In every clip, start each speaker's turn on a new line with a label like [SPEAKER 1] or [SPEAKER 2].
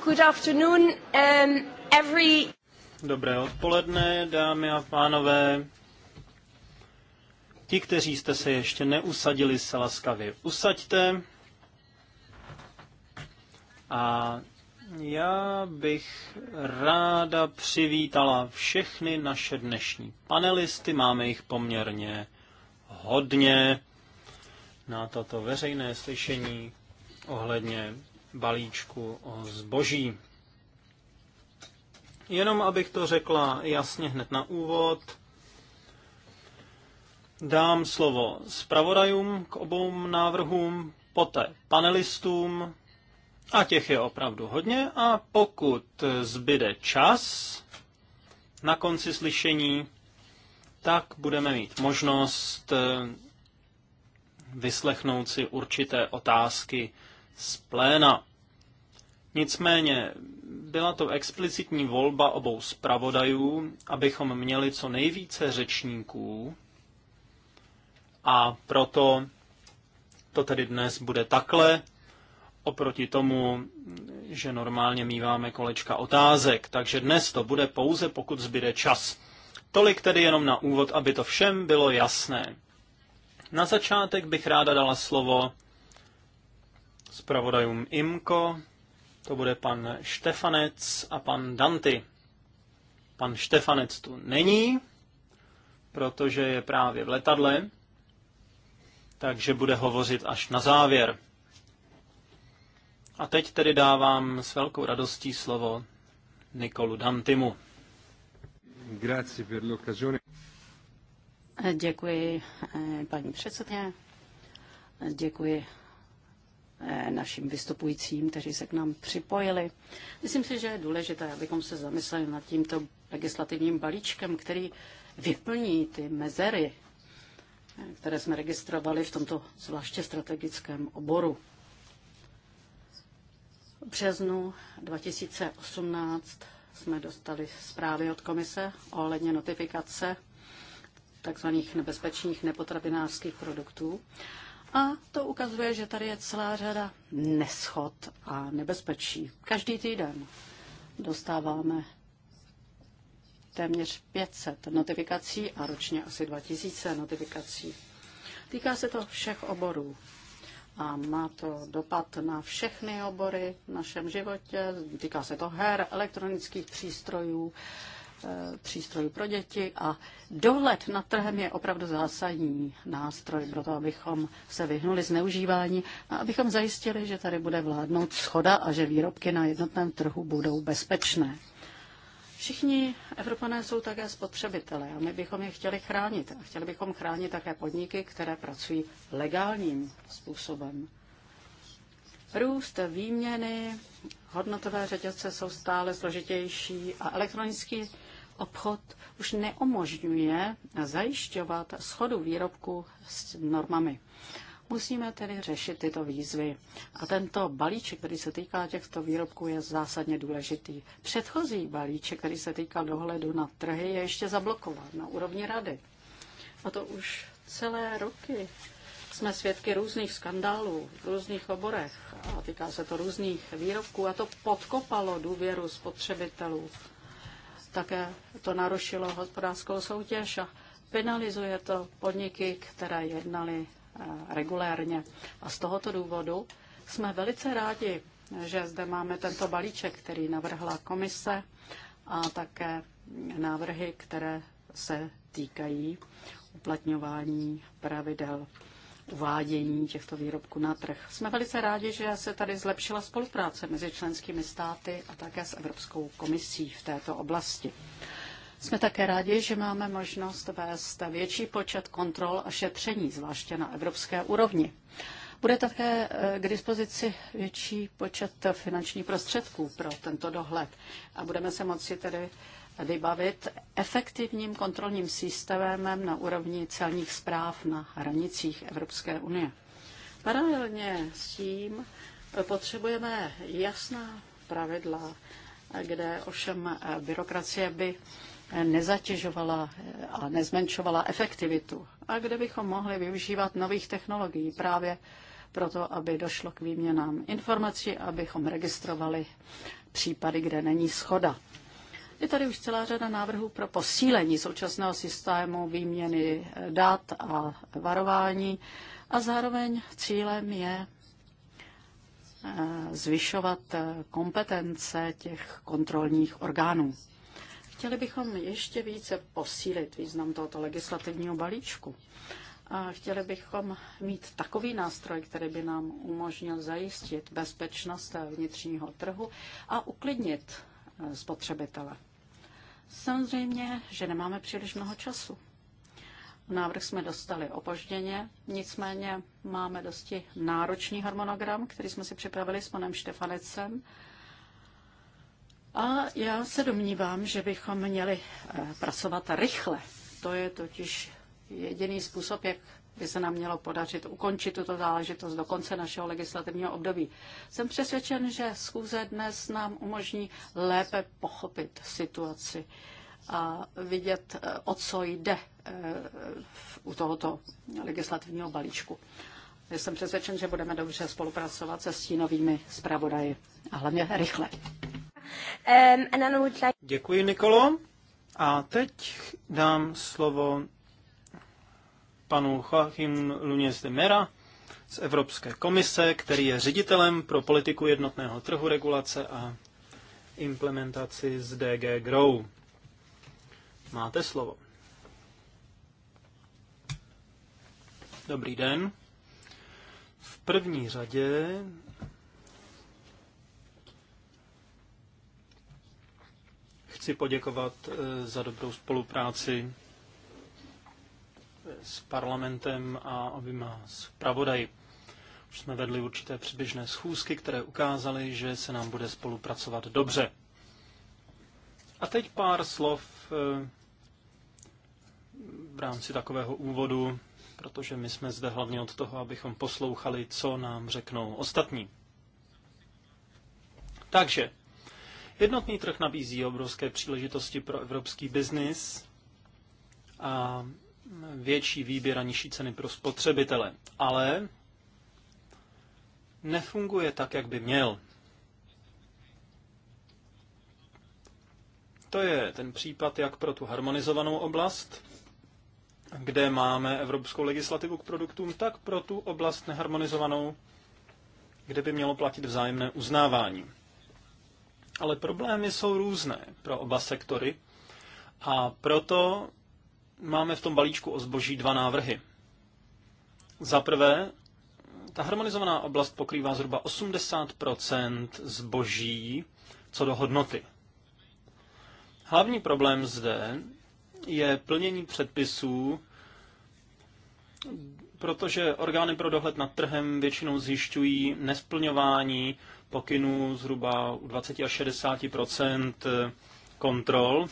[SPEAKER 1] Good afternoon, um, every...
[SPEAKER 2] Dobré odpoledne, dámy a pánové. Ti, kteří jste se ještě neusadili, se laskavě usaďte. A já bych ráda přivítala všechny naše dnešní panelisty. Máme jich poměrně hodně na toto veřejné slyšení ohledně balíčku o zboží. Jenom abych to řekla jasně hned na úvod, dám slovo zpravodajům k obou návrhům, poté panelistům, a těch je opravdu hodně, a pokud zbyde čas na konci slyšení, tak budeme mít možnost eh, vyslechnout si určité otázky z pléna. Nicméně byla to explicitní volba obou zpravodajů, abychom měli co nejvíce řečníků a proto to tedy dnes bude takhle, oproti tomu, že normálně míváme kolečka otázek, takže dnes to bude pouze, pokud zbyde čas. Tolik tedy jenom na úvod, aby to všem bylo jasné. Na začátek bych ráda dala slovo zpravodajům IMKO. To bude pan Štefanec a pan Danty. Pan Štefanec tu není, protože je právě v letadle, takže bude hovořit až na závěr. A teď tedy dávám s velkou radostí slovo Nikolu Dantimu.
[SPEAKER 3] Grazie per l'occasione.
[SPEAKER 1] Děkuji, paní předsedně. Děkuji Eh, našim vystupujícím, kteří se k nám připojili. Myslím si, že je důležité, abychom se zamysleli nad tímto legislativním balíčkem, který vyplní ty mezery, eh, které jsme registrovali v tomto zvláště strategickém oboru. V březnu 2018 jsme dostali zprávy od komise ohledně notifikace tzv. nebezpečných nepotravinářských produktů. A to ukazuje, že tady je celá řada neschod a nebezpečí. Každý týden dostáváme téměř 500 notifikací a ročně asi 2000 notifikací. Týká se to všech oborů a má to dopad na všechny obory v našem životě. Týká se to her, elektronických přístrojů, Eh, přístrojů pro děti a dohled nad trhem je opravdu zásadní nástroj pro to, abychom se vyhnuli zneužívání a abychom zajistili, že tady bude vládnout schoda a že výrobky na jednotném trhu budou bezpečné. Všichni Evropané jsou také spotřebitelé a my bychom je chtěli chránit. A chtěli bychom chránit také podniky, které pracují legálním způsobem. Růst výměny, hodnotové řetězce jsou stále složitější a elektronický obchod už neumožňuje zajišťovat schodu výrobku s normami. Musíme tedy řešit tyto výzvy. A tento balíček, který se týká těchto výrobků, je zásadně důležitý. Předchozí balíček, který se týká dohledu na trhy, je ještě zablokován na úrovni rady. A to už celé roky jsme svědky různých skandálů v různých oborech a týká se to různých výrobků a to podkopalo důvěru spotřebitelů také to narušilo hospodářskou soutěž a penalizuje to podniky, které jednaly eh, regulérně. A z tohoto důvodu jsme velice rádi, že zde máme tento balíček, který navrhla komise a také návrhy, které se týkají uplatňování pravidel uvádění těchto výrobků na trh. Jsme velice rádi, že se tady zlepšila spolupráce mezi členskými státy a také s Evropskou komisí v této oblasti. Jsme také rádi, že máme možnost vést větší počet kontrol a šetření, zvláště na evropské úrovni. Bude také eh, k dispozici větší počet finančních prostředků pro tento dohled a budeme se moci tedy vybavit efektivním kontrolním systémem na úrovni celních zpráv na hranicích Evropské unie. Paralelně s tím potřebujeme jasná pravidla, kde ovšem eh, byrokracie by nezatěžovala eh, a nezmenšovala efektivitu a kde bychom mohli využívat nových technologií právě proto aby došlo k výměnám informací, abychom registrovali případy, kde není schoda. Je tady už celá řada návrhů pro posílení současného systému výměny dat a varování a zároveň cílem je eh, zvyšovat eh, kompetence těch kontrolních orgánů. Chtěli bychom ještě více posílit význam tohoto legislativního balíčku. A chtěli bychom mít takový nástroj, který by nám umožnil zajistit bezpečnost vnitřního trhu a uklidnit eh, spotřebitele. Samozřejmě, že nemáme příliš mnoho času. Návrh jsme dostali opožděně, nicméně máme dosti náročný harmonogram, který jsme si připravili s panem Štefanecem. A já se domnívám, že bychom měli eh, pracovat rychle. To je totiž jediný způsob, jak by se nám mělo podařit ukončit tuto záležitost do konce našeho legislativního období. Jsem přesvědčen, že schůze dnes nám umožní lépe pochopit situaci a vidět, eh, o co jde eh, u tohoto legislativního balíčku. Jsem přesvědčen, že budeme dobře spolupracovat se stínovými zpravodaji a hlavně rychle. Děkuji, Nikolo.
[SPEAKER 2] A teď dám slovo panu Joachim Luněz de Mera z Evropské komise, který je ředitelem pro politiku jednotného trhu regulace a implementaci z DG Grow. Máte slovo. Dobrý den. V první řadě chci poděkovat eh, za dobrou spolupráci s parlamentem a oběma pravodají. Už jsme vedli určité předběžné schůzky, které ukázaly, že se nám bude spolupracovat dobře. A teď pár slov eh, v rámci takového úvodu, protože my jsme zde hlavně od toho, abychom poslouchali, co nám řeknou ostatní. Takže, jednotný trh nabízí obrovské příležitosti pro evropský biznis a větší výběr a nižší ceny pro spotřebitele, ale nefunguje tak, jak by měl. To je ten případ jak pro tu harmonizovanou oblast, kde máme evropskou legislativu k produktům, tak pro tu oblast neharmonizovanou, kde by mělo platit vzájemné uznávání. Ale problémy jsou různé pro oba sektory a proto máme v tom balíčku o zboží dva návrhy. Za prvé, ta harmonizovaná oblast pokrývá zhruba 80 zboží co do hodnoty. Hlavní problém zde je plnění předpisů, protože orgány pro dohled nad trhem většinou zjišťují nesplňování pokynů zhruba u 20 až 60 kontrol.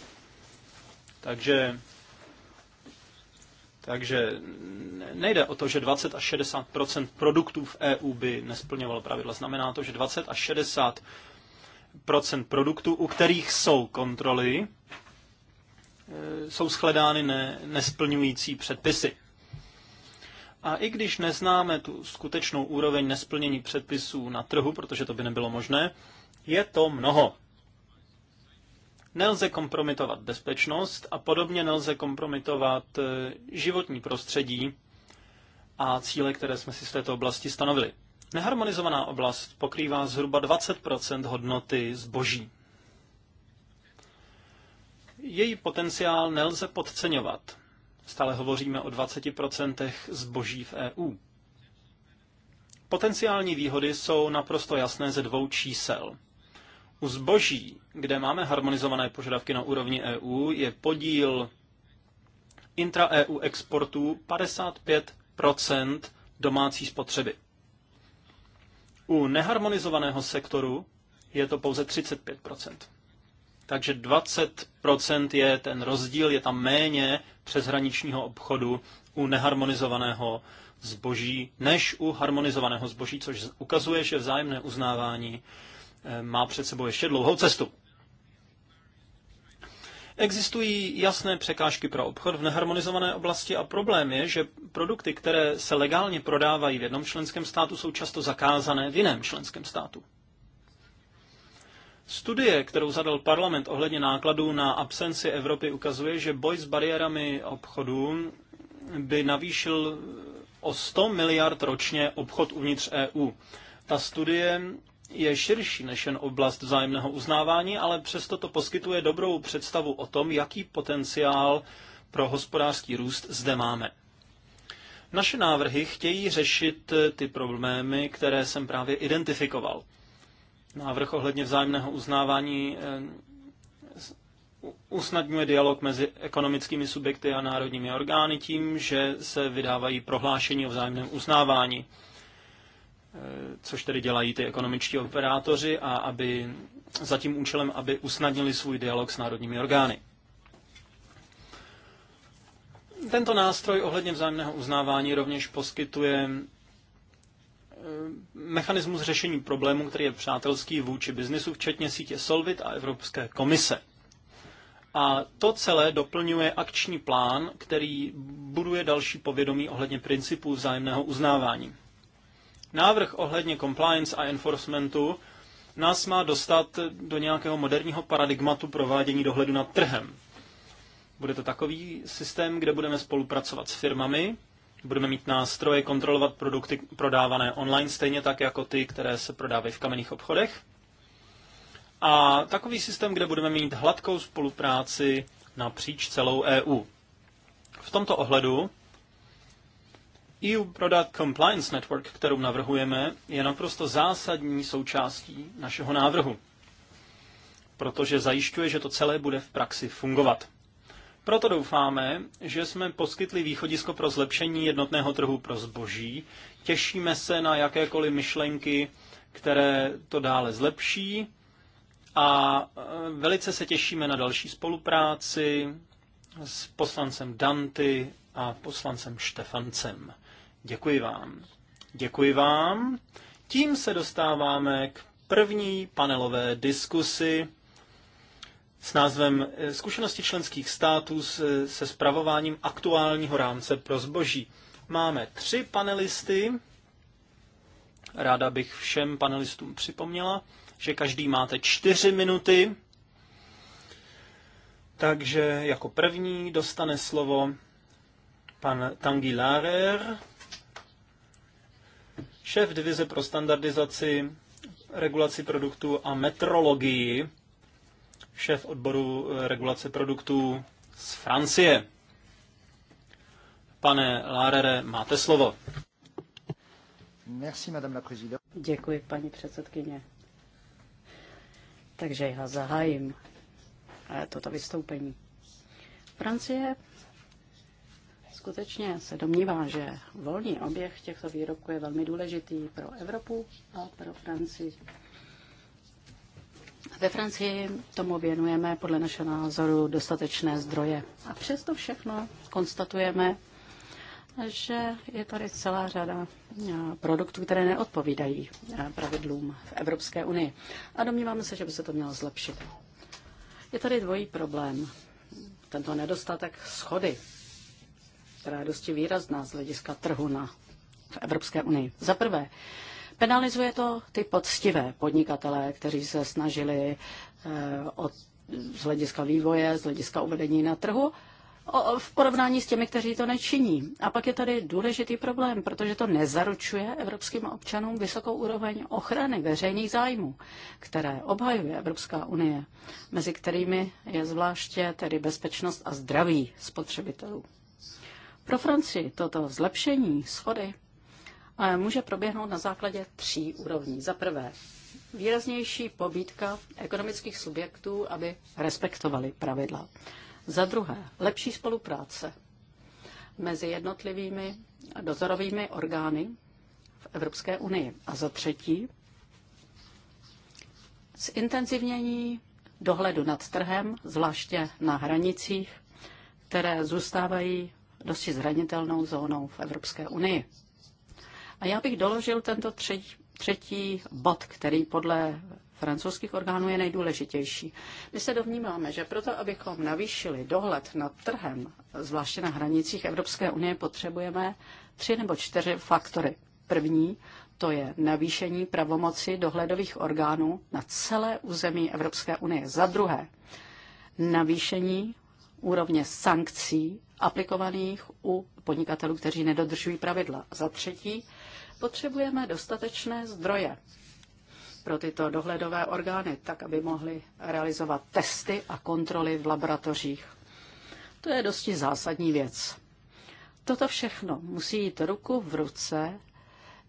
[SPEAKER 2] Takže takže nejde o to, že 20 až 60 produktů v EU by nesplňovalo pravidla. Znamená to, že 20 až 60 produktů, u kterých jsou kontroly, e, jsou shledány ne, nesplňující předpisy. A i když neznáme tu skutečnou úroveň nesplnění předpisů na trhu, protože to by nebylo možné, je to mnoho. Nelze kompromitovat bezpečnost a podobně nelze kompromitovat eh, životní prostředí a cíle, které jsme si z této oblasti stanovili. Neharmonizovaná oblast pokrývá zhruba 20 hodnoty zboží. Její potenciál nelze podceňovat. Stále hovoříme o 20 zboží v EU. Potenciální výhody jsou naprosto jasné ze dvou čísel. U zboží, kde máme harmonizované požadavky na úrovni EU, je podíl intra-EU exportů 55 domácí spotřeby. U neharmonizovaného sektoru je to pouze 35 takže 20% je ten rozdíl, je tam méně přeshraničního obchodu u neharmonizovaného zboží než u harmonizovaného zboží, což ukazuje, že vzájemné uznávání má před sebou ještě dlouhou cestu. Existují jasné překážky pro obchod v neharmonizované oblasti a problém je, že produkty, které se legálně prodávají v jednom členském státu, jsou často zakázané v jiném členském státu. Studie, kterou zadal parlament ohledně nákladů na absenci Evropy, ukazuje, že boj s bariérami obchodu by navýšil o 100 miliard ročně obchod uvnitř EU. Ta studie je širší než jen oblast vzájemného uznávání, ale přesto to poskytuje dobrou představu o tom, jaký potenciál pro hospodářský růst zde máme. Naše návrhy chtějí řešit ty problémy, které jsem právě identifikoval. Návrh ohledně vzájemného uznávání eh, usnadňuje dialog mezi ekonomickými subjekty a národními orgány tím, že se vydávají prohlášení o vzájemném uznávání. Eh, což tedy dělají ty ekonomičtí operátoři, a aby za tím účelem, aby usnadnili svůj dialog s národními orgány. Tento nástroj ohledně vzájemného uznávání rovněž poskytuje eh, mechanismus řešení problému, který je přátelský vůči biznisu, včetně sítě Solvit a Evropské komise. A to celé doplňuje akční plán, který buduje další povědomí ohledně principů vzájemného uznávání. Návrh ohledně compliance a enforcementu nás má dostat do nějakého moderního paradigmatu provádění dohledu nad trhem. Bude to takový systém, kde budeme spolupracovat s firmami, budeme mít nástroje kontrolovat produkty prodávané online, stejně tak jako ty, které se prodávají v kamenných obchodech. A takový systém, kde budeme mít hladkou spolupráci napříč celou EU. V tomto ohledu EU Product Compliance Network, kterou navrhujeme, je naprosto zásadní součástí našeho návrhu, protože zajišťuje, že to celé bude v praxi fungovat. Proto doufáme, že jsme poskytli východisko pro zlepšení jednotného trhu pro zboží. Těšíme se na jakékoliv myšlenky, které to dále zlepší a e, velice se těšíme na další spolupráci s poslancem Danty a poslancem Štefancem. Děkuji vám. Děkuji vám. Tím se dostáváme k první panelové diskusi s názvem eh, Zkušenosti členských států eh, se spravováním aktuálního rámce pro zboží. Máme tři panelisty. Ráda bych všem panelistům připomněla, že každý máte čtyři minuty. Takže jako první dostane slovo pan Tanguy Larer, šéf divize pro standardizaci, regulaci produktů a metrologii, šéf odboru eh, regulace produktů z Francie. Pane Lárere, máte slovo.
[SPEAKER 1] Merci, madame la Děkuji, paní předsedkyně. Takže já zahájím eh, toto vystoupení. Francie skutečně se domnívá, že volný oběh těchto výrobků je velmi důležitý pro Evropu a pro Francii. Ve Francii tomu věnujeme podle našeho názoru dostatečné zdroje. A přesto všechno konstatujeme, že je tady celá řada produktů, které neodpovídají pravidlům v Evropské unii. A domníváme se, že by se to mělo zlepšit. Je tady dvojí problém. Tento nedostatek schody která je dosti výrazná z hlediska trhu na v Evropské unii. Za prvé, penalizuje to ty poctivé podnikatele, kteří se snažili eh, od, z hlediska vývoje, z hlediska uvedení na trhu, o, v porovnání s těmi, kteří to nečiní. A pak je tady důležitý problém, protože to nezaručuje evropským občanům vysokou úroveň ochrany veřejných zájmů, které obhajuje Evropská unie, mezi kterými je zvláště tedy bezpečnost a zdraví spotřebitelů. Pro Francii toto zlepšení schody eh, může proběhnout na základě tří úrovní. Za prvé, výraznější pobídka ekonomických subjektů, aby respektovali pravidla. Za druhé, lepší spolupráce mezi jednotlivými dozorovými orgány v Evropské unii. A za třetí, zintenzivnění dohledu nad trhem, zvláště na hranicích, které zůstávají dosti zranitelnou zónou v Evropské unii. A já bych doložil tento třetí, třetí bod, který podle francouzských orgánů je nejdůležitější. My se domníváme, že proto, abychom navýšili dohled nad trhem, zvláště na hranicích Evropské unie, potřebujeme tři nebo čtyři faktory. První, to je navýšení pravomoci dohledových orgánů na celé území Evropské unie. Za druhé, navýšení úrovně sankcí aplikovaných u podnikatelů, kteří nedodržují pravidla. Za třetí, potřebujeme dostatečné zdroje pro tyto dohledové orgány, tak aby mohly realizovat testy a kontroly v laboratořích. To je dosti zásadní věc. Toto všechno musí jít ruku v ruce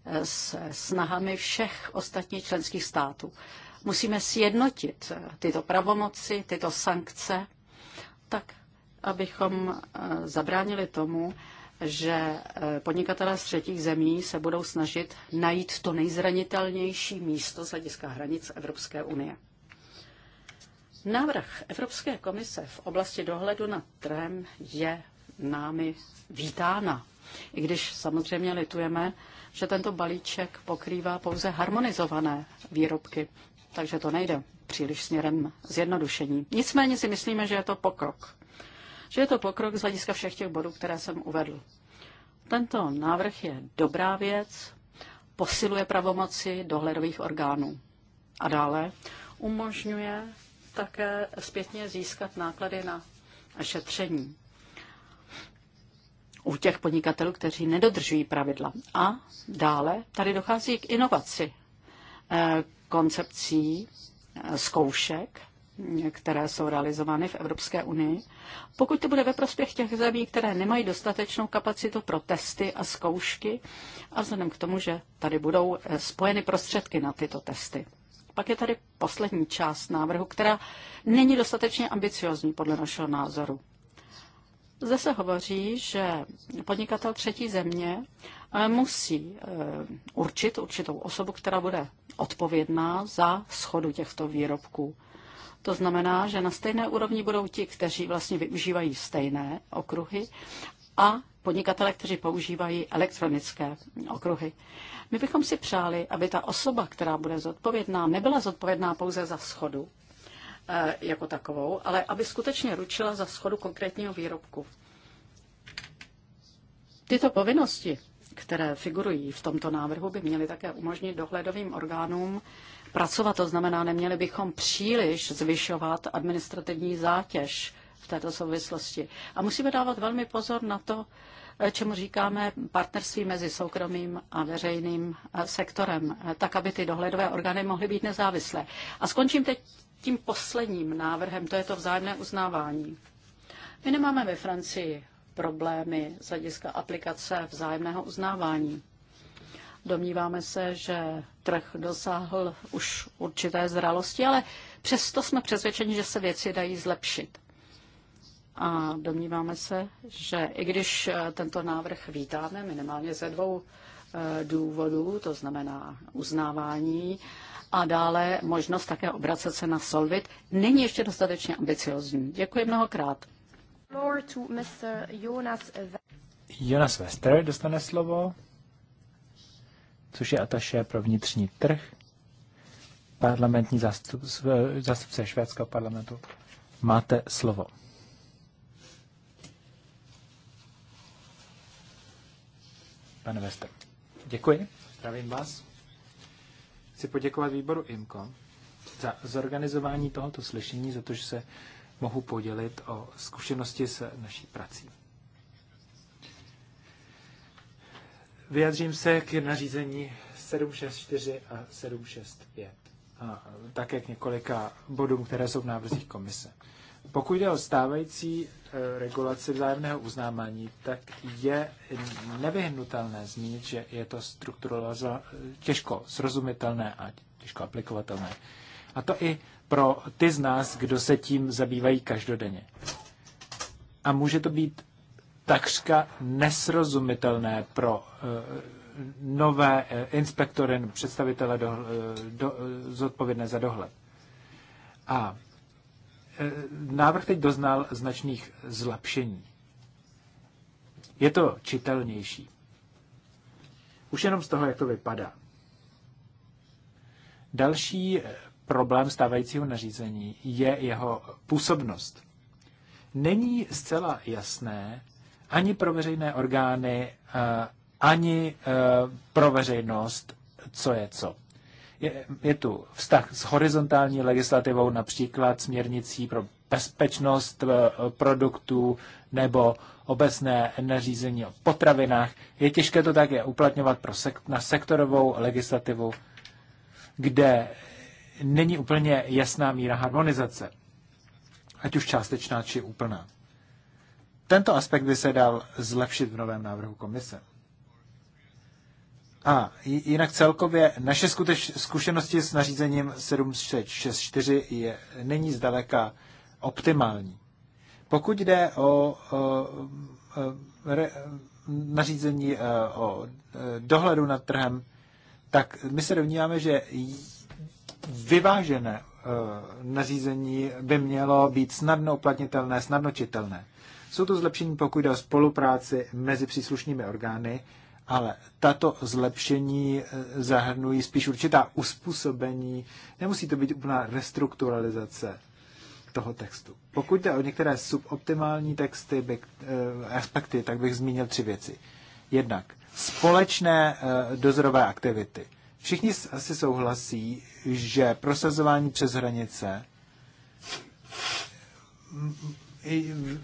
[SPEAKER 1] eh, s snahami všech ostatních členských států. Musíme sjednotit eh, tyto pravomoci, tyto sankce, tak abychom eh, zabránili tomu, že eh, podnikatelé z třetích zemí se budou snažit najít to nejzranitelnější místo z hlediska hranic Evropské unie. Návrh Evropské komise v oblasti dohledu nad trhem je námi vítána. I když samozřejmě litujeme, že tento balíček pokrývá pouze harmonizované výrobky, takže to nejde příliš směrem zjednodušení. Nicméně si myslíme, že je to pokrok že je to pokrok z hlediska všech těch bodů, které jsem uvedl. Tento návrh je dobrá věc, posiluje pravomoci dohledových orgánů a dále umožňuje také zpětně získat náklady na šetření u těch podnikatelů, kteří nedodržují pravidla. A dále tady dochází k inovaci eh, koncepcí eh, zkoušek které jsou realizovány v Evropské unii, pokud to bude ve prospěch těch zemí, které nemají dostatečnou kapacitu pro testy a zkoušky, a vzhledem k tomu, že tady budou eh, spojeny prostředky na tyto testy. Pak je tady poslední část návrhu, která není dostatečně ambiciozní podle našeho názoru. Zde se hovoří, že podnikatel třetí země eh, musí eh, určit určitou osobu, která bude odpovědná za schodu těchto výrobků. To znamená, že na stejné úrovni budou ti, kteří vlastně využívají stejné okruhy a podnikatele, kteří používají elektronické okruhy. My bychom si přáli, aby ta osoba, která bude zodpovědná, nebyla zodpovědná pouze za schodu eh, jako takovou, ale aby skutečně ručila za schodu konkrétního výrobku. Tyto povinnosti, které figurují v tomto návrhu, by měly také umožnit dohledovým orgánům pracovat. To znamená, neměli bychom příliš zvyšovat administrativní zátěž v této souvislosti. A musíme dávat velmi pozor na to, čemu říkáme partnerství mezi soukromým a veřejným eh, sektorem, eh, tak aby ty dohledové orgány mohly být nezávislé. A skončím teď tím posledním návrhem, to je to vzájemné uznávání. My nemáme ve Francii problémy z hlediska aplikace vzájemného uznávání. Domníváme se, že trh dosáhl už určité zralosti, ale přesto jsme přesvědčeni, že se věci dají zlepšit. A domníváme se, že i když eh, tento návrh vítáme minimálně ze dvou eh, důvodů, to znamená uznávání a dále možnost také obracet se na Solvit, není ještě dostatečně ambiciozní. Děkuji mnohokrát.
[SPEAKER 3] Jonas Wester dostane slovo což je ataše pro vnitřní trh, parlamentní zastup, eh, zástupce švédského parlamentu. Máte slovo. Pane Vester. Děkuji, zdravím vás. Chci poděkovat výboru IMCO za zorganizování tohoto slyšení, za to, že se mohu podělit o zkušenosti s naší prací. Vyjadřím se k nařízení 764 a 765 a také k několika bodům, které jsou v návrzích komise. Pokud jde o stávající e, regulaci vzájemného uznávání, tak je nevyhnutelné zmínit, že je to strukturaliza- těžko srozumitelné a těžko aplikovatelné. A to i pro ty z nás, kdo se tím zabývají každodenně. A může to být takřka nesrozumitelné pro eh, nové eh, inspektory, představitele eh, do, do, zodpovědné za dohled. A návrh teď doznal značných zlepšení. Je to čitelnější. Už jenom z toho, jak to vypadá. Další problém stávajícího nařízení je jeho působnost. Není zcela jasné, ani pro veřejné orgány, eh, ani eh, pro veřejnost, co je co. Je, je tu vztah s horizontální legislativou, například směrnicí pro bezpečnost eh, produktů nebo obecné nařízení o potravinách. Je těžké to také uplatňovat pro sek- na sektorovou legislativu, kde není úplně jasná míra harmonizace, ať už částečná či úplná. Tento aspekt by se dal zlepšit v novém návrhu komise. A jinak celkově naše skuteč, zkušenosti s nařízením 764 je, není zdaleka optimální. Pokud jde o, o, o re, nařízení e, o e, dohledu nad trhem, tak my se domníváme, že vyvážené e, nařízení by mělo být snadno uplatnitelné, snadno čitelné. Jsou to zlepšení, pokud jde o spolupráci mezi příslušnými orgány, ale tato zlepšení eh, zahrnují spíš určitá uspůsobení. Nemusí to být úplná restrukturalizace toho textu. Pokud jde o některé suboptimální texty, eh, aspekty, tak bych zmínil tři věci. Jednak společné eh, dozorové aktivity. Všichni asi souhlasí, že prosazování přes hranice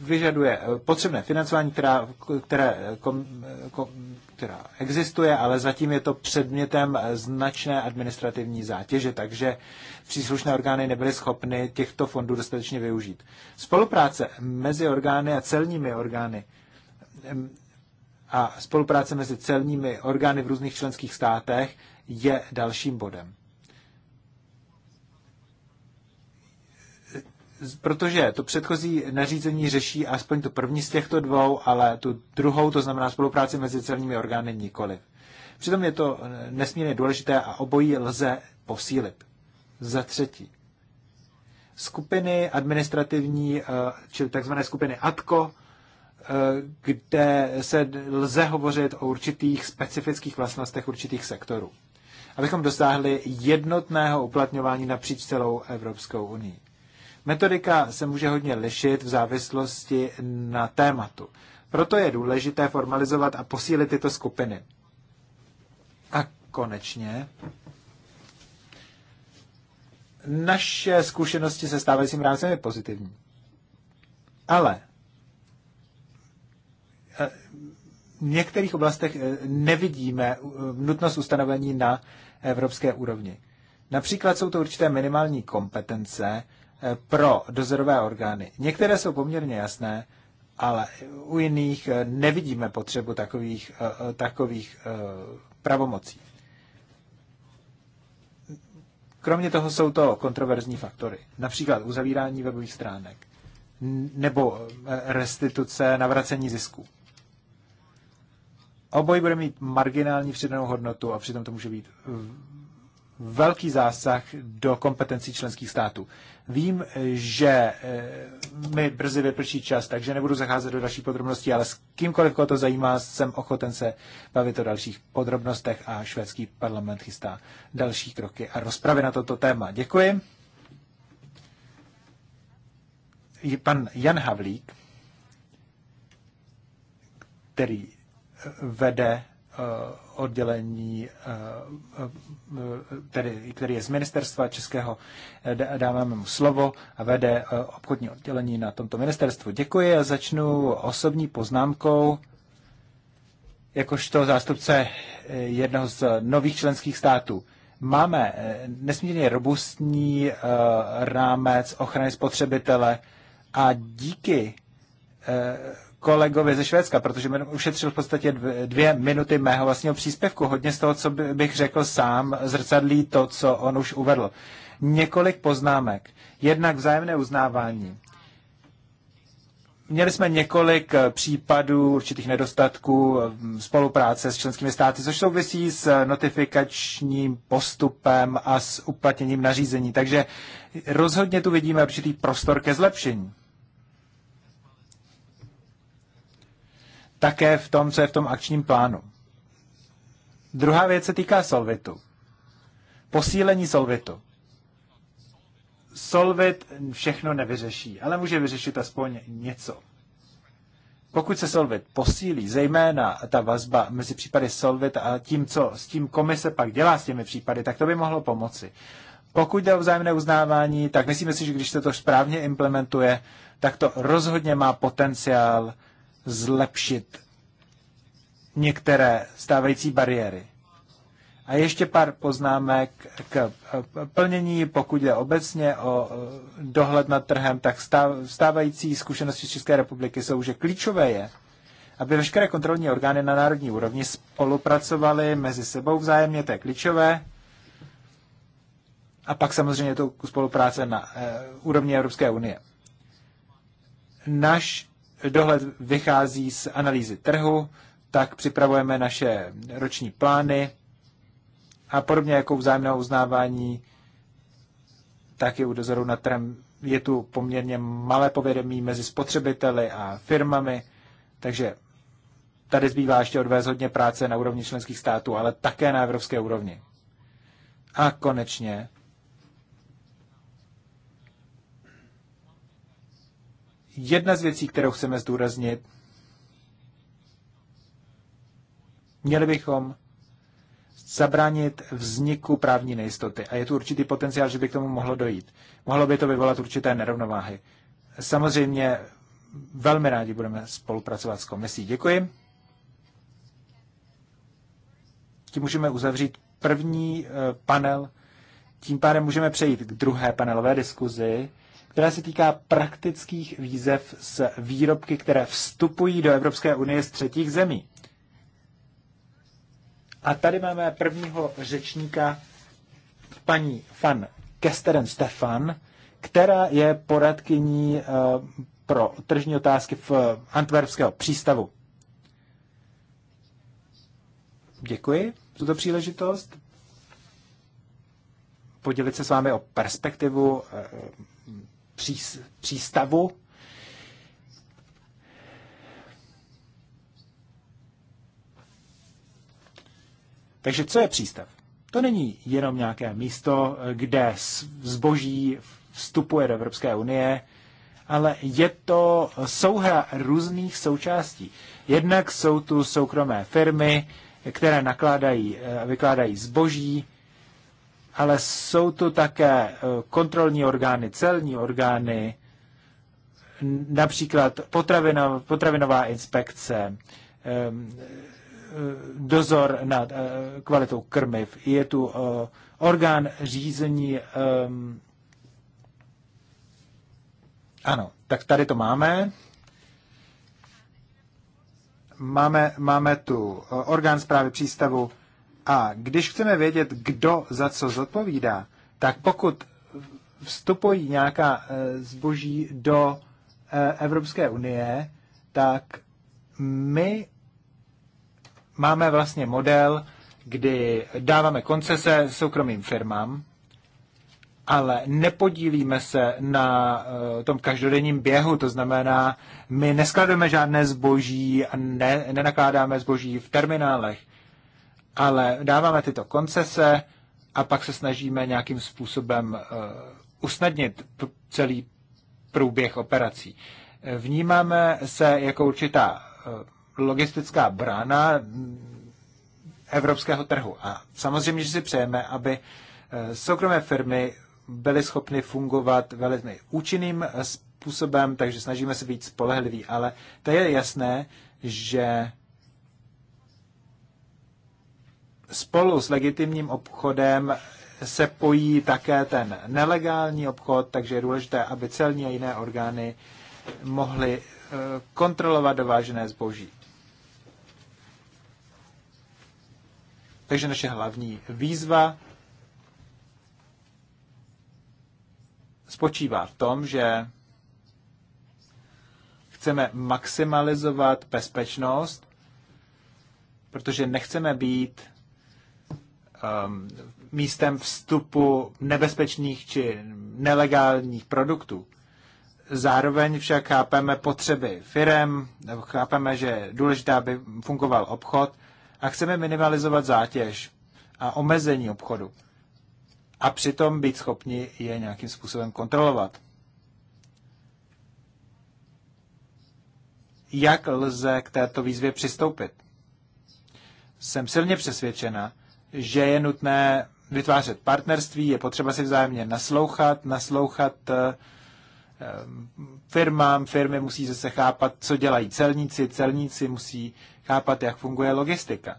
[SPEAKER 3] vyžaduje potřebné financování, která, která kom, kom, která existuje, ale zatím je to předmětem značné administrativní zátěže, takže příslušné orgány nebyly schopny těchto fondů dostatečně využít. Spolupráce mezi orgány a celními orgány a spolupráce mezi celními orgány v různých členských státech je dalším bodem. protože to předchozí nařízení řeší aspoň tu první z těchto dvou, ale tu druhou, to znamená spolupráci mezi celními orgány nikoliv. Přitom je to eh, nesmírně důležité a obojí lze posílit. Za třetí. Skupiny administrativní, eh, či takzvané skupiny ATKO, eh, kde se lze hovořit o určitých specifických vlastnostech určitých sektorů, abychom dosáhli jednotného uplatňování napříč celou Evropskou unii. Metodika se může hodně lišit v závislosti na tématu. Proto je důležité formalizovat a posílit tyto skupiny. A konečně naše zkušenosti se stávajícím rámcem je pozitivní. Ale eh, v některých oblastech eh, nevidíme eh, nutnost ustanovení na evropské úrovni. Například jsou to určité minimální kompetence, Eh, pro dozorové orgány. Některé jsou poměrně jasné, ale u jiných eh, nevidíme potřebu takových, eh, takových pravomocí. Kromě toho jsou to kontroverzní faktory, například uzavírání webových stránek nebo restituce, navracení zisku. Oboj bude mít marginální přidanou hodnotu a přitom to může být velký zásah do kompetencí členských států. Vím, že eh, mi brzy vyprší čas, takže nebudu zacházet do dalších podrobností, ale s kýmkoliv, koho to zajímá, jsem ochoten se bavit o dalších podrobnostech a švédský parlament chystá další kroky a rozpravy na toto téma. Děkuji. Pan Jan Havlík, který eh, vede Eh, oddělení, eh, eh, tedy, který je z ministerstva českého, dáváme mu slovo a vede obchodní oddělení na tomto ministerstvu. Děkuji a začnu osobní poznámkou jakožto zástupce jednoho z nových členských států. Máme nesmírně robustní rámec ochrany spotřebitele a díky kolegovi ze Švédska, protože mi ušetřil v podstatě dvě minuty mého vlastního příspěvku. Hodně z toho, co bych řekl sám, zrcadlí to, co on už uvedl. Několik poznámek. Jednak vzájemné uznávání. Měli jsme několik eh, případů určitých nedostatků eh, spolupráce s členskými státy, což souvisí s notifikačním postupem a s uplatněním nařízení. Takže rozhodně tu vidíme určitý prostor ke zlepšení. také v tom, co je v tom akčním plánu. Druhá věc se týká solvitu. Posílení solvitu. Solvit všechno nevyřeší, ale může vyřešit aspoň něco. Pokud se Solvit posílí, zejména ta vazba mezi případy Solvit a tím, co s tím komise pak dělá s těmi případy, tak to by mohlo pomoci. Pokud jde o vzájemné uznávání, tak myslíme si, že když se to správně implementuje, tak to rozhodně má potenciál zlepšit některé stávající bariéry. A ještě pár poznámek k eh, plnění, pokud je obecně o eh, dohled nad trhem, tak stávající zkušenosti z České republiky jsou, že klíčové je, aby veškeré kontrolní orgány na národní úrovni spolupracovaly mezi sebou vzájemně, to je klíčové. A pak samozřejmě to spolupráce na eh, úrovni Evropské unie. Naš dohled vychází z analýzy trhu, tak připravujeme naše roční plány a podobně jako vzájemné uznávání, tak i u dozoru na trhem je tu poměrně malé povědomí mezi spotřebiteli a firmami, takže tady zbývá ještě odvést hodně práce na úrovni členských států, ale také na evropské úrovni. A konečně jedna z věcí, kterou chceme zdůraznit, měli bychom zabránit vzniku právní nejistoty. A je tu určitý potenciál, že by k tomu mohlo dojít. Mohlo by to vyvolat určité nerovnováhy. Samozřejmě velmi rádi budeme spolupracovat s komisí. Děkuji. Tím můžeme uzavřít první eh, panel. Tím pádem můžeme přejít k druhé panelové diskuzi která se týká praktických výzev s výrobky, které vstupují do Evropské unie z třetích zemí. A tady máme prvního řečníka, paní Fan Kesteren Stefan, která je poradkyní eh, pro tržní otázky v Antwerpského přístavu. Děkuji za tuto příležitost podělit se s vámi o perspektivu eh, přístavu. Takže co je přístav? To není jenom nějaké místo, kde zboží vstupuje do Evropské unie, ale je to souhra různých součástí. Jednak jsou tu soukromé firmy, které nakládají, eh, vykládají zboží, ale jsou tu také eh, kontrolní orgány, celní orgány, například potravinová, potravinová inspekce, ehm, eh, dozor nad eh, kvalitou krmiv, je tu orgán řízení. Ehm, ano, tak tady to máme. Máme, máme tu orgán zprávy přístavu a když chceme vědět, kdo za co zodpovídá, tak pokud vstupují nějaká eh, zboží do eh, Evropské unie, tak my máme vlastně model, kdy dáváme koncese soukromým firmám, ale nepodílíme se na eh, tom každodenním běhu, to znamená, my neskladujeme žádné zboží a ne, nenakládáme zboží v terminálech ale dáváme tyto koncese a pak se snažíme nějakým způsobem eh, usnadnit celý průběh operací. Eh, vnímáme se jako určitá eh, logistická brána mm, evropského trhu. A samozřejmě, že si přejeme, aby soukromé firmy byly schopny fungovat velmi účinným způsobem, takže snažíme se být spolehliví. Ale to je jasné, že spolu s legitimním obchodem se pojí také ten nelegální obchod, takže je důležité, aby celní a jiné orgány mohly eh, kontrolovat dovážené zboží. Takže naše hlavní výzva spočívá v tom, že chceme maximalizovat bezpečnost, protože nechceme být Um, místem vstupu nebezpečných či nelegálních produktů. Zároveň však chápeme potřeby firem, chápeme, že je důležité, aby fungoval obchod a chceme minimalizovat zátěž a omezení obchodu a přitom být schopni je nějakým způsobem kontrolovat. Jak lze k této výzvě přistoupit? Jsem silně přesvědčena, že je nutné vytvářet partnerství, je potřeba si vzájemně naslouchat, naslouchat eh, eh, firmám, firmy musí zase chápat, co dělají celníci, celníci musí chápat, jak funguje logistika.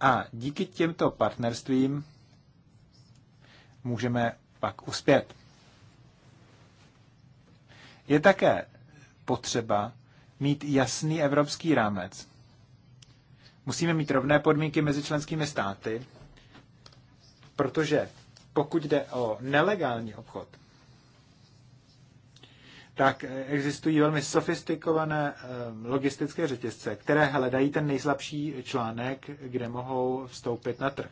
[SPEAKER 3] A díky těmto partnerstvím můžeme pak uspět. Je také potřeba mít jasný evropský rámec, Musíme mít rovné podmínky mezi členskými státy, protože pokud jde o nelegální obchod, tak existují velmi sofistikované eh, logistické řetězce, které hledají ten nejslabší článek, kde mohou vstoupit na trh.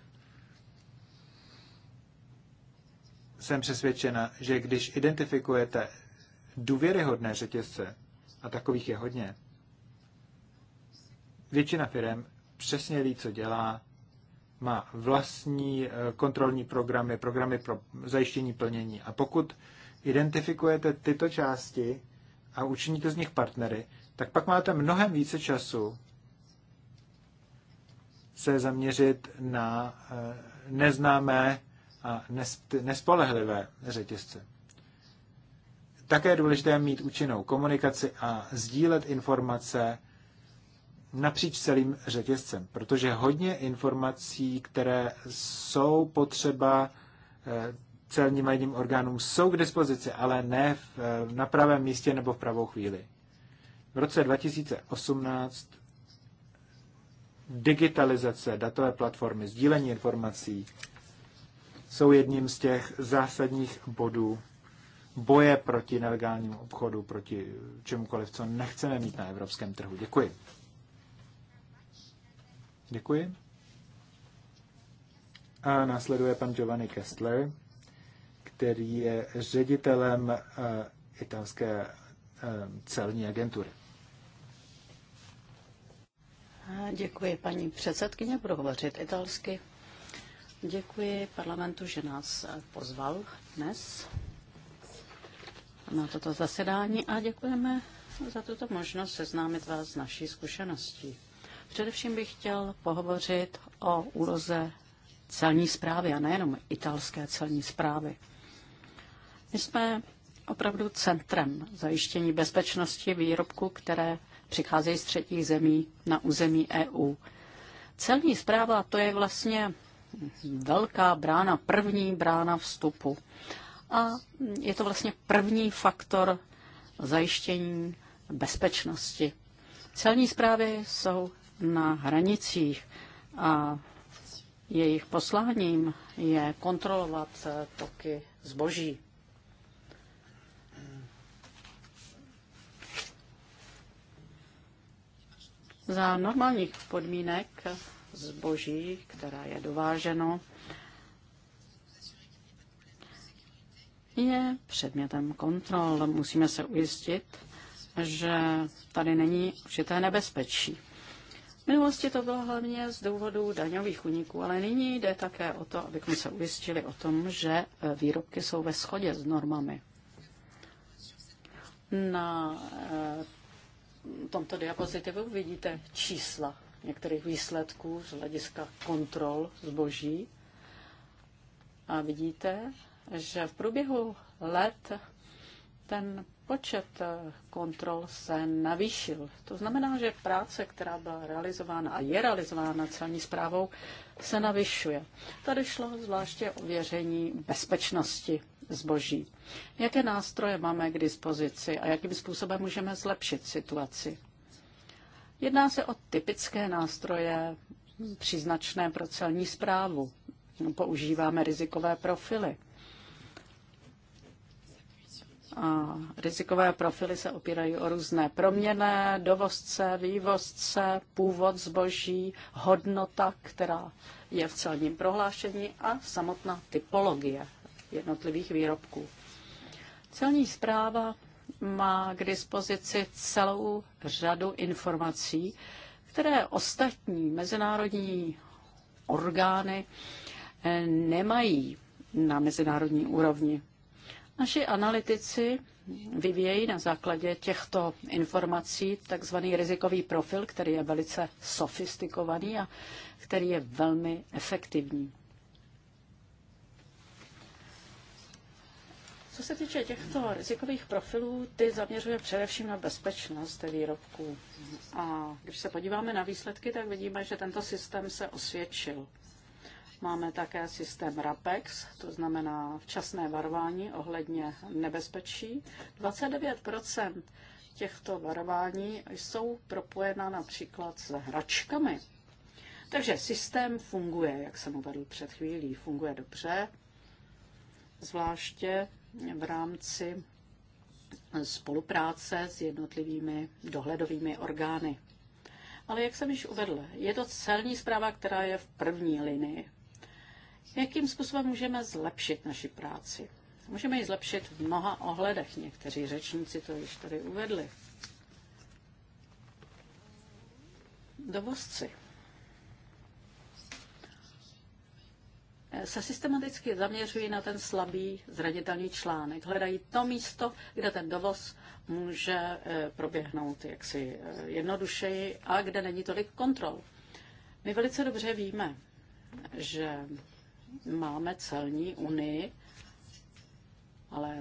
[SPEAKER 3] Jsem přesvědčena, že když identifikujete důvěryhodné řetězce, a takových je hodně, většina firm přesně ví, co dělá, má vlastní eh, kontrolní programy, programy pro zajištění plnění. A pokud identifikujete tyto části a učiníte z nich partnery, tak pak máte mnohem více času se zaměřit na eh, neznámé a nespolehlivé řetězce. Také je důležité mít účinnou komunikaci a sdílet informace napříč celým řetězcem, protože hodně informací, které jsou potřeba eh, celním a jiným orgánům, jsou k dispozici, ale ne v, eh, na pravém místě nebo v pravou chvíli. V roce 2018 digitalizace, datové platformy, sdílení informací jsou jedním z těch zásadních bodů boje proti nelegálnímu obchodu, proti čemukoliv, co nechceme mít na evropském trhu. Děkuji. Děkuji. A následuje pan Giovanni Kessler, který je ředitelem eh, italské eh, celní agentury.
[SPEAKER 1] Děkuji, paní předsedkyně, budu hovořit italsky. Děkuji parlamentu, že nás eh, pozval dnes na toto zasedání a děkujeme za tuto možnost seznámit vás s naší zkušeností. Především bych chtěl pohovořit o úloze celní zprávy a nejenom italské celní zprávy. My jsme opravdu centrem zajištění bezpečnosti výrobků, které přicházejí z třetích zemí na území EU. Celní zpráva to je vlastně velká brána, první brána vstupu. A je to vlastně první faktor zajištění bezpečnosti. Celní zprávy jsou na hranicích a jejich posláním je kontrolovat eh, toky zboží. Za normálních podmínek zboží, která je dováženo, je předmětem kontrol. Musíme se ujistit, že tady není určité nebezpečí. V minulosti to bylo hlavně z důvodu daňových uniků, ale nyní jde také o to, abychom se ujistili o tom, že e, výrobky jsou ve shodě s normami. Na e, tomto diapozitivu vidíte čísla některých výsledků z hlediska kontrol zboží. A vidíte, že v průběhu let ten Počet eh, kontrol se navýšil. To znamená, že práce, která byla realizována a je realizována celní zprávou, se navyšuje. Tady šlo zvláště o věření bezpečnosti zboží. Jaké nástroje máme k dispozici a jakým způsobem můžeme zlepšit situaci? Jedná se o typické nástroje příznačné pro celní zprávu. Používáme rizikové profily rizikové profily se opírají o různé proměny, dovozce, vývozce, původ zboží, hodnota, která je v celním prohlášení a samotná typologie jednotlivých výrobků. Celní zpráva má k dispozici celou řadu informací, které ostatní mezinárodní orgány nemají na mezinárodní úrovni. Naši analytici vyvíjejí na základě těchto informací takzvaný rizikový profil, který je velice sofistikovaný a který je velmi efektivní. Co se týče těchto rizikových profilů, ty zaměřuje především na bezpečnost výrobků. A když se podíváme na výsledky, tak vidíme, že tento systém se osvědčil. Máme také systém RAPEX, to znamená včasné varování ohledně nebezpečí. 29 těchto varování jsou propojena například s hračkami. Takže systém funguje, jak jsem uvedl před chvílí, funguje dobře, zvláště v rámci spolupráce s jednotlivými dohledovými orgány. Ale jak jsem již uvedl, je to celní zpráva, která je v první linii. Jakým způsobem můžeme zlepšit naši práci? Můžeme ji zlepšit v mnoha ohledech. Někteří řečníci to již tady uvedli. Dovozci se systematicky zaměřují na ten slabý, zranitelný článek. Hledají to místo, kde ten dovoz může eh, proběhnout jaksi eh, jednodušeji a kde není tolik kontrol. My velice dobře víme, že máme celní unii, ale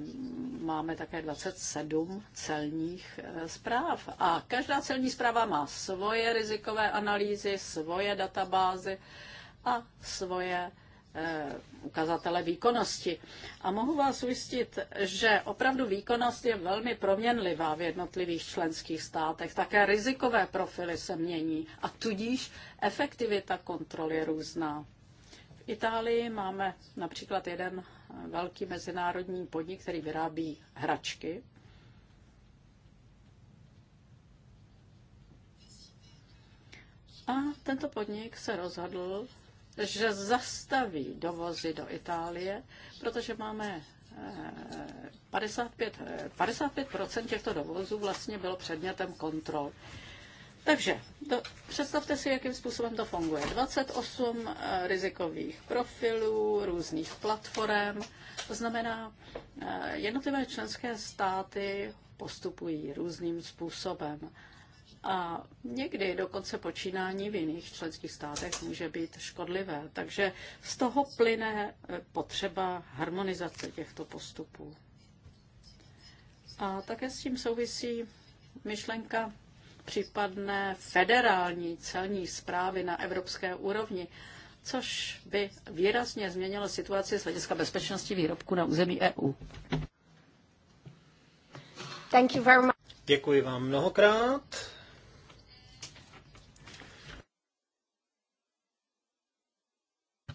[SPEAKER 1] máme také 27 celních eh, zpráv. A každá celní zpráva má svoje rizikové analýzy, svoje databázy a svoje eh, ukazatele výkonnosti. A mohu vás ujistit, že opravdu výkonnost je velmi proměnlivá v jednotlivých členských státech. Také rizikové profily se mění a tudíž efektivita kontroly je různá. Itálii máme například jeden eh, velký mezinárodní podnik, který vyrábí hračky. A tento podnik se rozhodl, že zastaví dovozy do Itálie, protože máme 55, eh, 55 eh, těchto dovozů vlastně bylo předmětem kontrol. Takže do, představte si, jakým způsobem to funguje. 28 eh, rizikových profilů, různých platform. To znamená, eh, jednotlivé členské státy postupují různým způsobem. A někdy dokonce počínání v jiných členských státech může být škodlivé. Takže z toho plyne eh, potřeba harmonizace těchto postupů. A také s tím souvisí myšlenka případné federální celní zprávy na evropské úrovni, což by výrazně změnilo situaci z hlediska bezpečnosti výrobku na území EU. Thank you very much.
[SPEAKER 2] Děkuji vám mnohokrát.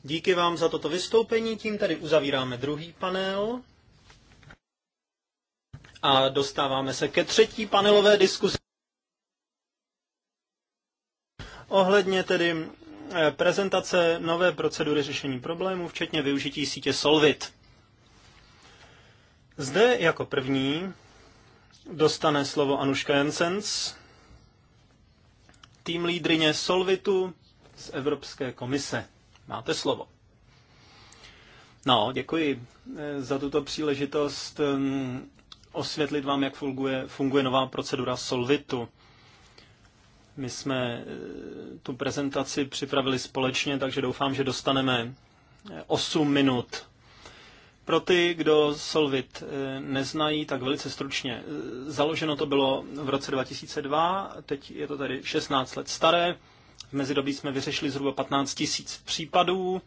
[SPEAKER 2] Díky vám za toto vystoupení, tím tady uzavíráme druhý panel. A dostáváme se ke třetí panelové diskusi. Ohledně tedy eh, prezentace nové procedury řešení problémů, včetně využití sítě Solvit. Zde jako první dostane slovo Anuška Jensens, tým lídrině Solvitu z Evropské komise. Máte slovo. No, děkuji eh, za tuto příležitost ehm, osvětlit vám, jak funguje, funguje nová procedura Solvitu. My jsme eh, tu prezentaci připravili společně, takže doufám, že dostaneme 8 eh, minut. Pro ty, kdo Solvit eh, neznají, tak velice stručně. Založeno to bylo v roce 2002, teď je to tady 16 let staré. V mezidobí jsme vyřešili zhruba 15 tisíc případů,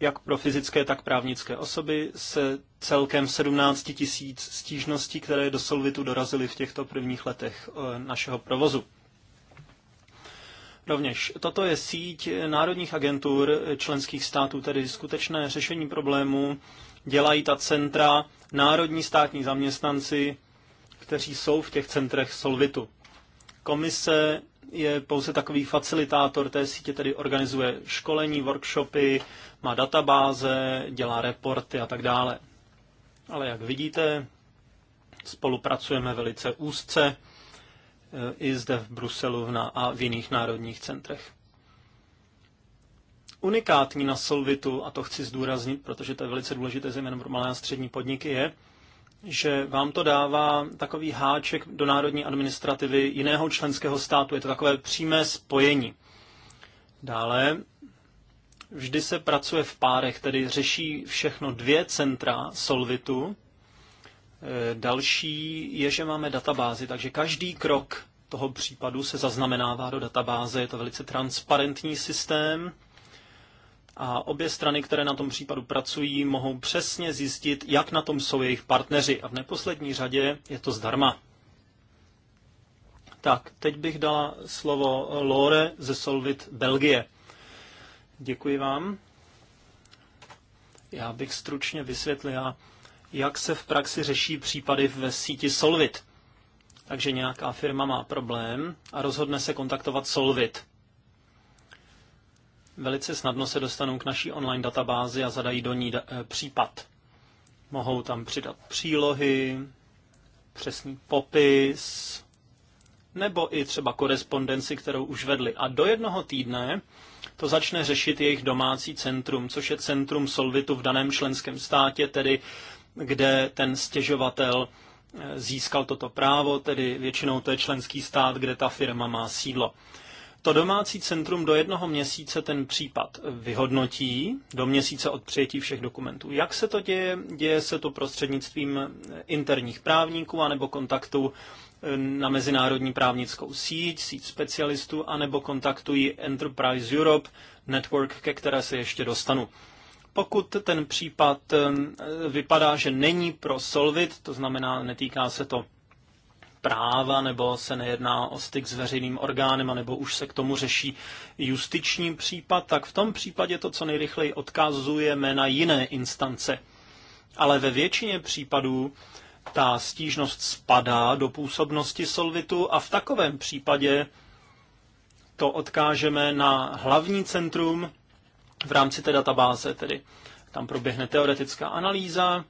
[SPEAKER 2] jak pro fyzické, tak právnické osoby, se celkem 17 tisíc stížností, které do Solvitu dorazily v těchto prvních letech našeho provozu. Rovněž toto je síť národních agentur členských států, tedy skutečné řešení problému dělají ta centra národní státní zaměstnanci, kteří jsou v těch centrech Solvitu. Komise je pouze takový facilitátor té sítě, tedy organizuje školení, workshopy, má databáze, dělá reporty a tak dále. Ale jak vidíte, spolupracujeme velice úzce i zde v Bruselu a v jiných národních centrech. Unikátní na Solvitu, a to chci zdůraznit, protože to je velice důležité zejména pro malé a střední podniky, je, že vám to dává takový háček do národní administrativy jiného členského státu. Je to takové přímé spojení. Dále vždy se pracuje v párech, tedy řeší všechno dvě centra Solvitu, Eh, další je, že máme databázi, takže každý krok toho případu se zaznamenává do databáze. Je to velice transparentní systém a obě strany, které na tom případu pracují, mohou přesně zjistit, jak na tom jsou jejich partneři. A v neposlední řadě je to zdarma. Tak, teď bych dala slovo Lore ze Solvit Belgie. Děkuji vám. Já bych stručně vysvětlila, jak se v praxi řeší případy ve síti Solvit. Takže nějaká firma má problém a rozhodne se kontaktovat Solvit. Velice snadno se dostanou k naší online databázi a zadají do ní eh, případ. Mohou tam přidat přílohy, přesný popis, nebo i třeba korespondenci, kterou už vedli. A do jednoho týdne to začne řešit jejich domácí centrum, což je centrum Solvitu v daném členském státě, tedy kde ten stěžovatel eh, získal toto právo, tedy většinou to je členský stát, kde ta firma má sídlo. To domácí centrum do jednoho měsíce ten případ vyhodnotí, do měsíce od přijetí všech dokumentů. Jak se to děje? Děje se to prostřednictvím eh, interních právníků anebo kontaktu eh, na mezinárodní právnickou síť, síť specialistů, anebo kontaktují Enterprise Europe, network, ke které se ještě dostanu. Pokud ten případ vypadá, že není pro solvit, to znamená, netýká se to práva, nebo se nejedná o styk s veřejným orgánem, nebo už se k tomu řeší justiční případ, tak v tom případě to co nejrychleji odkazujeme na jiné instance. Ale ve většině případů ta stížnost spadá do působnosti solvitu a v takovém případě to odkážeme na hlavní centrum v rámci té databáze tedy. Tam proběhne teoretická analýza,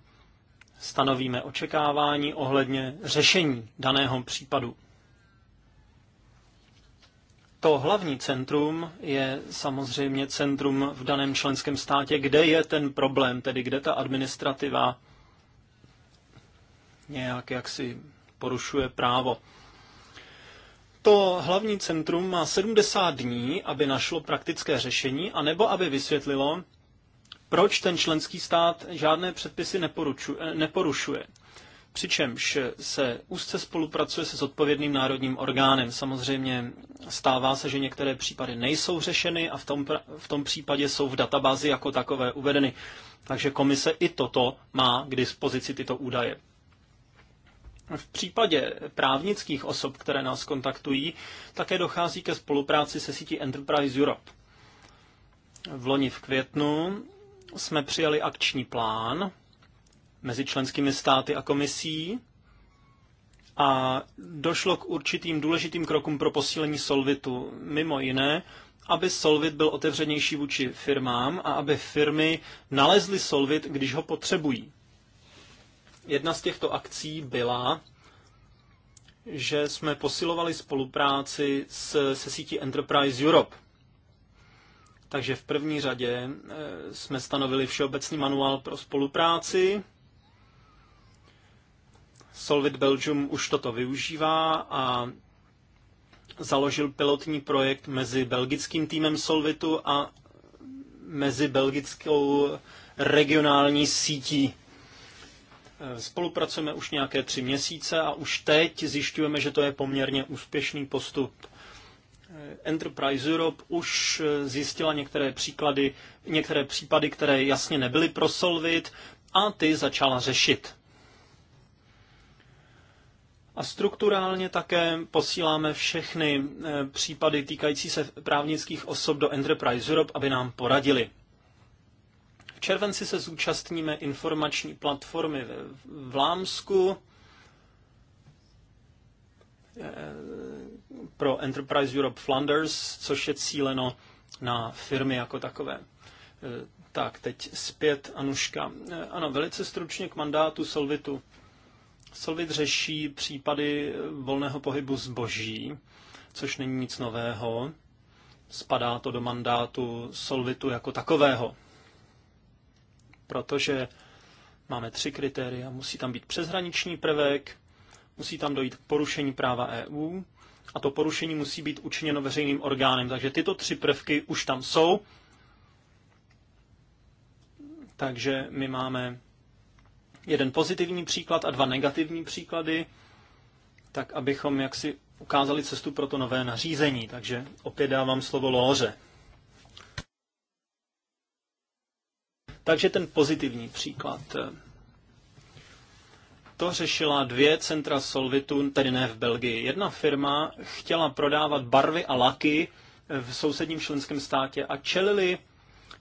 [SPEAKER 2] stanovíme očekávání ohledně řešení daného případu. To hlavní centrum je samozřejmě centrum v daném členském státě, kde je ten problém, tedy kde ta administrativa nějak jaksi porušuje právo to hlavní centrum má 70 dní, aby našlo praktické řešení, anebo aby vysvětlilo, proč ten členský stát žádné předpisy neporušuje. Přičemž se úzce spolupracuje se zodpovědným národním orgánem. Samozřejmě stává se, že některé případy nejsou řešeny a v tom, v tom případě jsou v databázi jako takové uvedeny. Takže komise i toto má k dispozici tyto údaje. V případě právnických osob, které nás kontaktují, také dochází ke spolupráci se sítí Enterprise Europe. V loni v květnu jsme přijali akční plán mezi členskými státy a komisí a došlo k určitým důležitým krokům pro posílení Solvitu. Mimo jiné, aby Solvit byl otevřenější vůči firmám a aby firmy nalezly Solvit, když ho potřebují. Jedna z těchto akcí byla, že jsme posilovali spolupráci s, se sítí Enterprise Europe. Takže v první řadě eh, jsme stanovili všeobecný manuál pro spolupráci. Solvit Belgium už toto využívá a založil pilotní projekt mezi belgickým týmem Solvitu a mezi belgickou regionální sítí Spolupracujeme už nějaké tři měsíce a už teď zjišťujeme, že to je poměrně úspěšný postup. Enterprise Europe už zjistila některé příklady, některé případy, které jasně nebyly prosolvit a ty začala řešit. A strukturálně také posíláme všechny eh, případy týkající se právnických osob do Enterprise Europe, aby nám poradili. V červenci se zúčastníme informační platformy v Vlámsku eh, pro Enterprise Europe Flanders, což je cíleno na firmy jako takové. Eh, tak, teď zpět Anuška. Eh, ano, velice stručně k mandátu Solvitu. Solvit řeší případy volného pohybu zboží, což není nic nového. Spadá to do mandátu Solvitu jako takového protože máme tři kritéria. Musí tam být přeshraniční prvek, musí tam dojít k porušení práva EU a to porušení musí být učiněno veřejným orgánem. Takže tyto tři prvky už tam jsou. Takže my máme jeden pozitivní příklad a dva negativní příklady, tak abychom jaksi ukázali cestu pro to nové nařízení. Takže opět dávám slovo Lóře. Takže ten pozitivní příklad. To řešila dvě centra Solvitu, tedy ne v Belgii. Jedna firma chtěla prodávat barvy a laky v sousedním členském státě a čelili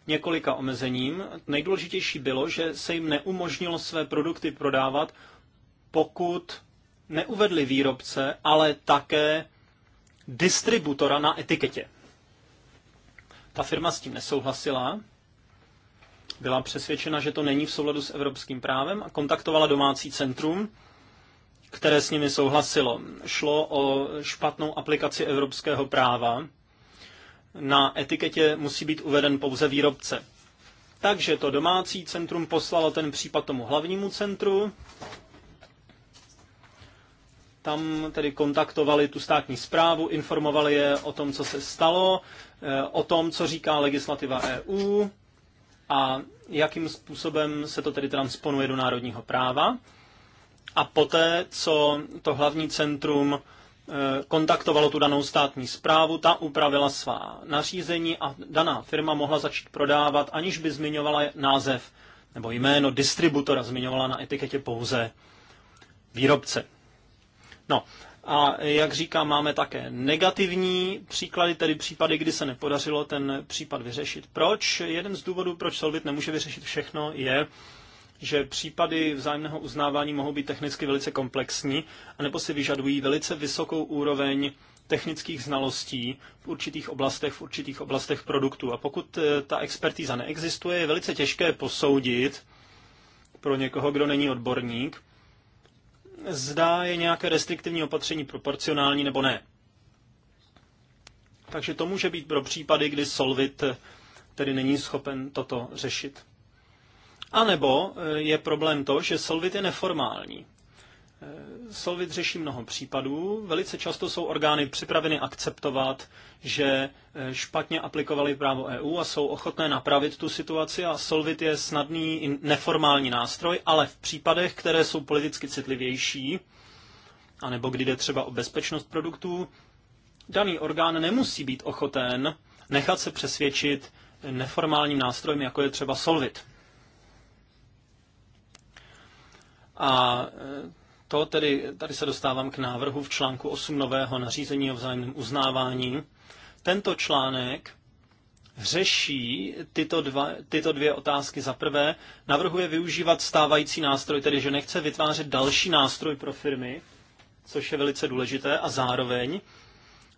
[SPEAKER 2] několika omezením. Nejdůležitější bylo, že se jim neumožnilo své produkty prodávat, pokud neuvedli výrobce, ale také distributora na etiketě. Ta firma s tím nesouhlasila byla přesvědčena, že to není v souladu s evropským právem a kontaktovala domácí centrum, které s nimi souhlasilo. Šlo o špatnou aplikaci evropského práva. Na etiketě musí být uveden pouze výrobce. Takže to domácí centrum poslalo ten případ tomu hlavnímu centru. Tam tedy kontaktovali tu státní zprávu, informovali je o tom, co se stalo, eh, o tom, co říká legislativa EU, a jakým způsobem se to tedy transponuje do národního práva. A poté, co to hlavní centrum eh, kontaktovalo tu danou státní zprávu, ta upravila svá nařízení a daná firma mohla začít prodávat, aniž by zmiňovala název nebo jméno distributora, zmiňovala na etiketě pouze výrobce. No a jak říkám, máme také negativní příklady, tedy případy, kdy se nepodařilo ten případ vyřešit. Proč? Jeden z důvodů, proč Solvit nemůže vyřešit všechno, je, že případy vzájemného uznávání mohou být technicky velice komplexní, anebo si vyžadují velice vysokou úroveň technických znalostí v určitých oblastech, v určitých oblastech produktů. A pokud eh, ta expertíza neexistuje, je velice těžké posoudit pro někoho, kdo není odborník, zda je nějaké restriktivní opatření proporcionální nebo ne. Takže to může být pro případy, kdy Solvit eh, tedy není schopen toto řešit. A nebo eh, je problém to, že Solvit je neformální. Solvit řeší mnoho případů. Velice často jsou orgány připraveny akceptovat, že eh, špatně aplikovali právo EU a jsou ochotné napravit tu situaci a Solvit je snadný neformální nástroj, ale v případech, které jsou politicky citlivější, anebo kdy jde třeba o bezpečnost produktů, daný orgán nemusí být ochoten nechat se přesvědčit neformálním nástrojem, jako je třeba Solvit. A eh, to tedy, tady se dostávám k návrhu v článku 8 nového nařízení o vzájemném uznávání. Tento článek řeší tyto, dva, tyto dvě otázky. Za prvé, navrhuje využívat stávající nástroj, tedy že nechce vytvářet další nástroj pro firmy, což je velice důležité, a zároveň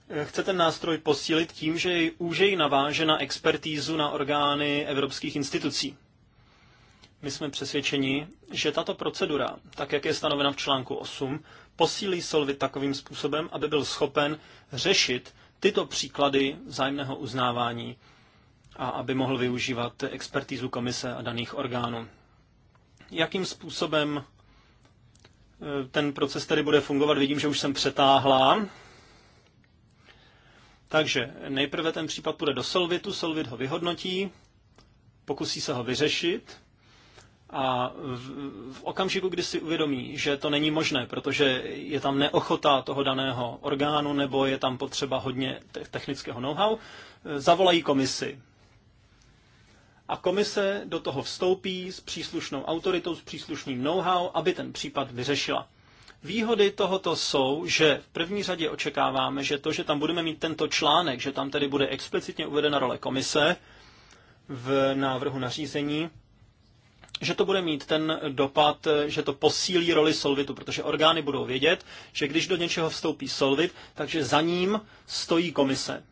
[SPEAKER 2] eh, chce ten nástroj posílit tím, že jej úžej naváže na expertízu na orgány evropských institucí. My jsme přesvědčeni, že tato procedura, tak jak je stanovena v článku 8, posílí Solvit takovým způsobem, aby byl schopen řešit tyto příklady vzájemného uznávání a aby mohl využívat expertízu komise a daných orgánů. Jakým způsobem e, ten proces tedy bude fungovat, vidím, že už jsem přetáhla. Takže nejprve ten případ půjde do Solvitu, Solvit ho vyhodnotí, pokusí se ho vyřešit, a v, v okamžiku, kdy si uvědomí, že to není možné, protože je tam neochota toho daného orgánu nebo je tam potřeba hodně technického know-how, eh, zavolají komisi. A komise do toho vstoupí s příslušnou autoritou, s příslušným know-how, aby ten případ vyřešila. Výhody tohoto jsou, že v první řadě očekáváme, že to, že tam budeme mít tento článek, že tam tedy bude explicitně uvedena role komise v návrhu nařízení, že to bude mít ten dopad, že to posílí roli Solvitu, protože orgány budou vědět, že když do něčeho vstoupí Solvit, takže za ním stojí komise.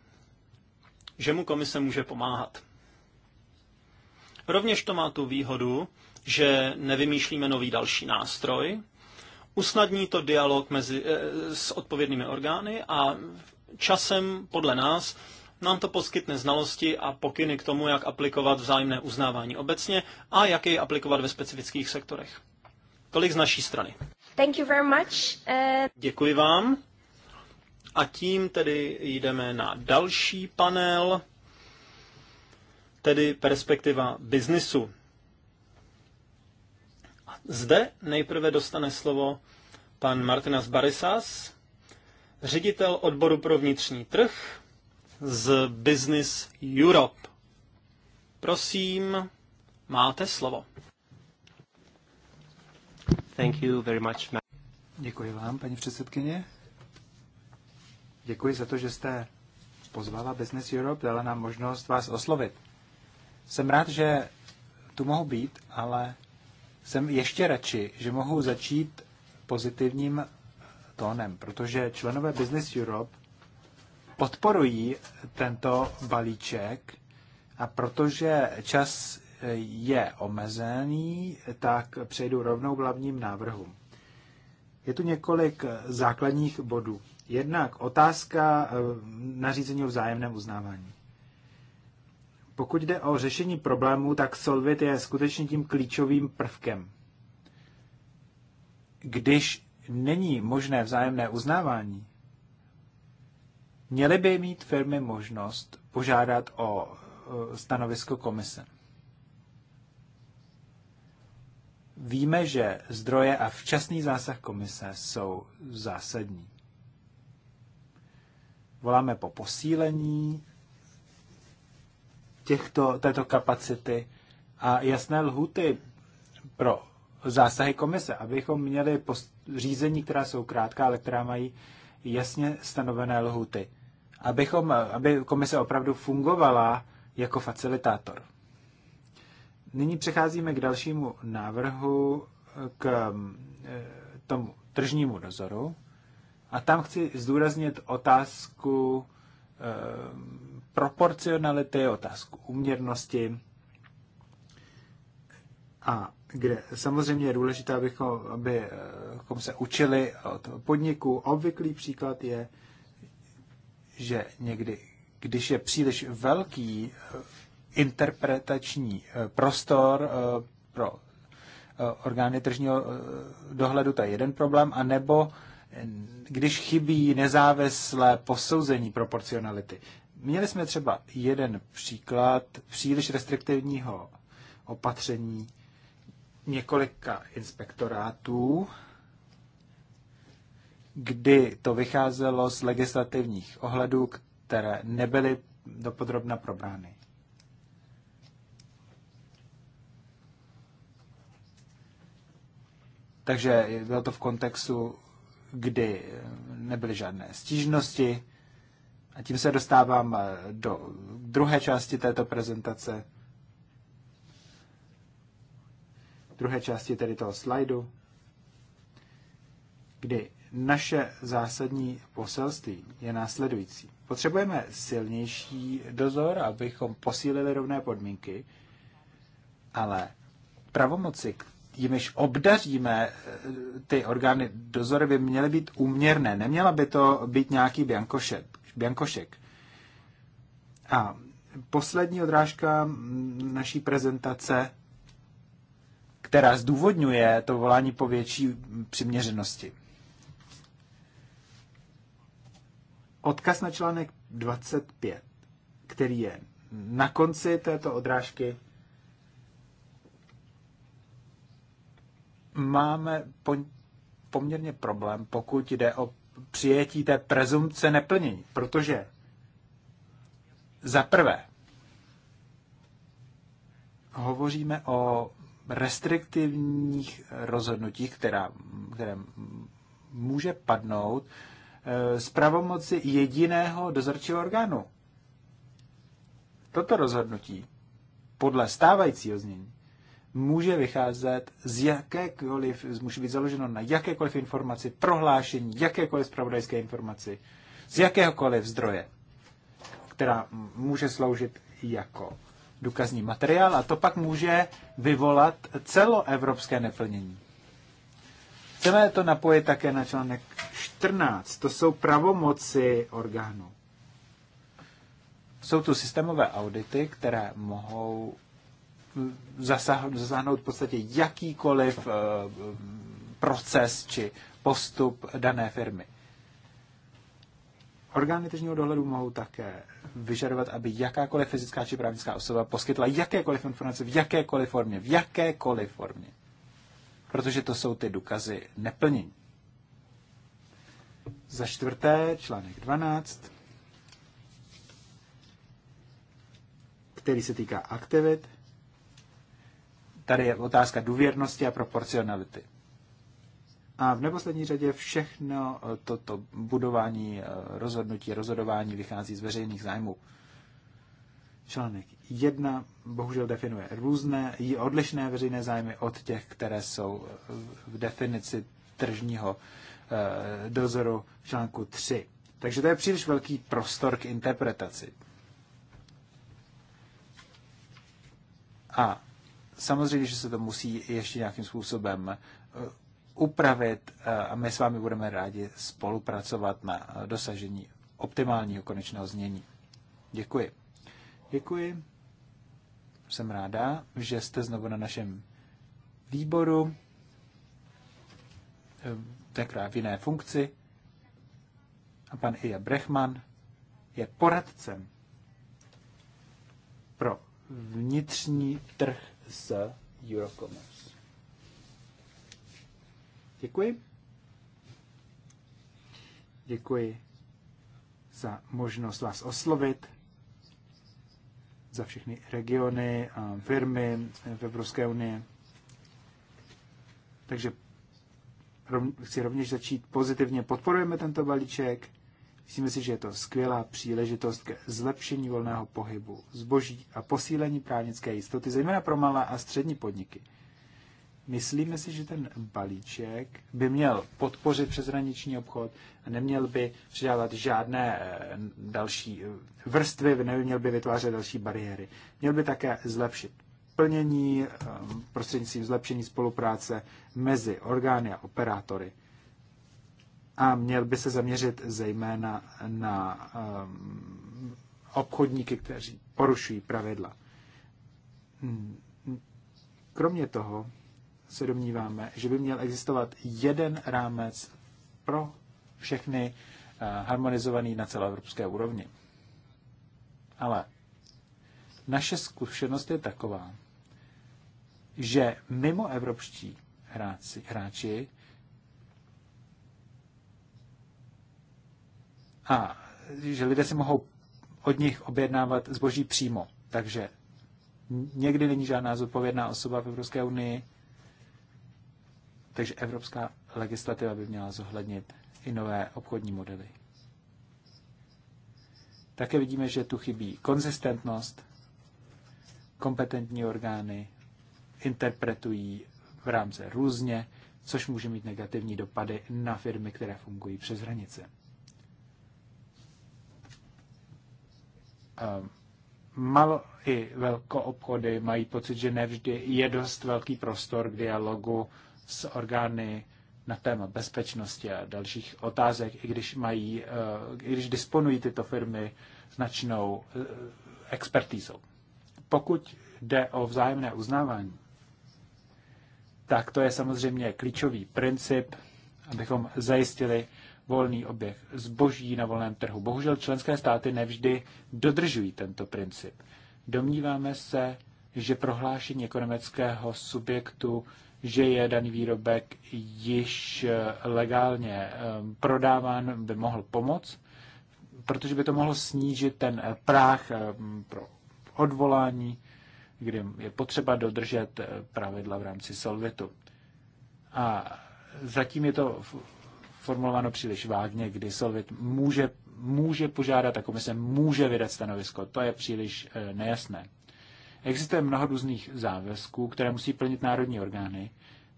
[SPEAKER 2] Že mu komise může pomáhat. Rovněž to má tu výhodu, že nevymýšlíme nový další nástroj, usnadní to dialog mezi, eh, s odpovědnými orgány a časem podle nás nám to poskytne znalosti a pokyny k tomu, jak aplikovat vzájemné uznávání obecně a jak jej aplikovat ve specifických sektorech. Tolik z naší strany. Thank you very much. Uh... Děkuji vám. A tím tedy jdeme na další panel, tedy perspektiva biznisu. zde nejprve dostane slovo pan Martinas Barisas, ředitel odboru pro vnitřní trh z Business Europe. Prosím, máte slovo.
[SPEAKER 3] Thank you very much. Děkuji vám, paní předsedkyně. Děkuji za to, že jste pozvala Business Europe, dala nám možnost vás oslovit. Jsem rád, že tu mohu být, ale jsem ještě radši, že mohu začít pozitivním tónem, protože členové Business Europe podporují tento balíček a protože čas je omezený, tak přejdu rovnou k hlavním návrhům. Je tu několik základních bodů. Jednak otázka eh, nařízení o vzájemném uznávání. Pokud jde o řešení problémů, tak Solvit je skutečně tím klíčovým prvkem. Když není možné vzájemné uznávání, Měly by mít firmy možnost požádat o e, stanovisko komise. Víme, že zdroje a včasný zásah komise jsou zásadní. Voláme po posílení těchto, této kapacity a jasné lhuty pro zásahy komise, abychom měli řízení, která jsou krátká, ale která mají jasně stanovené lhuty, abychom, aby komise opravdu fungovala jako facilitátor. Nyní přecházíme k dalšímu návrhu, k eh, tomu tržnímu dozoru. A tam chci zdůraznit otázku eh, proporcionality, otázku uměrnosti a kde samozřejmě je důležité, abychom, abychom se učili od podniku. Obvyklý příklad je, že někdy, když je příliš velký eh, interpretační eh, prostor eh, pro orgány tržního dohledu, to je jeden problém, a nebo když chybí nezávislé posouzení proporcionality. Měli jsme třeba jeden příklad příliš restriktivního opatření, několika inspektorátů, kdy to vycházelo z legislativních ohledů, které nebyly dopodrobna probrány. Takže bylo to v kontextu, kdy nebyly žádné stížnosti. A tím se dostávám eh, do druhé části této prezentace – druhé části tedy toho slajdu, kdy naše zásadní poselství je následující. Potřebujeme silnější dozor, abychom posílili rovné podmínky, ale pravomoci, jimiž obdaříme eh, ty orgány dozory, by měly být úměrné. Neměla by to být nějaký biankošek. biankošek. A poslední odrážka mm, naší prezentace která zdůvodňuje to volání po větší přiměřenosti. Odkaz na článek 25, který je na konci této odrážky, máme poměrně problém, pokud jde o přijetí té prezumce neplnění, protože za prvé hovoříme o restriktivních rozhodnutích, která, které může padnout eh, z pravomoci jediného dozorčího orgánu. Toto rozhodnutí podle stávajícího znění může vycházet z jakékoliv, může být založeno na jakékoliv informaci, prohlášení, jakékoliv spravodajské informaci, z jakéhokoliv zdroje, která může sloužit jako důkazní materiál a to pak může vyvolat celoevropské neplnění. Chceme to napojit také na článek 14. To jsou pravomoci orgánů. Jsou tu systémové audity, které mohou hm, zasáhnout, v podstatě jakýkoliv eh, hm, proces či postup dané firmy. Orgány tržního dohledu mohou také vyžadovat, aby jakákoliv fyzická či právnická osoba poskytla jakékoliv informace v jakékoliv formě, v jakékoliv formě. Protože to jsou ty důkazy neplnění. Za čtvrté, článek 12, který se týká aktivit. Tady je otázka důvěrnosti a proporcionality. A v neposlední řadě všechno eh, toto budování eh, rozhodnutí, rozhodování vychází z veřejných zájmů. Článek 1 bohužel definuje různé, i odlišné veřejné zájmy od těch, které jsou eh, v definici tržního dozoru v článku 3. Takže to je příliš velký prostor k interpretaci. A samozřejmě, že se to musí ještě nějakým způsobem upravit eh, a my s vámi budeme rádi spolupracovat na eh, dosažení optimálního konečného znění. Děkuji. Děkuji. Jsem ráda, že jste znovu na našem výboru, eh, takrát v jiné funkci. A pan Ija Brechman je poradcem pro vnitřní trh s Eurocommerce. Děkuji. Děkuji za možnost vás oslovit, za všechny regiony a firmy v Evropské unii. Takže chci rovněž začít pozitivně. Podporujeme tento balíček. Myslíme si, že je to skvělá příležitost ke zlepšení volného pohybu zboží a posílení právnické jistoty, zejména pro malé a střední podniky. Myslíme si, že ten balíček by měl podpořit přeshraniční obchod a neměl by přidávat žádné eh, další eh, vrstvy, neměl by vytvářet další bariéry. Měl by také zlepšit plnění eh, prostřednictvím zlepšení spolupráce mezi orgány a operátory. A měl by se zaměřit zejména na obchodníky, kteří porušují pravidla.
[SPEAKER 1] Hm, hm,
[SPEAKER 3] kromě toho, se domníváme, že by měl existovat jeden rámec pro všechny eh, harmonizovaný na celoevropské úrovni. Ale naše zkušenost je taková, že mimo evropští hráči, hráči a že lidé si mohou od nich objednávat zboží přímo. Takže někdy není žádná zodpovědná osoba v Evropské unii, takže evropská legislativa by měla zohlednit i nové obchodní modely. Také vidíme, že tu chybí konzistentnost, kompetentní orgány interpretují v rámci různě, což může mít negativní dopady na firmy, které fungují přes hranice. Ehm, malo i velkoobchody mají pocit, že nevždy je dost velký prostor k dialogu s orgány na téma bezpečnosti a dalších otázek, i když mají, eh, i když disponují tyto firmy značnou eh, expertízou. Pokud jde o vzájemné uznávání, tak to je samozřejmě klíčový princip, abychom zajistili volný oběh zboží na volném trhu. Bohužel členské státy nevždy dodržují tento princip. Domníváme se, že prohlášení ekonomického subjektu že je daný výrobek již eh, legálně eh, prodáván, by mohl pomoct, protože by to mohlo snížit ten eh, práh pro odvolání, kdy je potřeba dodržet pravidla v rámci solvitu. A zatím je to formulováno příliš vágně, kdy solvit může, může požádat a komise může vydat stanovisko. To je příliš nejasné. Existuje mnoho různých závazků, které musí plnit národní orgány.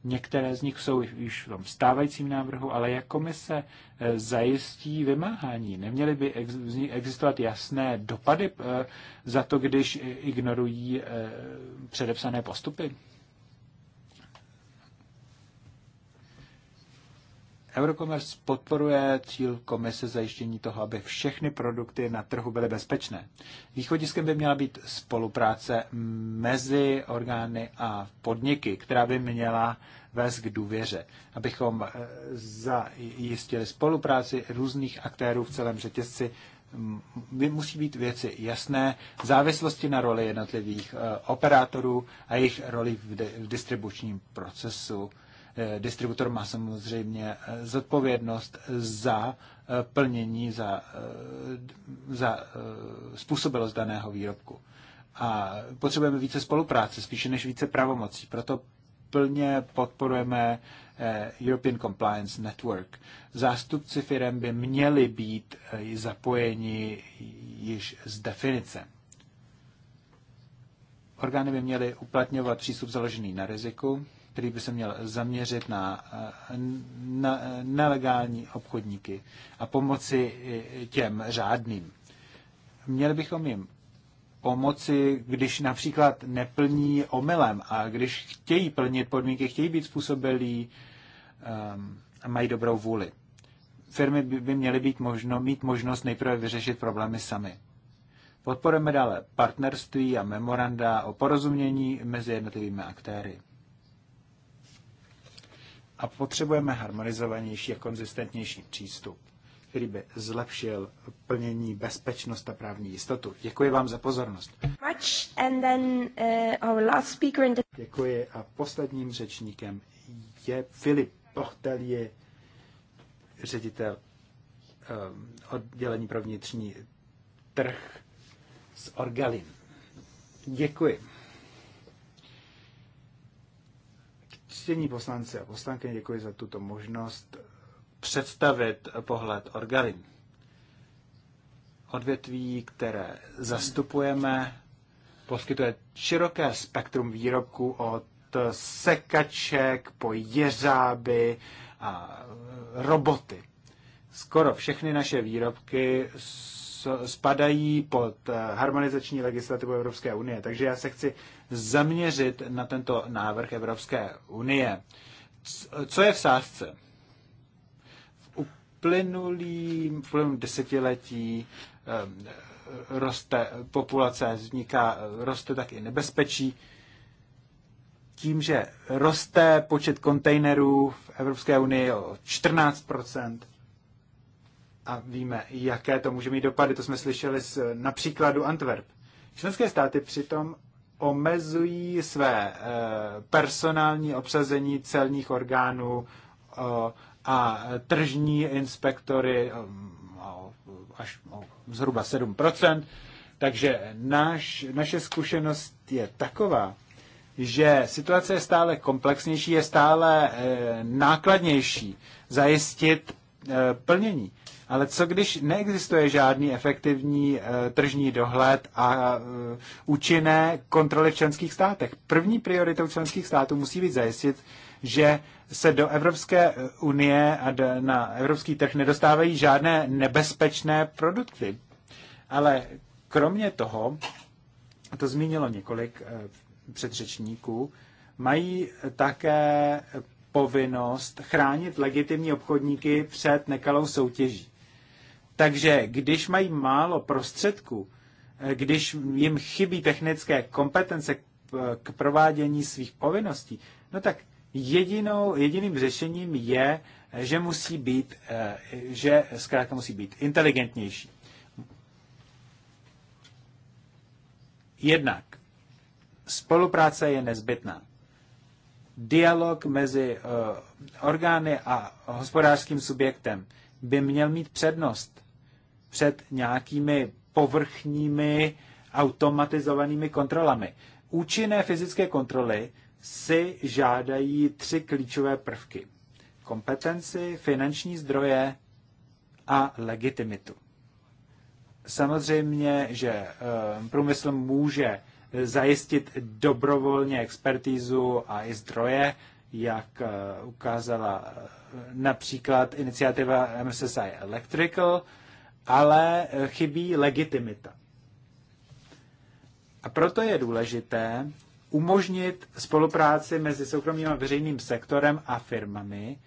[SPEAKER 3] Některé z nich jsou již v tom stávajícím návrhu, ale jak komise eh, zajistí vymáhání? Neměly by existovat jasné dopady eh, za to, když ignorují eh, předepsané postupy? Eurocommerce podporuje cíl komise zajištění toho, aby všechny produkty na trhu byly bezpečné. Východiskem by měla být spolupráce mezi orgány a podniky, která by měla vést k důvěře, abychom eh, zajistili spolupráci různých aktérů v celém řetězci. Musí být věci jasné, závislosti na roli jednotlivých eh, operátorů a jejich roli v distribučním procesu Eh, distributor má samozřejmě eh, zodpovědnost za eh, plnění, za, za způsobilost daného výrobku. A potřebujeme více spolupráce, spíše než více pravomocí. Proto plně podporujeme European Compliance Network. Zástupci firm by měli být zapojeni již z definice. Orgány by měly uplatňovat přístup založený na riziku, který by se měl zaměřit na, na nelegální obchodníky a pomoci těm řádným. Měli bychom jim pomoci, když například neplní omylem a když chtějí plnit podmínky, chtějí být způsobilí ehm, a mají dobrou vůli. Firmy by, by měly být možno, mít možnost nejprve vyřešit problémy sami. Podporujeme dále partnerství a memoranda o porozumění mezi jednotlivými aktéry a potřebujeme harmonizovanější a konzistentnější přístup, který by zlepšil plnění bezpečnost a právní jistotu. Děkuji vám za pozornost.
[SPEAKER 2] Uh,
[SPEAKER 3] Děkuji a posledním řečníkem je Filip Pochtelier, ředitel eh, oddělení pro vnitřní trh z Orgalin. Děkuji. Ctění poslanci a poslankyně, děkuji za tuto možnost představit pohled Orgalin. Odvětví, které zastupujeme, poskytuje široké spektrum výrobků od sekaček po jeřáby a roboty. Skoro všechny naše výrobky spadají pod eh, harmonizační legislativu Evropské unie. Takže já se chci zaměřit na tento návrh Evropské unie. Co je v sázce? V uplynulým, v uplynulým desetiletí eh, roste populace, vzniká, roste tak i nebezpečí. Tím, že roste počet kontejnerů v Evropské unii o 14 a víme, jaké to může mít dopady. To jsme slyšeli z, na příkladu Antwerp. Členské státy přitom omezují své eh, personální obsazení celních orgánů eh, a tržní inspektory eh, až zhruba 7%. Takže naš, naše zkušenost je taková, že situace je stále komplexnější, je stále nákladnější zajistit plnění. Ale co když neexistuje žádný efektivní e, tržní dohled a e, účinné kontroly v členských státech? První prioritou členských států musí být zajistit, že se do Evropské eh, unie a do, na evropský trh nedostávají žádné nebezpečné produkty. Ale kromě toho, to zmínilo několik e, předřečníků, mají také povinnost chránit legitimní obchodníky před nekalou soutěží. Takže když mají málo prostředků, eh, když jim chybí technické kompetence eh, k provádění svých povinností, no tak jedinou, jediným řešením je, eh, že musí být, že zkrátka musí být inteligentnější. Jednak spolupráce je nezbytná. Dialog mezi orgány a hospodářským subjektem by měl mít přednost před nějakými povrchními automatizovanými kontrolami. Účinné fyzické kontroly si žádají tři klíčové prvky. Kompetenci, finanční zdroje a legitimitu. Samozřejmě, že eh, průmysl může zajistit dobrovolně expertízu a i zdroje, jak eh, ukázala eh, například iniciativa MSSI Electrical, ale eh, chybí legitimita. A proto je důležité umožnit spolupráci mezi soukromým a veřejným sektorem a firmami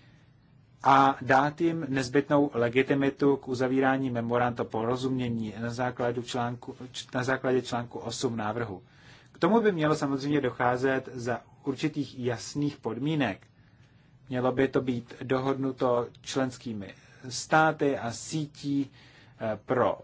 [SPEAKER 3] a dát jim nezbytnou legitimitu k uzavírání memoranda porozumění na, základu článku, na základě článku 8 návrhu. K tomu by mělo samozřejmě docházet za určitých jasných podmínek. Mělo by to být dohodnuto členskými státy a sítí pro eh,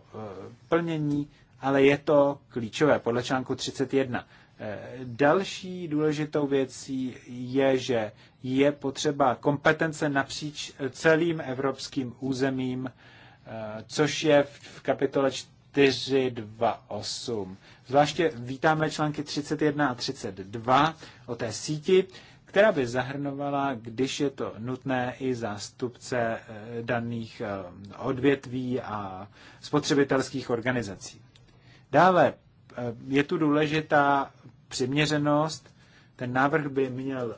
[SPEAKER 3] plnění, ale je to klíčové podle článku 31. Eh, další důležitou věcí je, že je potřeba kompetence napříč celým evropským územím, eh, což je v kapitole 428. Zvláště vítáme články 31 a 32 o té síti která by zahrnovala, když je to nutné, i zástupce eh, daných eh, odvětví a spotřebitelských organizací. Dále eh, je tu důležitá přiměřenost. Ten návrh by měl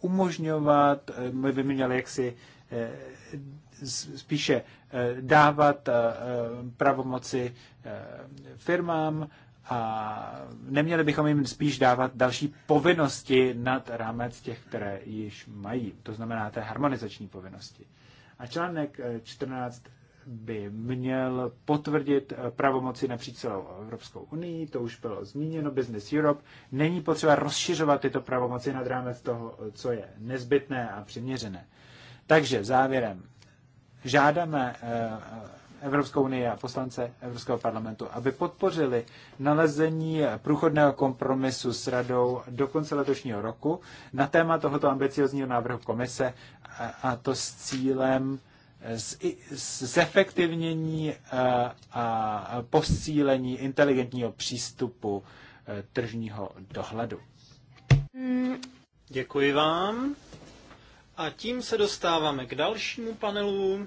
[SPEAKER 3] umožňovat, my by měl jaksi spíše dávat pravomoci firmám a neměli bychom jim spíš dávat další povinnosti nad rámec těch, které již mají. To znamená té harmonizační povinnosti. A článek 14 eh, by měl potvrdit eh, pravomoci napříč celou Evropskou unii, to už bylo zmíněno, Business Europe. Není potřeba rozšiřovat tyto pravomoci nad rámec toho, co je nezbytné a přiměřené. Takže závěrem. Žádáme eh, Evropskou unii a poslance Evropského parlamentu, aby podpořili nalezení průchodného kompromisu s radou do konce letošního roku na téma tohoto ambiciozního návrhu komise a, to s cílem eh, zefektivnění eh, a posílení inteligentního přístupu eh, tržního dohledu.
[SPEAKER 2] Děkuji vám. A tím se dostáváme k dalšímu panelu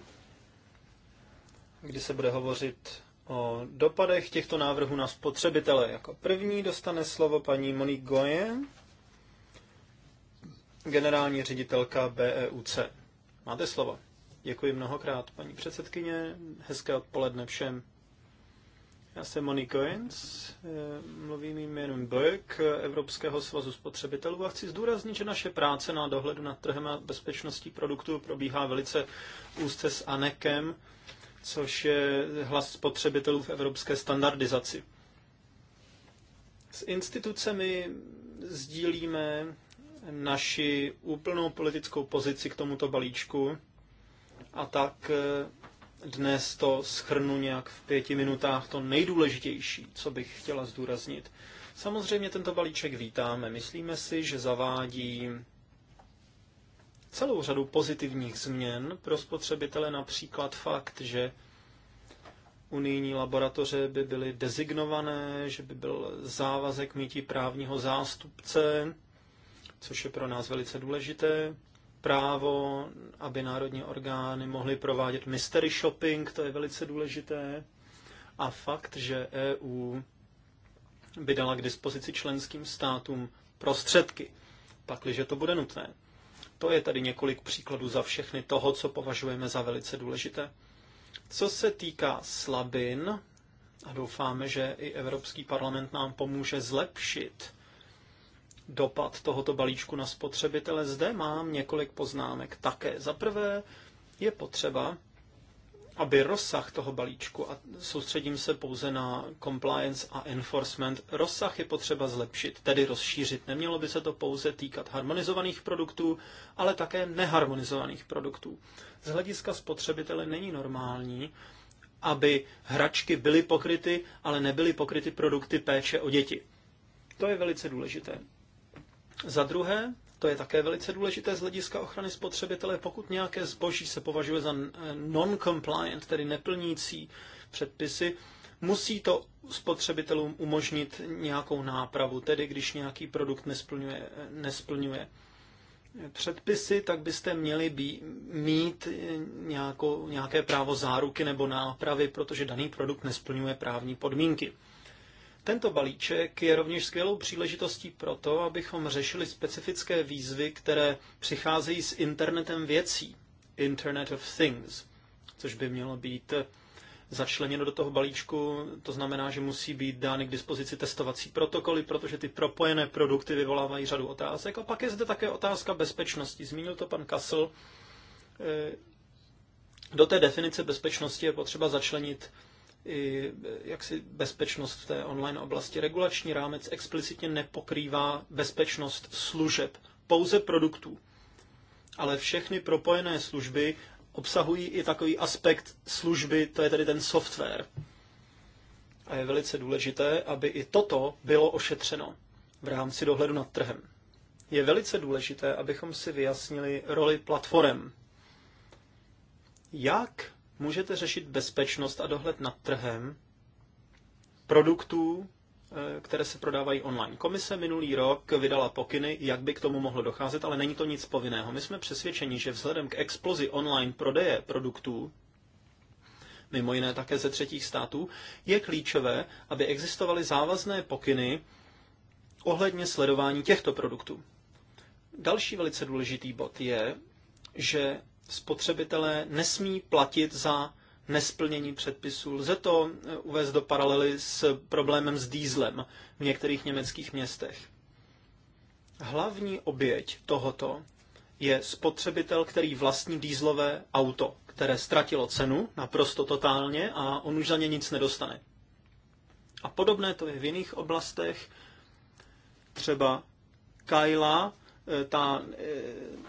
[SPEAKER 2] kdy se bude hovořit o dopadech těchto návrhů na spotřebitele. Jako první dostane slovo paní Monique Goye, generální ředitelka BEUC. Máte slovo. Děkuji mnohokrát, paní předsedkyně. Hezké odpoledne všem. Já jsem Monique Goins, eh, mluvím jménem BERK, Evropského svazu spotřebitelů a chci zdůraznit, že naše práce na dohledu nad trhem a bezpečností produktů probíhá velice úzce s ANEKem, což je hlas spotřebitelů v evropské standardizaci. S institucemi sdílíme naši úplnou politickou pozici k tomuto balíčku a tak eh, dnes to schrnu nějak v pěti minutách to nejdůležitější, co bych chtěla zdůraznit. Samozřejmě tento balíček vítáme. Myslíme si, že zavádí celou řadu pozitivních změn pro spotřebitele, například fakt, že unijní laboratoře by byly dezignované, že by byl závazek mítí právního zástupce, což je pro nás velice důležité, právo, aby národní orgány mohly provádět mystery shopping, to je velice důležité, a fakt, že EU by dala k dispozici členským státům prostředky, pakliže to bude nutné. To je tady několik příkladů za všechny toho, co považujeme za velice důležité. Co se týká slabin, a doufáme, že i Evropský parlament nám pomůže zlepšit dopad tohoto balíčku na spotřebitele, zde mám několik poznámek také. Za prvé je potřeba aby rozsah toho balíčku, a soustředím se pouze na compliance a enforcement, rozsah je potřeba zlepšit, tedy rozšířit. Nemělo by se to pouze týkat harmonizovaných produktů, ale také neharmonizovaných produktů. Z hlediska spotřebitele není normální, aby hračky byly pokryty, ale nebyly pokryty produkty péče o děti. To je velice důležité. Za druhé, to je také velice důležité z hlediska ochrany spotřebitele. Pokud nějaké zboží se považuje za non-compliant, tedy neplnící předpisy, musí to spotřebitelům umožnit nějakou nápravu, tedy když nějaký produkt nesplňuje, nesplňuje předpisy, tak byste měli bý, mít nějakou, nějaké právo záruky nebo nápravy, protože daný produkt nesplňuje právní podmínky. Tento balíček je rovněž skvělou příležitostí pro to, abychom řešili specifické výzvy, které přicházejí s internetem věcí, Internet of Things, což by mělo být začleněno do toho balíčku, to znamená, že musí být dány k dispozici testovací protokoly, protože ty propojené produkty vyvolávají řadu otázek. A pak je zde také otázka bezpečnosti. Zmínil to pan Kassel. E, do té definice bezpečnosti je potřeba začlenit i jaksi bezpečnost v té online oblasti. Regulační rámec explicitně nepokrývá bezpečnost služeb, pouze produktů. Ale všechny propojené služby obsahují i takový aspekt služby, to je tedy ten software. A je velice důležité, aby i toto bylo ošetřeno v rámci dohledu nad trhem. Je velice důležité, abychom si vyjasnili roli platform. Jak můžete řešit bezpečnost a dohled nad trhem produktů, eh, které se prodávají online. Komise minulý rok vydala pokyny, jak by k tomu mohlo docházet, ale není to nic povinného. My jsme přesvědčeni, že vzhledem k explozi online prodeje produktů, mimo jiné také ze třetích států, je klíčové, aby existovaly závazné pokyny ohledně sledování těchto produktů. Další velice důležitý bod je, že spotřebitelé nesmí platit za nesplnění předpisů. Lze to eh, uvést do paralely s problémem s dýzlem v některých německých městech. Hlavní oběť tohoto je spotřebitel, který vlastní dýzlové auto, které ztratilo cenu naprosto totálně a on už za ně nic nedostane. A podobné to je v jiných oblastech, třeba Kajla, eh, ta eh,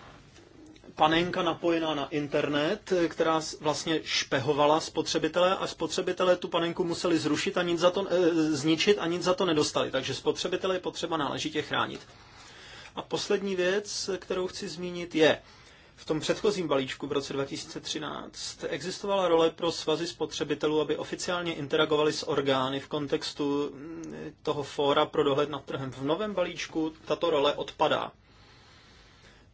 [SPEAKER 2] panenka napojená na internet, eh, která vlastně špehovala spotřebitele a spotřebitele tu panenku museli zrušit a nic za to, eh, zničit a nic za to nedostali. Takže spotřebitele je potřeba náležitě chránit. A poslední věc, eh, kterou chci zmínit, je, v tom předchozím balíčku v roce 2013 existovala role pro svazy spotřebitelů, aby oficiálně interagovali s orgány v kontextu mm, toho fóra pro dohled nad trhem. V novém balíčku tato role odpadá.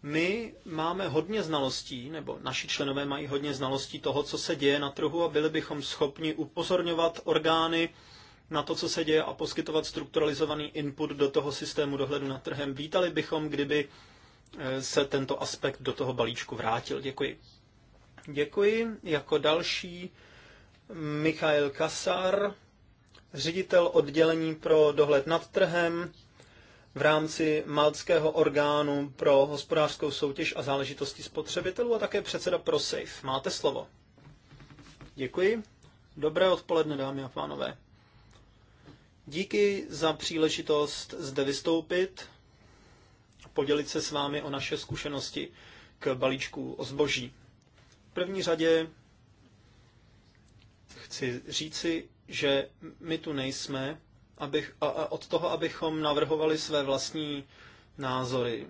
[SPEAKER 2] My máme hodně znalostí, nebo naši členové mají hodně znalostí toho, co se děje na trhu a byli bychom schopni upozorňovat orgány na to, co se děje a poskytovat strukturalizovaný input do toho systému dohledu nad trhem. Vítali bychom, kdyby e, se tento aspekt do toho balíčku vrátil. Děkuji. Děkuji. Jako další Michael Kasar, ředitel oddělení pro dohled nad trhem v rámci Maltského orgánu pro hospodářskou soutěž a záležitosti spotřebitelů a také předseda ProSafe. Máte slovo. Děkuji. Dobré odpoledne, dámy a pánové. Díky za příležitost zde vystoupit a podělit se s vámi o naše zkušenosti k balíčku o zboží. V první řadě chci říci, že my tu nejsme, abych, a od toho, abychom navrhovali své vlastní názory.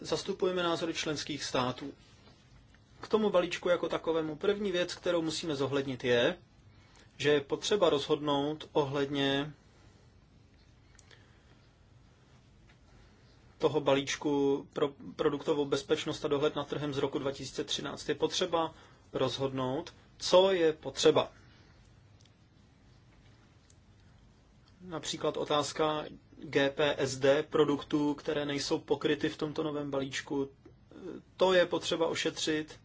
[SPEAKER 2] Zastupujeme názory členských států. K tomu balíčku jako takovému první věc, kterou musíme zohlednit, je, že je potřeba rozhodnout ohledně toho balíčku pro produktovou bezpečnost a dohled nad trhem z roku 2013. Je potřeba rozhodnout, co je potřeba. Například otázka GPSD produktů, které nejsou pokryty v tomto novém balíčku. To je potřeba ošetřit.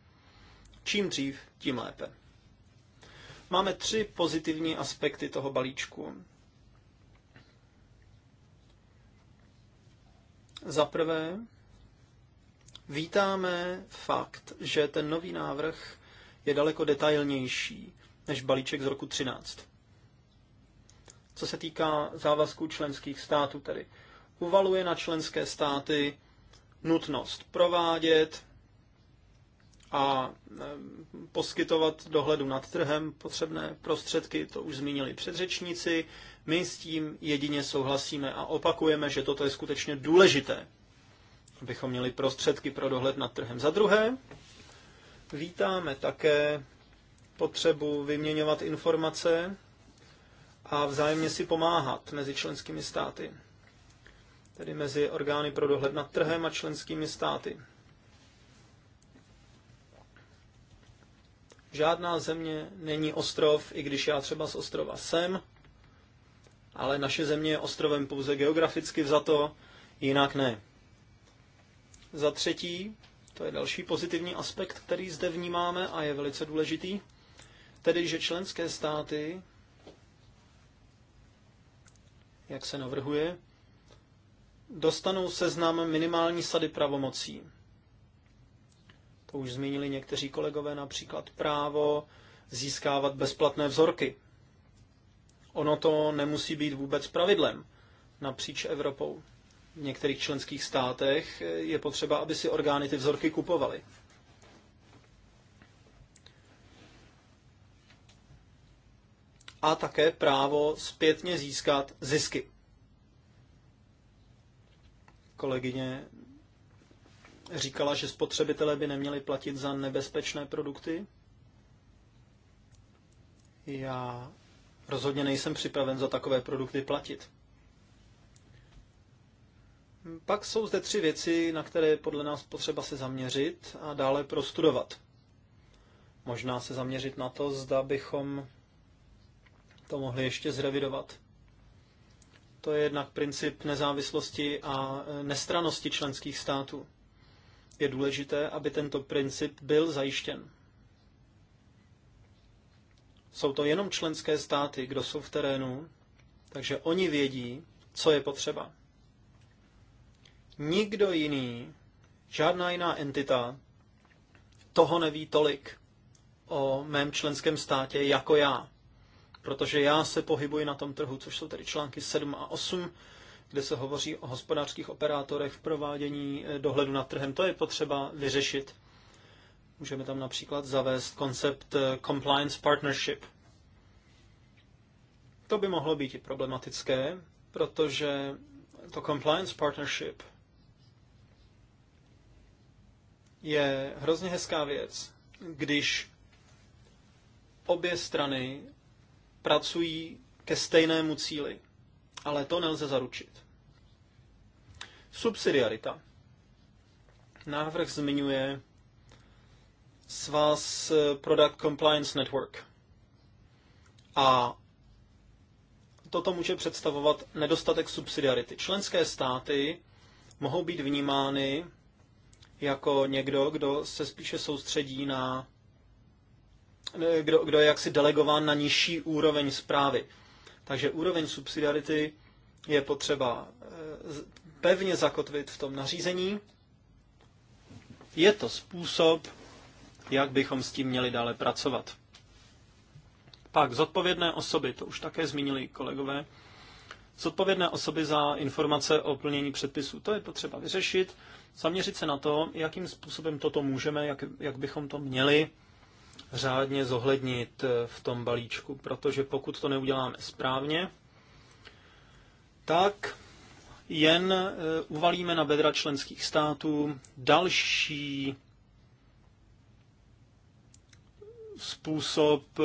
[SPEAKER 2] Čím dřív, tím lépe. Máme tři pozitivní aspekty toho balíčku. Za prvé, vítáme fakt, že ten nový návrh je daleko detailnější než balíček z roku 13 co se týká závazků členských států tedy. Uvaluje na členské státy nutnost provádět a poskytovat dohledu nad trhem potřebné prostředky, to už zmínili předřečníci. My s tím jedině souhlasíme a opakujeme, že toto je skutečně důležité, abychom měli prostředky pro dohled nad trhem. Za druhé, vítáme také potřebu vyměňovat informace a vzájemně si pomáhat mezi členskými státy, tedy mezi orgány pro dohled nad trhem a členskými státy. Žádná země není ostrov, i když já třeba z ostrova jsem, ale naše země je ostrovem pouze geograficky vzato, jinak ne. Za třetí, to je další pozitivní aspekt, který zde vnímáme a je velice důležitý, tedy že členské státy jak se navrhuje, dostanou seznam minimální sady pravomocí. To už zmínili někteří kolegové, například právo získávat bezplatné vzorky. Ono to nemusí být vůbec pravidlem napříč Evropou. V některých členských státech je potřeba, aby si orgány ty vzorky kupovaly. a také právo zpětně získat zisky. Kolegyně říkala, že spotřebitelé by neměli platit za nebezpečné produkty. Já rozhodně nejsem připraven za takové produkty platit. Pak jsou zde tři věci, na které je podle nás potřeba se zaměřit a dále prostudovat. Možná se zaměřit na to, zda bychom to mohli ještě zrevidovat. To je jednak princip nezávislosti a e, nestranosti členských států. Je důležité, aby tento princip byl zajištěn. Jsou to jenom členské státy, kdo jsou v terénu, takže oni vědí, co je potřeba. Nikdo jiný, žádná jiná entita toho neví tolik o mém členském státě jako já protože já se pohybuji na tom trhu, což jsou tedy články 7 a 8, kde se hovoří o hospodářských operátorech v provádění eh, dohledu nad trhem. To je potřeba vyřešit. Můžeme tam například zavést koncept eh, compliance partnership. To by mohlo být i problematické, protože to compliance partnership je hrozně hezká věc, když obě strany pracují ke stejnému cíli. Ale to nelze zaručit. Subsidiarita. Návrh zmiňuje svaz eh, Product Compliance Network. A toto může představovat nedostatek subsidiarity. Členské státy mohou být vnímány jako někdo, kdo se spíše soustředí na kdo, kdo je jaksi delegován na nižší úroveň zprávy. Takže úroveň subsidiarity je potřeba eh, pevně zakotvit v tom nařízení. Je to způsob, jak bychom s tím měli dále pracovat. Pak zodpovědné osoby, to už také zmínili kolegové, zodpovědné osoby za informace o plnění předpisů. To je potřeba vyřešit, zaměřit se na to, jakým způsobem toto můžeme, jak, jak bychom to měli řádně zohlednit eh, v tom balíčku, protože pokud to neuděláme správně, tak jen eh, uvalíme na bedra členských států další způsob, eh,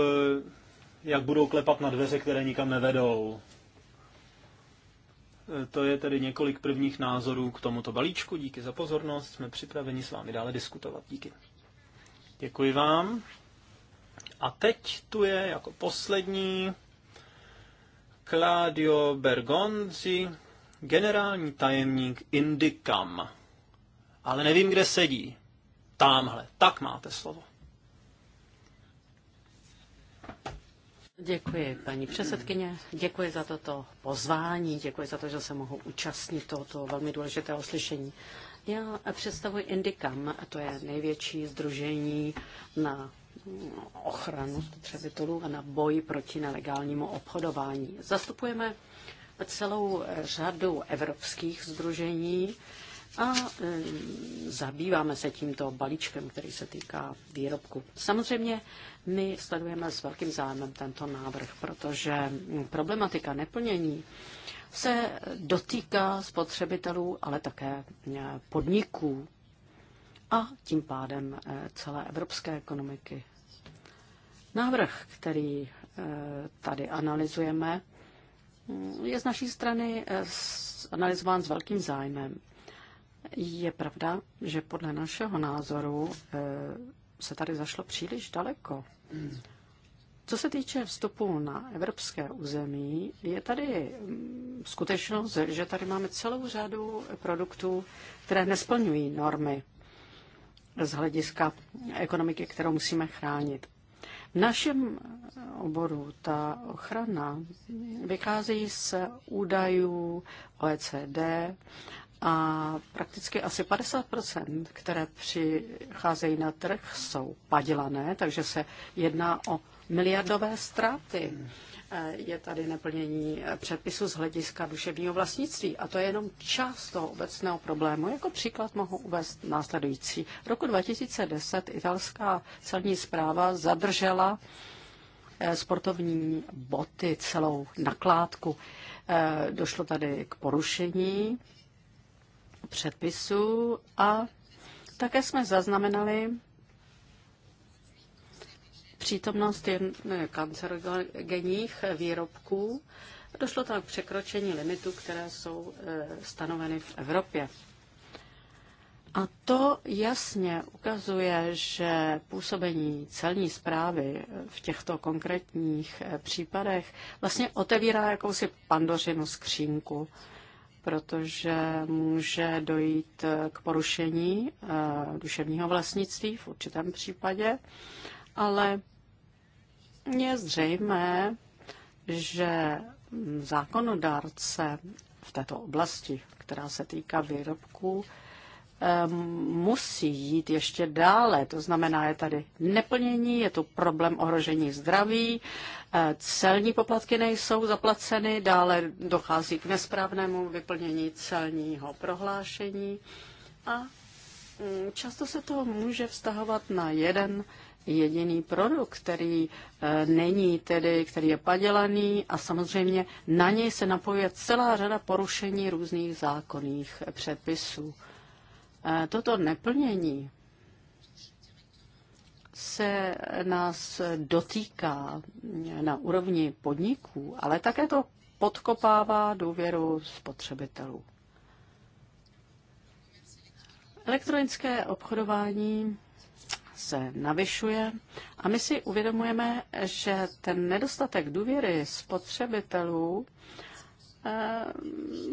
[SPEAKER 2] jak budou klepat na dveře, které nikam nevedou. To je tedy několik prvních názorů k tomuto balíčku. Díky za pozornost. Jsme připraveni s vámi dále diskutovat. Díky. Děkuji vám. A teď tu je jako poslední Claudio Bergonzi, generální tajemník Indicam. Ale nevím, kde sedí. Tamhle. Tak
[SPEAKER 1] máte slovo. Děkuji, paní předsedkyně. Děkuji za toto pozvání, děkuji za to, že se mohu účastnit tohoto velmi důležitého slyšení. Já představuji Indicam, to je největší združení na ochranu spotřebitelů a na boj proti nelegálnímu obchodování. Zastupujeme celou řadu evropských združení a e, zabýváme se tímto balíčkem, který se týká výrobku. Samozřejmě my sledujeme s velkým zájmem tento návrh, protože problematika neplnění se dotýká spotřebitelů, ale také e, podniků a tím pádem eh, celé evropské ekonomiky. Návrh, který eh, tady analyzujeme, mm, je z naší strany eh, analyzován s velkým zájmem. Je pravda, že podle našeho názoru se tady zašlo příliš daleko. Co se týče vstupu na evropské území, je tady mm, skutečnost, že tady máme celou řadu produktů, které nesplňují normy z hlediska ekonomiky, kterou musíme chránit. V našem oboru ta ochrana vychází z údajů OECD a prakticky asi 50 které přicházejí na trh, jsou padělané, takže se jedná o miliardové ztráty je tady neplnění předpisu z hlediska duševního vlastnictví. A to je jenom část toho obecného problému. Jako příklad mohu uvést následující. V roku 2010 italská celní zpráva zadržela eh, sportovní boty, celou nakládku. Eh, došlo tady k porušení předpisu a také jsme zaznamenali přítomnost jen eh, kancerogenních eh, výrobků. Došlo tam k překročení limitů, které jsou eh, stanoveny v Evropě. A to jasně ukazuje, že působení celní zprávy v těchto konkrétních případech vlastně otevírá jakousi pandořinu skřínku, protože může dojít k porušení duševního vlastnictví v určitém případě ale je zřejmé, že zákonodárce v této oblasti, která se týká výrobků, musí jít ještě dále. To znamená, je tady neplnění, je tu problém ohrožení zdraví, eh, celní poplatky nejsou zaplaceny, dále dochází k nesprávnému vyplnění celního prohlášení a mm, často se to může vztahovat na jeden jediný produkt, který eh, není tedy, který je padělaný a samozřejmě na něj se napojuje celá řada porušení různých zákonných předpisů. Eh, toto neplnění se nás dotýká na úrovni podniků, ale také to podkopává důvěru spotřebitelů. Elektronické obchodování se navyšuje a my si uvědomujeme, že ten nedostatek důvěry spotřebitelů eh,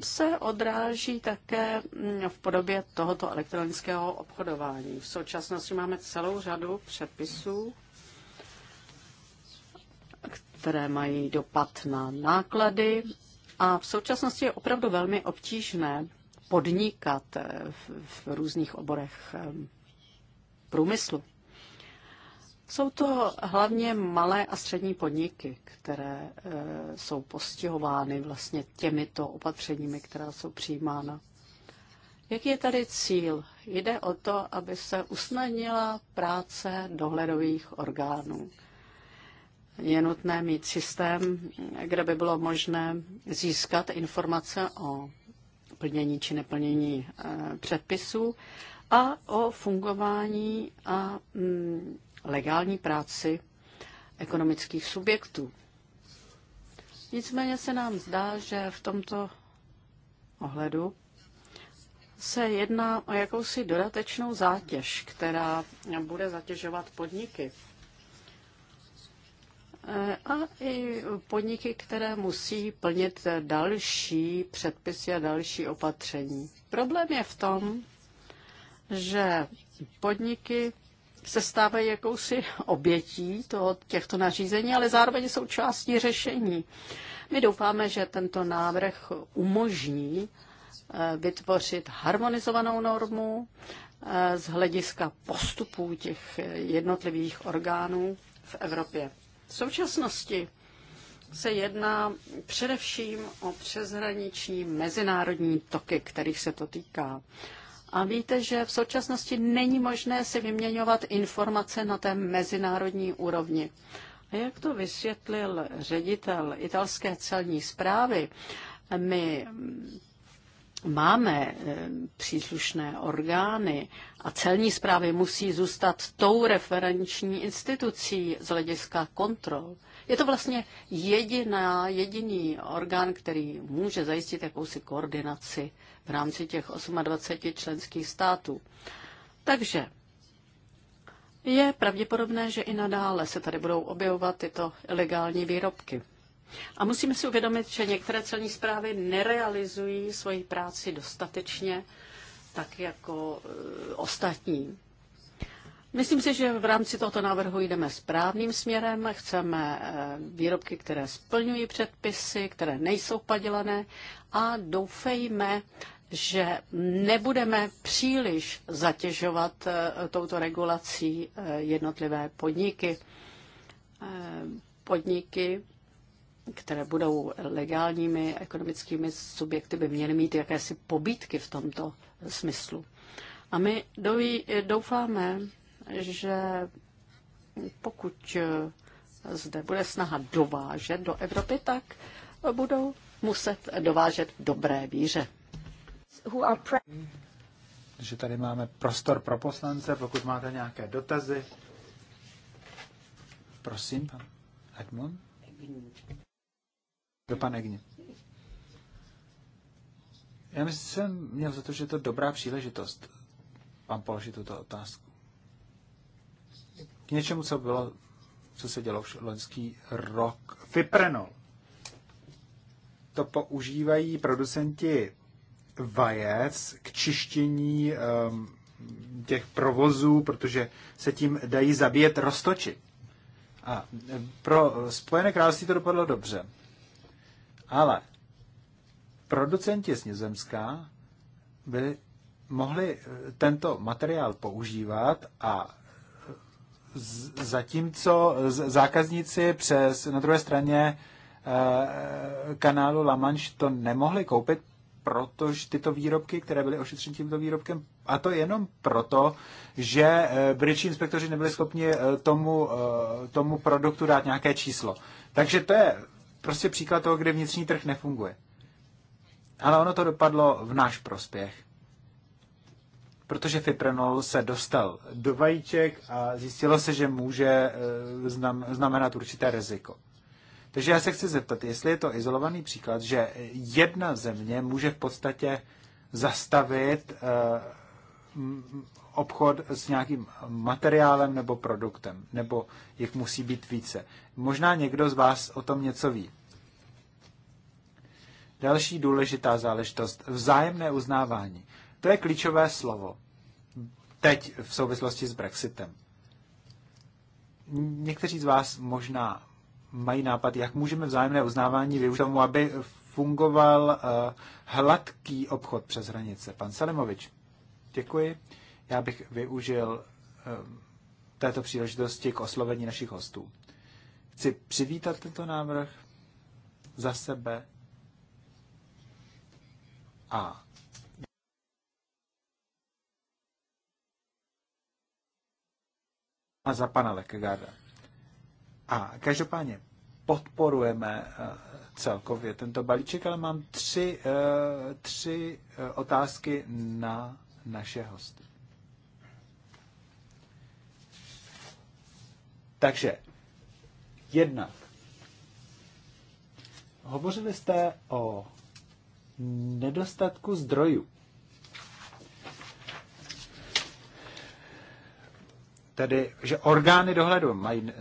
[SPEAKER 1] se odráží také v podobě tohoto elektronického obchodování. V současnosti máme celou řadu předpisů, které mají dopad na náklady a v současnosti je opravdu velmi obtížné podnikat eh, v, v různých oborech eh, průmyslu. Jsou to hlavně malé a střední podniky, které e, jsou postihovány vlastně těmito opatřeními, která jsou přijímána. Jaký je tady cíl? Jde o to, aby se usnadnila práce dohledových orgánů. Je nutné mít systém, kde by bylo možné získat informace o plnění či neplnění e, předpisů a o fungování a mm, legální práci ekonomických subjektů. Nicméně se nám zdá, že v tomto ohledu se jedná o jakousi dodatečnou zátěž, která bude zatěžovat podniky. E, a i podniky, které musí plnit další předpisy a další opatření. Problém je v tom, že podniky se stávají jakousi obětí toho, těchto nařízení, ale zároveň jsou částí řešení. My doufáme, že tento návrh umožní eh, vytvořit harmonizovanou normu eh, z hlediska postupů těch jednotlivých orgánů v Evropě. V současnosti se jedná především o přeshraniční mezinárodní toky, kterých se to týká. A víte, že v současnosti není možné si vyměňovat informace na té mezinárodní úrovni. A jak to vysvětlil ředitel italské celní zprávy, my máme eh, příslušné orgány a celní zprávy musí zůstat tou referenční institucí z hlediska kontrol. Je to vlastně jediná, jediný orgán, který může zajistit jakousi koordinaci v rámci těch 28 členských států. Takže je pravděpodobné, že i nadále se tady budou objevovat tyto ilegální výrobky. A musíme si uvědomit, že některé celní zprávy nerealizují svoji práci dostatečně, tak jako e, ostatní. Myslím si, že v rámci tohoto návrhu jdeme správným směrem. Chceme e, výrobky, které splňují předpisy, které nejsou padělané a doufejme, že nebudeme příliš zatěžovat eh, touto regulací eh, jednotlivé podniky. Eh, podniky, které budou legálními ekonomickými subjekty, by měly mít jakési pobídky v tomto smyslu. A my doufáme, že pokud zde bude snaha dovážet do Evropy, tak budou muset dovážet v dobré víře who are
[SPEAKER 3] že tady máme prostor pro poslance, pokud máte nějaké dotazy. Prosím, pan Edmund. Do pan Egni. Já jsem měl za to, že je to dobrá příležitost vám položit tuto otázku. K něčemu, co bylo, co se dělo v loňský rok. Fiprenol. To používají producenti vajec k čištění ehm, těch provozů, protože se tím dají zabíjet roztoči. A e, pro Spojené království to dopadlo dobře. Ale producenti z Nizemská by mohli e, tento materiál používat a e, zatímco zákazníci přes na druhé straně kanálu La Manche to nemohli koupit, protože tyto výrobky, které byly ošetřeny tímto výrobkem, a to jenom proto, že eh, britští inspektoři nebyli schopni eh, tomu, eh, tomu produktu dát nějaké číslo. Takže to je prostě příklad toho, kde vnitřní trh nefunguje. Ale ono to dopadlo v náš prospěch. Protože fipronol se dostal do vajíček a zjistilo se, že může znamenat určité riziko. Takže já se chci zeptat, jestli je to izolovaný příklad, že jedna země může v podstatě zastavit eh, obchod s nějakým materiálem nebo produktem, nebo jich musí být více. Možná někdo z vás o tom něco ví. Další důležitá záležitost, vzájemné uznávání. To je klíčové slovo teď v souvislosti s Brexitem. Někteří z vás možná mají nápad, jak můžeme vzájemné uznávání využít tomu, aby fungoval eh, hladký obchod přes hranice. Pan Salimovič, děkuji. Já bych využil eh, této příležitosti k oslovení našich hostů. Chci přivítat tento návrh za sebe a a za pana Lekegarda. A každopádně podporujeme eh, celkově tento balíček, ale mám tři, eh, tři eh, otázky na naše hosty. Takže jednak. Hovořili jste o nedostatku zdrojů. tedy, že orgány dohledu mají,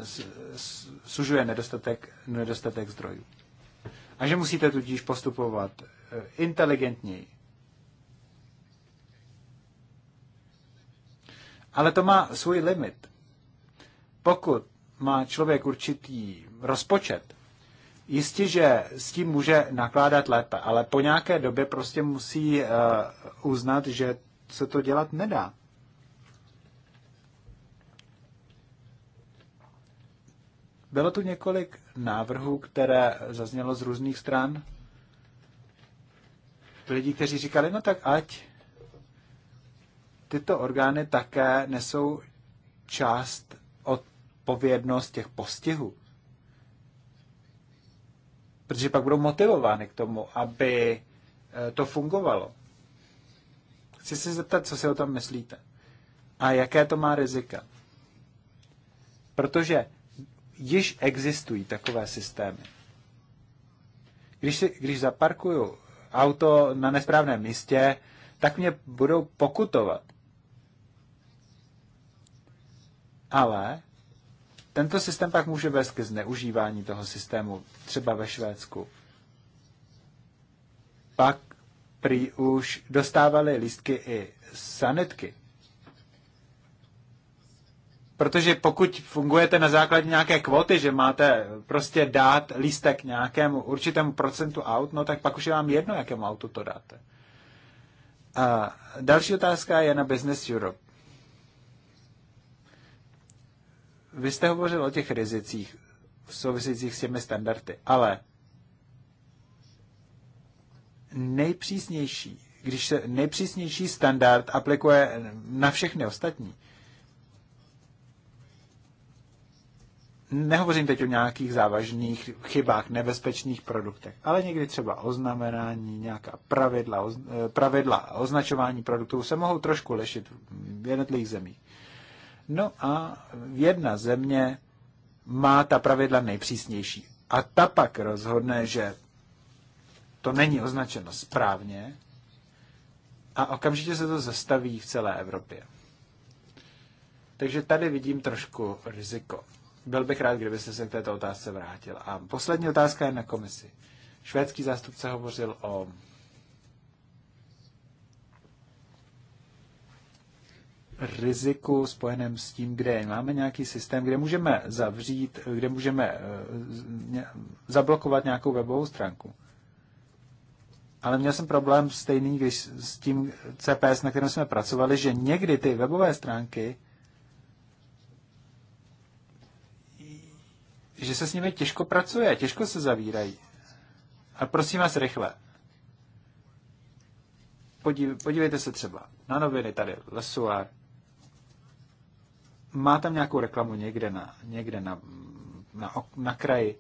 [SPEAKER 3] sužuje nedostatek, nedostatek zdrojů. A že musíte tudíž postupovat eh, inteligentněji. Ale to má svůj limit. Pokud má člověk určitý rozpočet, jistě, že s tím může nakládat lépe, ale po nějaké době prostě musí eh, uznat, že se to dělat nedá. Bylo tu několik návrhů, které zaznělo z různých stran. Lidi, kteří říkali, no tak ať tyto orgány také nesou část odpovědnost těch postihů. Protože pak budou motivovány k tomu, aby eh, to fungovalo. Chci se zeptat, co si o tom myslíte. A jaké to má rizika. Protože již existují takové systémy. Když, si, když zaparkuju auto na nesprávném místě, tak mě budou pokutovat. Ale tento systém pak může vést ke zneužívání toho systému, třeba ve Švédsku. Pak prý už dostávali lístky i sanitky. Protože pokud fungujete na základě nějaké kvoty, že máte prostě dát lístek nějakému určitému procentu aut, no tak pak už je vám jedno, jakému autu to dáte. A další otázka je na Business Europe. Vy jste hovořil o těch rizicích souvisících s těmi standardy, ale nejpřísnější, když se nejpřísnější standard aplikuje na všechny ostatní, Nehovořím teď o nějakých závažných chybách, nebezpečných produktech, ale někdy třeba oznamenání, nějaká pravidla, eh, pravidla označování produktů se mohou trošku lešit v jednotlivých zemích. No a jedna země má ta pravidla nejpřísnější. A ta pak rozhodne, že to není označeno správně a okamžitě se to zastaví v celé Evropě. Takže tady vidím trošku riziko. Byl bych rád, kdybyste se k této otázce vrátil. A poslední otázka je na komisi. Švédský zástupce hovořil o riziku spojeném s tím, kde máme nějaký systém, kde můžeme zavřít, kde můžeme eh, zablokovat nějakou webovou stránku. Ale měl jsem problém stejný když s tím CPS, na kterém jsme pracovali, že někdy ty webové stránky že se s nimi těžko pracuje, těžko se zavírají. A prosím vás rychle. Podív, podívejte se třeba na noviny tady, Lesuar. Má tam nějakou reklamu někde na, někde na, na, na kraji.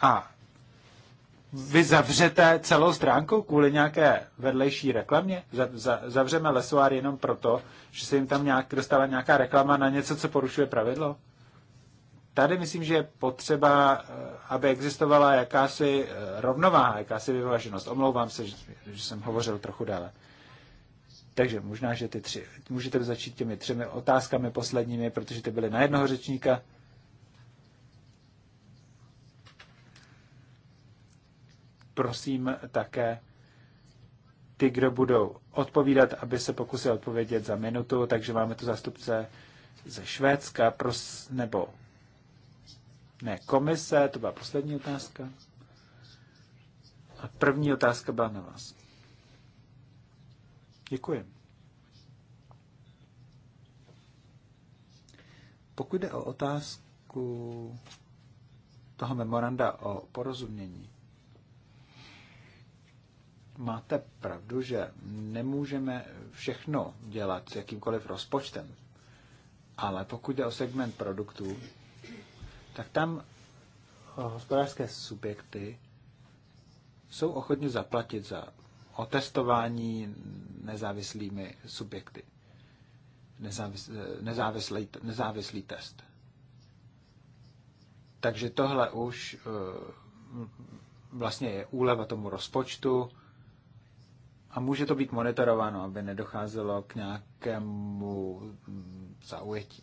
[SPEAKER 3] A vy zavřete celou stránku kvůli nějaké vedlejší reklamě? Zavřeme lesoár jenom proto, že se jim tam nějak dostala nějaká reklama na něco, co porušuje pravidlo? Tady myslím, že je potřeba, eh, aby existovala jakási eh, rovnováha, jakási vyváženost. Omlouvám se, že, že jsem hovořil trochu dále. Takže možná, že ty tři, můžete začít těmi třemi otázkami posledními, protože ty byly na jednoho řečníka. prosím také ty, kdo budou odpovídat, aby se pokusili odpovědět za minutu, takže máme tu zástupce ze Švédska, pros, nebo ne, komise, to byla poslední otázka. A první otázka byla na vás. Děkuji. Pokud jde o otázku toho memoranda o porozumění, máte pravdu, že nemůžeme všechno dělat s jakýmkoliv rozpočtem, ale pokud jde o segment produktů, tak tam eh, hospodářské subjekty jsou ochotně zaplatit za otestování nezávislými subjekty. Nezávis, eh, nezávislý, nezávislý test. Takže tohle už eh, vlastně je úleva tomu rozpočtu, a může to být monitorováno, aby nedocházelo k nějakému zaujetí.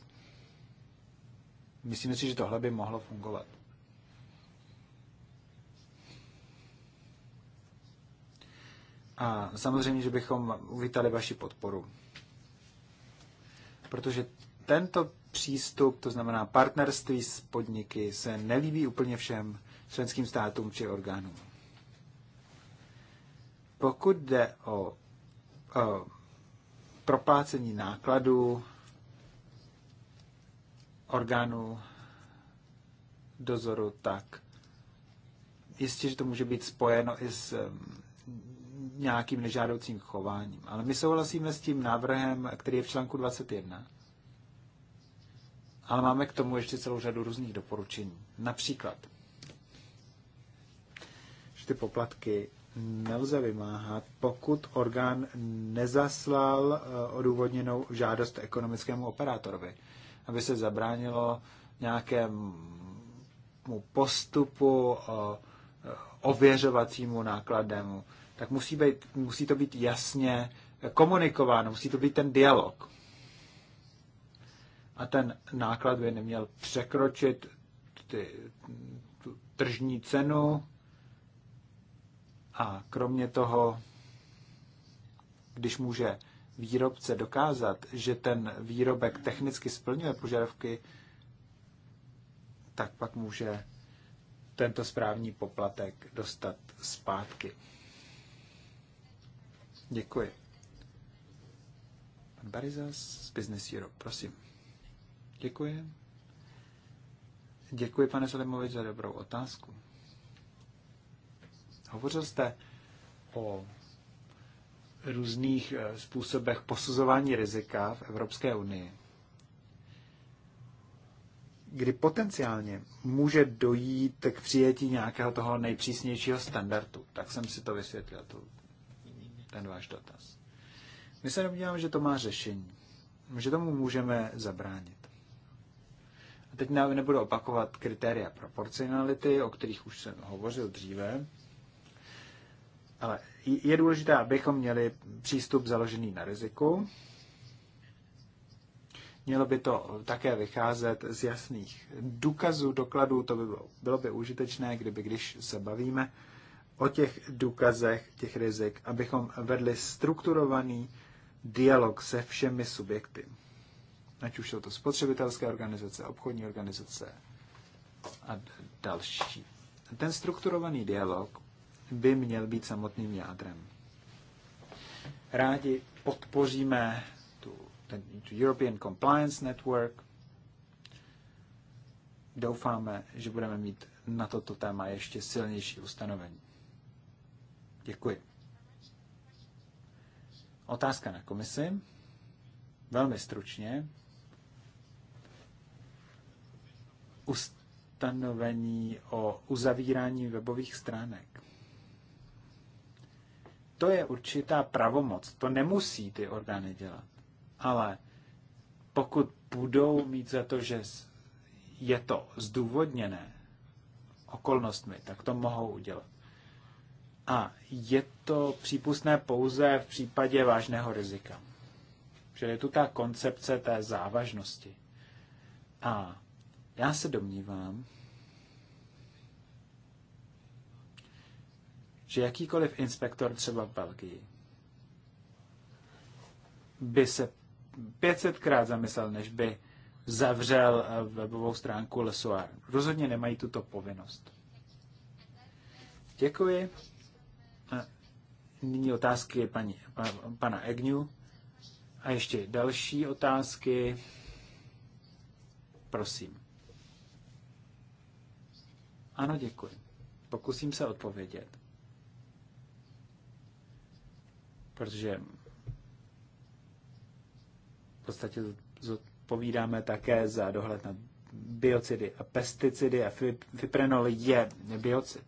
[SPEAKER 3] Myslím si, že tohle by mohlo fungovat. A samozřejmě, že bychom uvítali vaši podporu. Protože tento přístup, to znamená partnerství s podniky, se nelíbí úplně všem členským státům či orgánům. Pokud jde o, o proplácení nákladů orgánů dozoru, tak jistě, že to může být spojeno i s nějakým nežádoucím chováním. Ale my souhlasíme s tím návrhem, který je v článku 21. Ale máme k tomu ještě celou řadu různých doporučení. Například, že ty poplatky nelze vymáhat, pokud orgán nezaslal eh, odůvodněnou žádost ekonomickému operátorovi, aby se zabránilo nějakému postupu eh, eh, ověřovacímu nákladnému, tak musí, být, musí to být jasně komunikováno, musí to být ten dialog. A ten náklad by neměl překročit ty, tu tržní cenu, a kromě toho, když může výrobce dokázat, že ten výrobek technicky splňuje požadavky, tak pak může tento správní poplatek dostat zpátky. Děkuji. Pan Barizas z Business Europe, prosím. Děkuji. Děkuji, pane Salimovič, za dobrou otázku. Hovořil jste o různých eh, způsobech posuzování rizika v Evropské unii, kdy potenciálně může dojít k přijetí nějakého toho nejpřísnějšího standardu. Tak jsem si to vysvětlil, to, ten váš dotaz. My se domníváme, že to má řešení, že tomu můžeme zabránit. A teď nebudu opakovat kritéria proporcionality, o kterých už jsem hovořil dříve, ale je důležité, abychom měli přístup založený na riziku. Mělo by to také vycházet z jasných důkazů, dokladů. To by bylo, bylo by užitečné, kdyby, když se bavíme o těch důkazech, těch rizik, abychom vedli strukturovaný dialog se všemi subjekty. Ať už jsou to spotřebitelské organizace, obchodní organizace a další. Ten strukturovaný dialog by měl být samotným jádrem. Rádi podpoříme tu, ten tu European Compliance Network. Doufáme, že budeme mít na toto téma ještě silnější ustanovení. Děkuji. Otázka na komisi. Velmi stručně. Ustanovení o uzavírání webových stránek to je určitá pravomoc. To nemusí ty orgány dělat. Ale pokud budou mít za to, že je to zdůvodněné okolnostmi, tak to mohou udělat. A je to přípustné pouze v případě vážného rizika. Že je tu ta koncepce té závažnosti. A já se domnívám, že jakýkoliv inspektor třeba v Belgii by se 500krát zamyslel, než by zavřel eh, webovou stránku Lesoir. Rozhodně nemají tuto povinnost. Děkuji. A nyní otázky paní, pana Egnu. A ještě další otázky. Prosím. Ano, děkuji. Pokusím se odpovědět. protože v podstatě zodpovídáme také za dohled na biocidy a pesticidy a fipronol je biocid.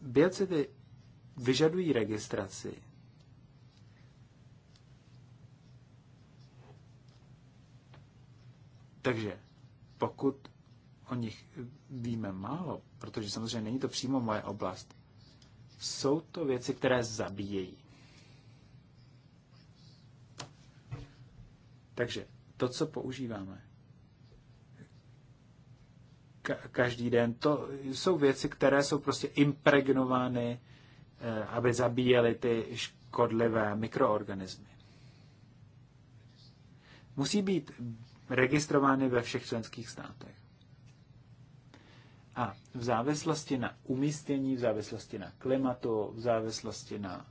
[SPEAKER 3] Biocidy vyžadují registraci. Takže pokud o nich víme málo, protože samozřejmě není to přímo moje oblast, jsou to věci, které zabíjejí. Takže to, co používáme ka- každý den, to jsou věci, které jsou prostě impregnovány, eh, aby zabíjely ty škodlivé mikroorganismy. Musí být registrovány ve všech členských státech. A v závislosti na umístění, v závislosti na klimatu, v závislosti na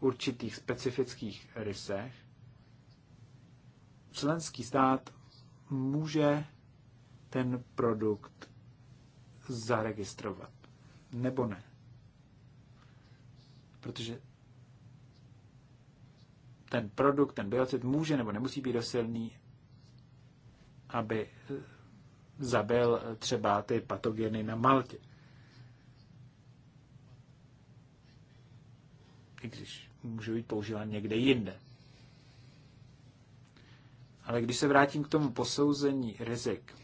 [SPEAKER 3] určitých specifických rysech, členský stát může ten produkt zaregistrovat. Nebo ne. Protože ten produkt, ten biocid může nebo nemusí být dosilný, aby zabil třeba ty patogeny na Maltě. I když může být používán někde jinde. Ale když se vrátím k tomu posouzení rizik,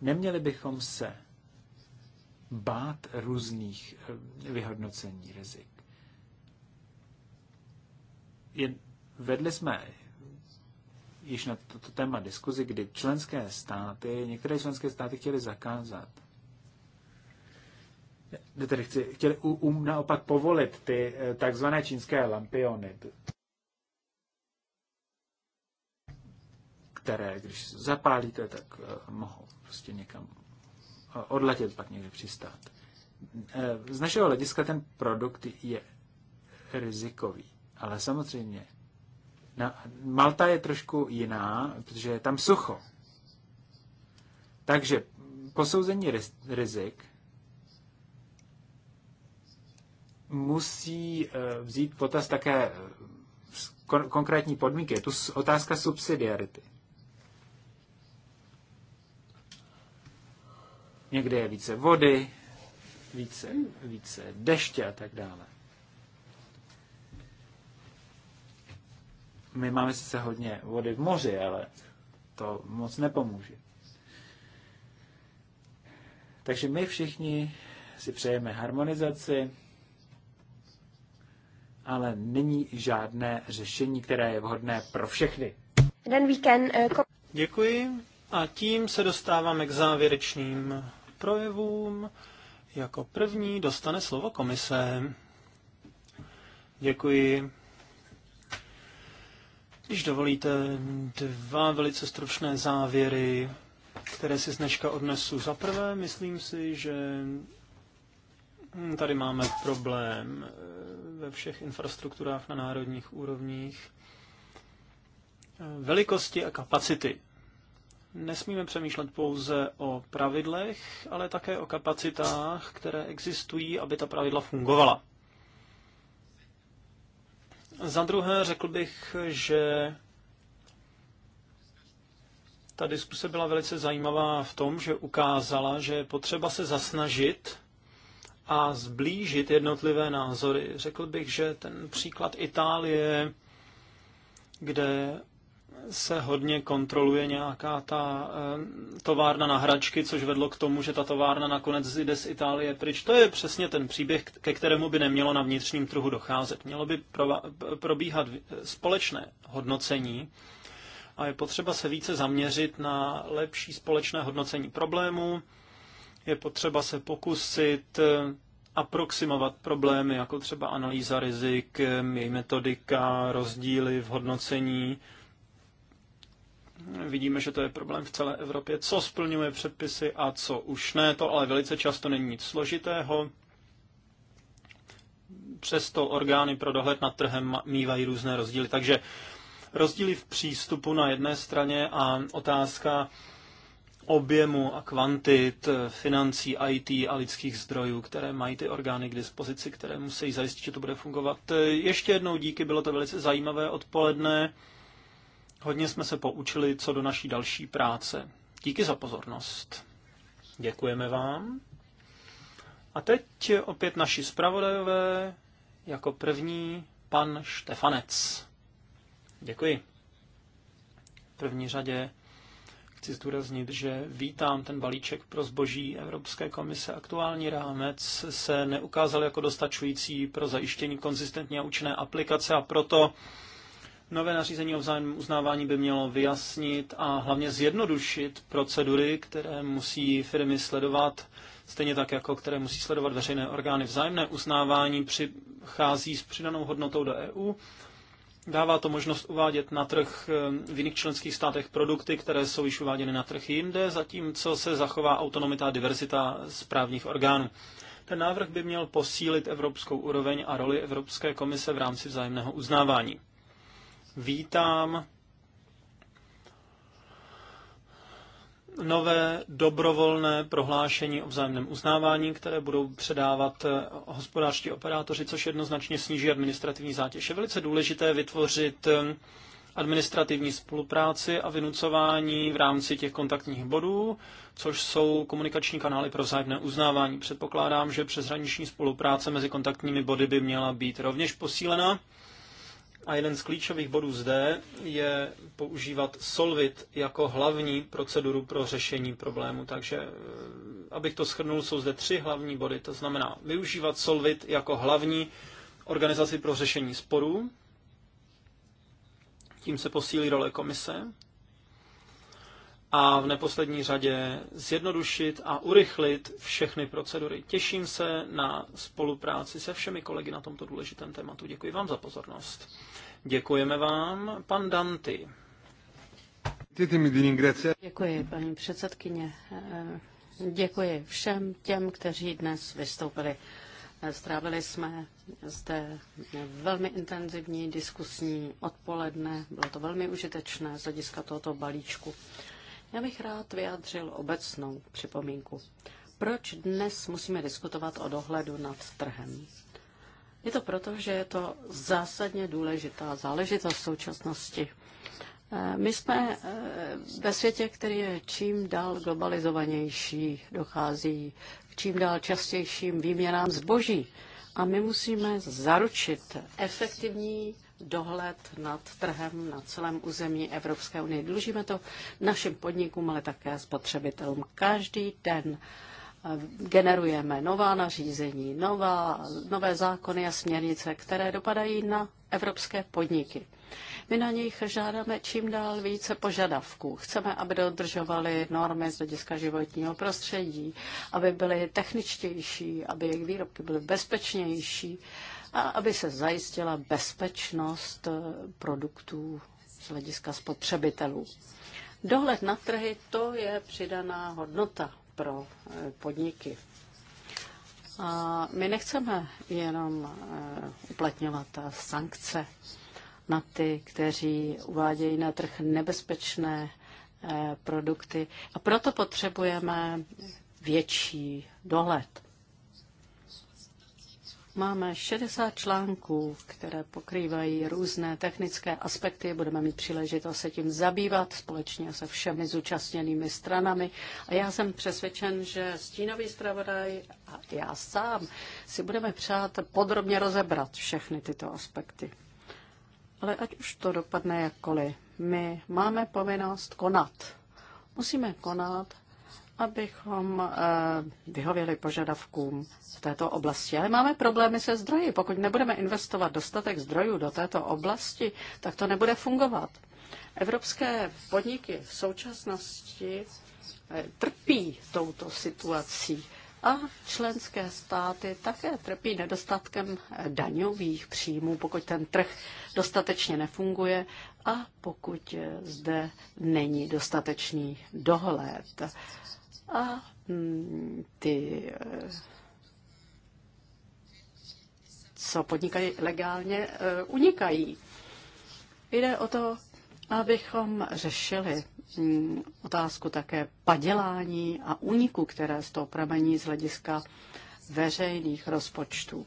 [SPEAKER 3] neměli bychom se bát různých eh, vyhodnocení rizik. vedli jsme již na toto téma diskuzi, kdy členské státy, některé členské státy chtěly zakázat. Tedy chci, chtěli u, um, naopak povolit ty eh, takzvané čínské lampiony, které, když zapálíte, tak eh, mohou prostě někam eh, odletět, pak někde přistát. Z našeho hlediska ten produkt je rizikový, ale samozřejmě na, Malta je trošku jiná, protože je tam sucho. Takže posouzení rizik musí eh, vzít potaz také eh, konkrétní podmínky. Je tu otázka subsidiarity. Někde je více vody, více, více deště a tak dále. My máme sice hodně vody v moři, ale to moc nepomůže. Takže my všichni si přejeme harmonizaci, ale není žádné řešení, které je vhodné pro všechny.
[SPEAKER 2] Eh,
[SPEAKER 3] Děkuji a tím se dostáváme k závěrečným
[SPEAKER 2] projevům. Jako první dostane slovo komise. Děkuji, když dovolíte, dva velice stručné závěry, které si z dneška odnesu. Za prvé, myslím si, že tady máme problém eh, ve všech infrastrukturách na národních úrovních. Eh, velikosti a kapacity. Nesmíme přemýšlet pouze o pravidlech, ale také o kapacitách, které existují, aby ta pravidla fungovala. Za druhé řekl bych, že ta diskuse byla velice zajímavá v tom, že ukázala, že je potřeba se zasnažit a zblížit jednotlivé názory. Řekl bych, že ten příklad Itálie, kde se hodně kontroluje nějaká ta eh, továrna na hračky, což vedlo k tomu, že ta továrna nakonec jde z Itálie pryč. To je přesně ten příběh, ke kterému by nemělo na vnitřním trhu docházet. Mělo by probíhat eh, společné hodnocení a je potřeba se více zaměřit na lepší společné hodnocení problémů. Je potřeba se pokusit eh, aproximovat problémy, jako třeba analýza rizik, její metodika, rozdíly v hodnocení, Vidíme, že to je problém v celé Evropě, co splňuje předpisy a co už ne. To ale velice často není nic složitého. Přesto orgány pro dohled nad trhem mývají různé rozdíly. Takže rozdíly v přístupu na jedné straně a otázka objemu a kvantit financí, IT a lidských zdrojů, které mají ty orgány k dispozici, které musí zajistit, že to bude fungovat. Ještě jednou díky, bylo to velice zajímavé odpoledne. Hodně jsme se poučili co do naší další práce. Díky za pozornost. Děkujeme vám. A teď opět naši zpravodajové, jako první pan Štefanec. Děkuji. V první řadě chci zdůraznit, že vítám ten balíček pro zboží Evropské komise. Aktuální rámec se neukázal jako dostačující pro zajištění konzistentní a účinné aplikace a proto Nové nařízení o vzájemném uznávání by mělo vyjasnit a hlavně zjednodušit procedury, které musí firmy sledovat, stejně tak jako které musí sledovat veřejné orgány. Vzájemné uznávání přichází s přidanou hodnotou do EU. Dává to možnost uvádět na trh eh, v jiných členských státech produkty, které jsou již uváděny na trh jinde, zatímco se zachová autonomita a diverzita správních orgánů. Ten návrh by měl posílit evropskou úroveň a roli Evropské komise v rámci vzájemného uznávání. Vítám nové dobrovolné prohlášení o vzájemném uznávání, které budou předávat eh, hospodářští operátoři, což jednoznačně sníží administrativní zátěž. Je velice důležité vytvořit eh, administrativní spolupráci a vynucování v rámci těch kontaktních bodů, což jsou komunikační kanály pro vzájemné uznávání. Předpokládám, že přeshraniční spolupráce mezi kontaktními body by měla být rovněž posílena a jeden z klíčových bodů zde je používat Solvit jako hlavní proceduru pro řešení problému. Takže, e, abych to schrnul, jsou zde tři hlavní body. To znamená využívat Solvit jako hlavní organizaci pro řešení sporů. Tím se posílí role komise. A v neposlední řadě zjednodušit a urychlit všechny procedury. Těším se na spolupráci se všemi kolegy na tomto důležitém tématu. Děkuji vám za pozornost. Děkujeme vám, pan Danty.
[SPEAKER 1] Děkuji, paní předsedkyně. Děkuji všem těm, kteří dnes vystoupili. Strávili jsme zde velmi intenzivní diskusní odpoledne. Bylo to velmi užitečné z hlediska tohoto balíčku. Já bych rád vyjádřil obecnou připomínku. Proč dnes musíme diskutovat o dohledu nad trhem? Je to proto, že je to zásadně důležitá záležitost v současnosti. Eh, my jsme eh, ve světě, který je čím dál globalizovanější, dochází k čím dál častějším výměnám zboží. A my musíme zaručit efektivní dohled nad trhem na celém území Evropské unie. Dlužíme to našim podnikům, ale také spotřebitelům. Každý den generujeme nová nařízení, nová, nové zákony a směrnice, které dopadají na evropské podniky. My na nich žádáme čím dál více požadavků. Chceme, aby dodržovali normy z hlediska životního prostředí, aby byly techničtější, aby jejich výrobky byly bezpečnější a aby se zajistila bezpečnost eh, produktů z hlediska spotřebitelů. Dohled na trhy to je přidaná hodnota pro eh, podniky. A my nechceme jenom eh, uplatňovat sankce na ty, kteří uvádějí na trh nebezpečné eh, produkty. A proto potřebujeme větší dohled. Máme 60 článků, které pokrývají různé technické aspekty. Budeme mít příležitost se tím zabývat společně se všemi zúčastněnými stranami. A já jsem přesvědčen, že stínový zpravodaj a já sám si budeme přát podrobně rozebrat všechny tyto aspekty. Ale ať už to dopadne jakkoliv, my máme povinnost konat. Musíme konat abychom eh, vyhověli požadavkům v této oblasti. Ale máme problémy se zdroji. Pokud nebudeme investovat dostatek zdrojů do této oblasti, tak to nebude fungovat. Evropské podniky v současnosti eh, trpí touto situací a členské státy také trpí nedostatkem eh, daňových příjmů, pokud ten trh dostatečně nefunguje a pokud zde není dostatečný dohled a mm, ty, eh, co podnikají legálně, eh, unikají. Jde o to, abychom řešili mm, otázku také padělání a úniku, které z toho pramení z hlediska veřejných rozpočtů.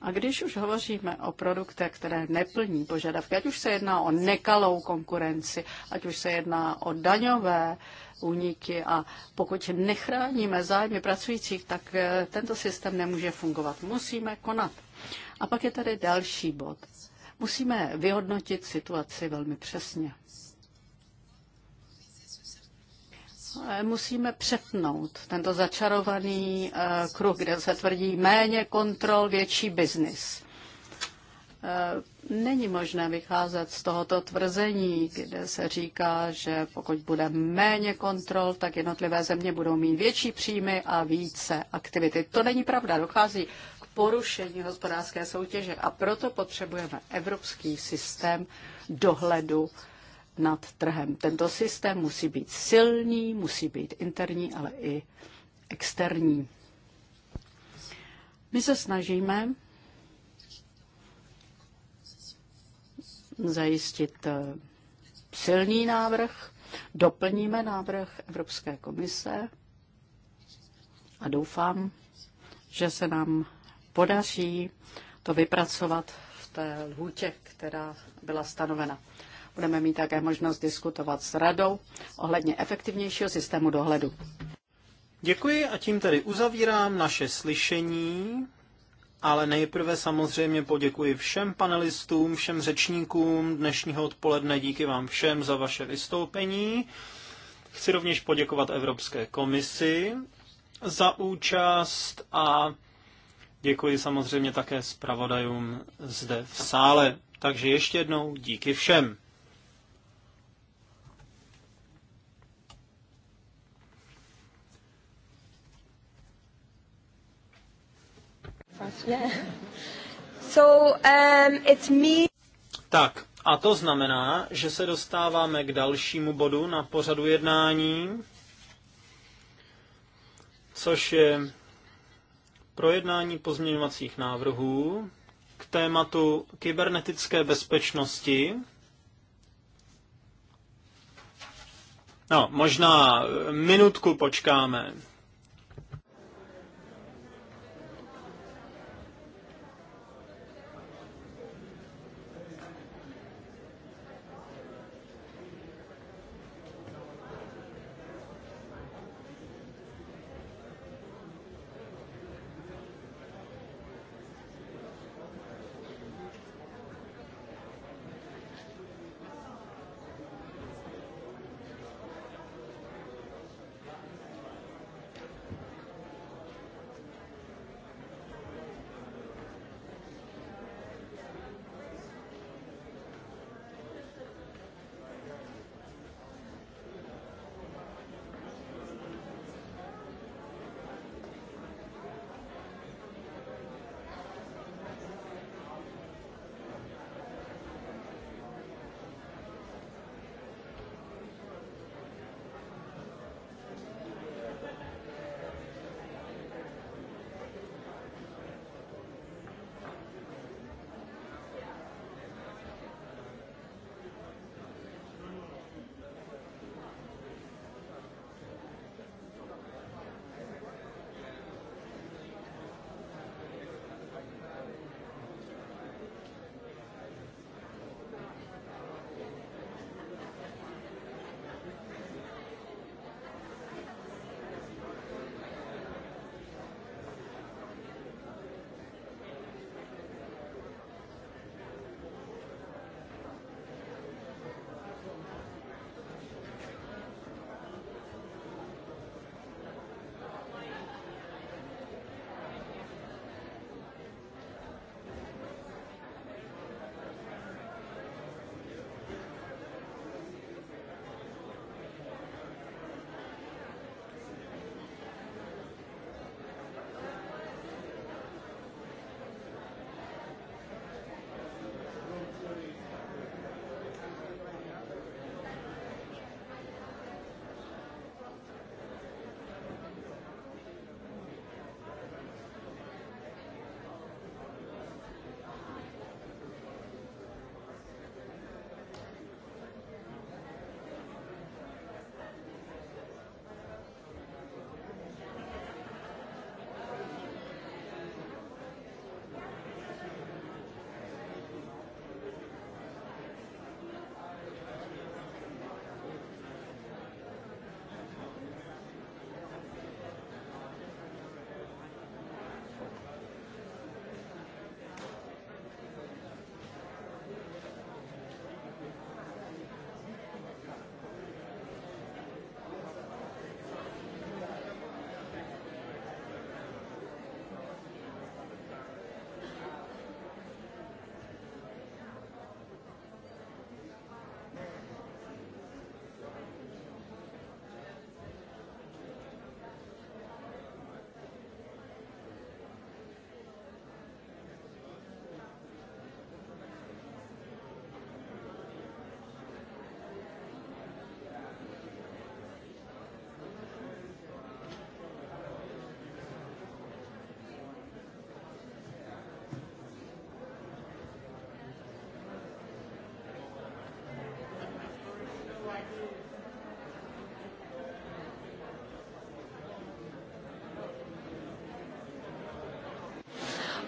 [SPEAKER 1] A když už hovoříme o produktech, které neplní požadavky, ať už se jedná o nekalou konkurenci, ať už se jedná o daňové úniky a pokud nechráníme zájmy pracujících, tak eh, tento systém nemůže fungovat. Musíme konat. A pak je tady další bod. Musíme vyhodnotit situaci velmi přesně. Eh, musíme přepnout tento začarovaný eh, kruh, kde se tvrdí méně kontrol, větší biznis. Eh, není možné vycházet z tohoto tvrzení, kde se říká, že pokud bude méně kontrol, tak jednotlivé země budou mít větší příjmy a více aktivity. To není pravda, dochází k porušení hospodářské soutěže a proto potřebujeme evropský systém dohledu nad trhem. Tento systém musí být silný, musí být interní, ale i externí. My se snažíme zajistit eh, silný návrh, doplníme návrh Evropské komise a doufám, že se nám podaří to vypracovat v té lhůtě, která byla stanovena. Budeme mít také možnost diskutovat s radou ohledně efektivnějšího systému dohledu. Děkuji a
[SPEAKER 2] tím tedy uzavírám naše slyšení ale nejprve samozřejmě poděkuji všem panelistům, všem řečníkům dnešního odpoledne. Díky vám všem za vaše vystoupení. Chci rovněž poděkovat Evropské komisi za účast a děkuji samozřejmě také zpravodajům zde v sále. Takže ještě jednou díky všem. Um, tak, a to znamená, že se dostáváme k dalšímu bodu na pořadu jednání, což je projednání pozměňovacích návrhů k tématu kybernetické bezpečnosti. No, možná minutku počkáme.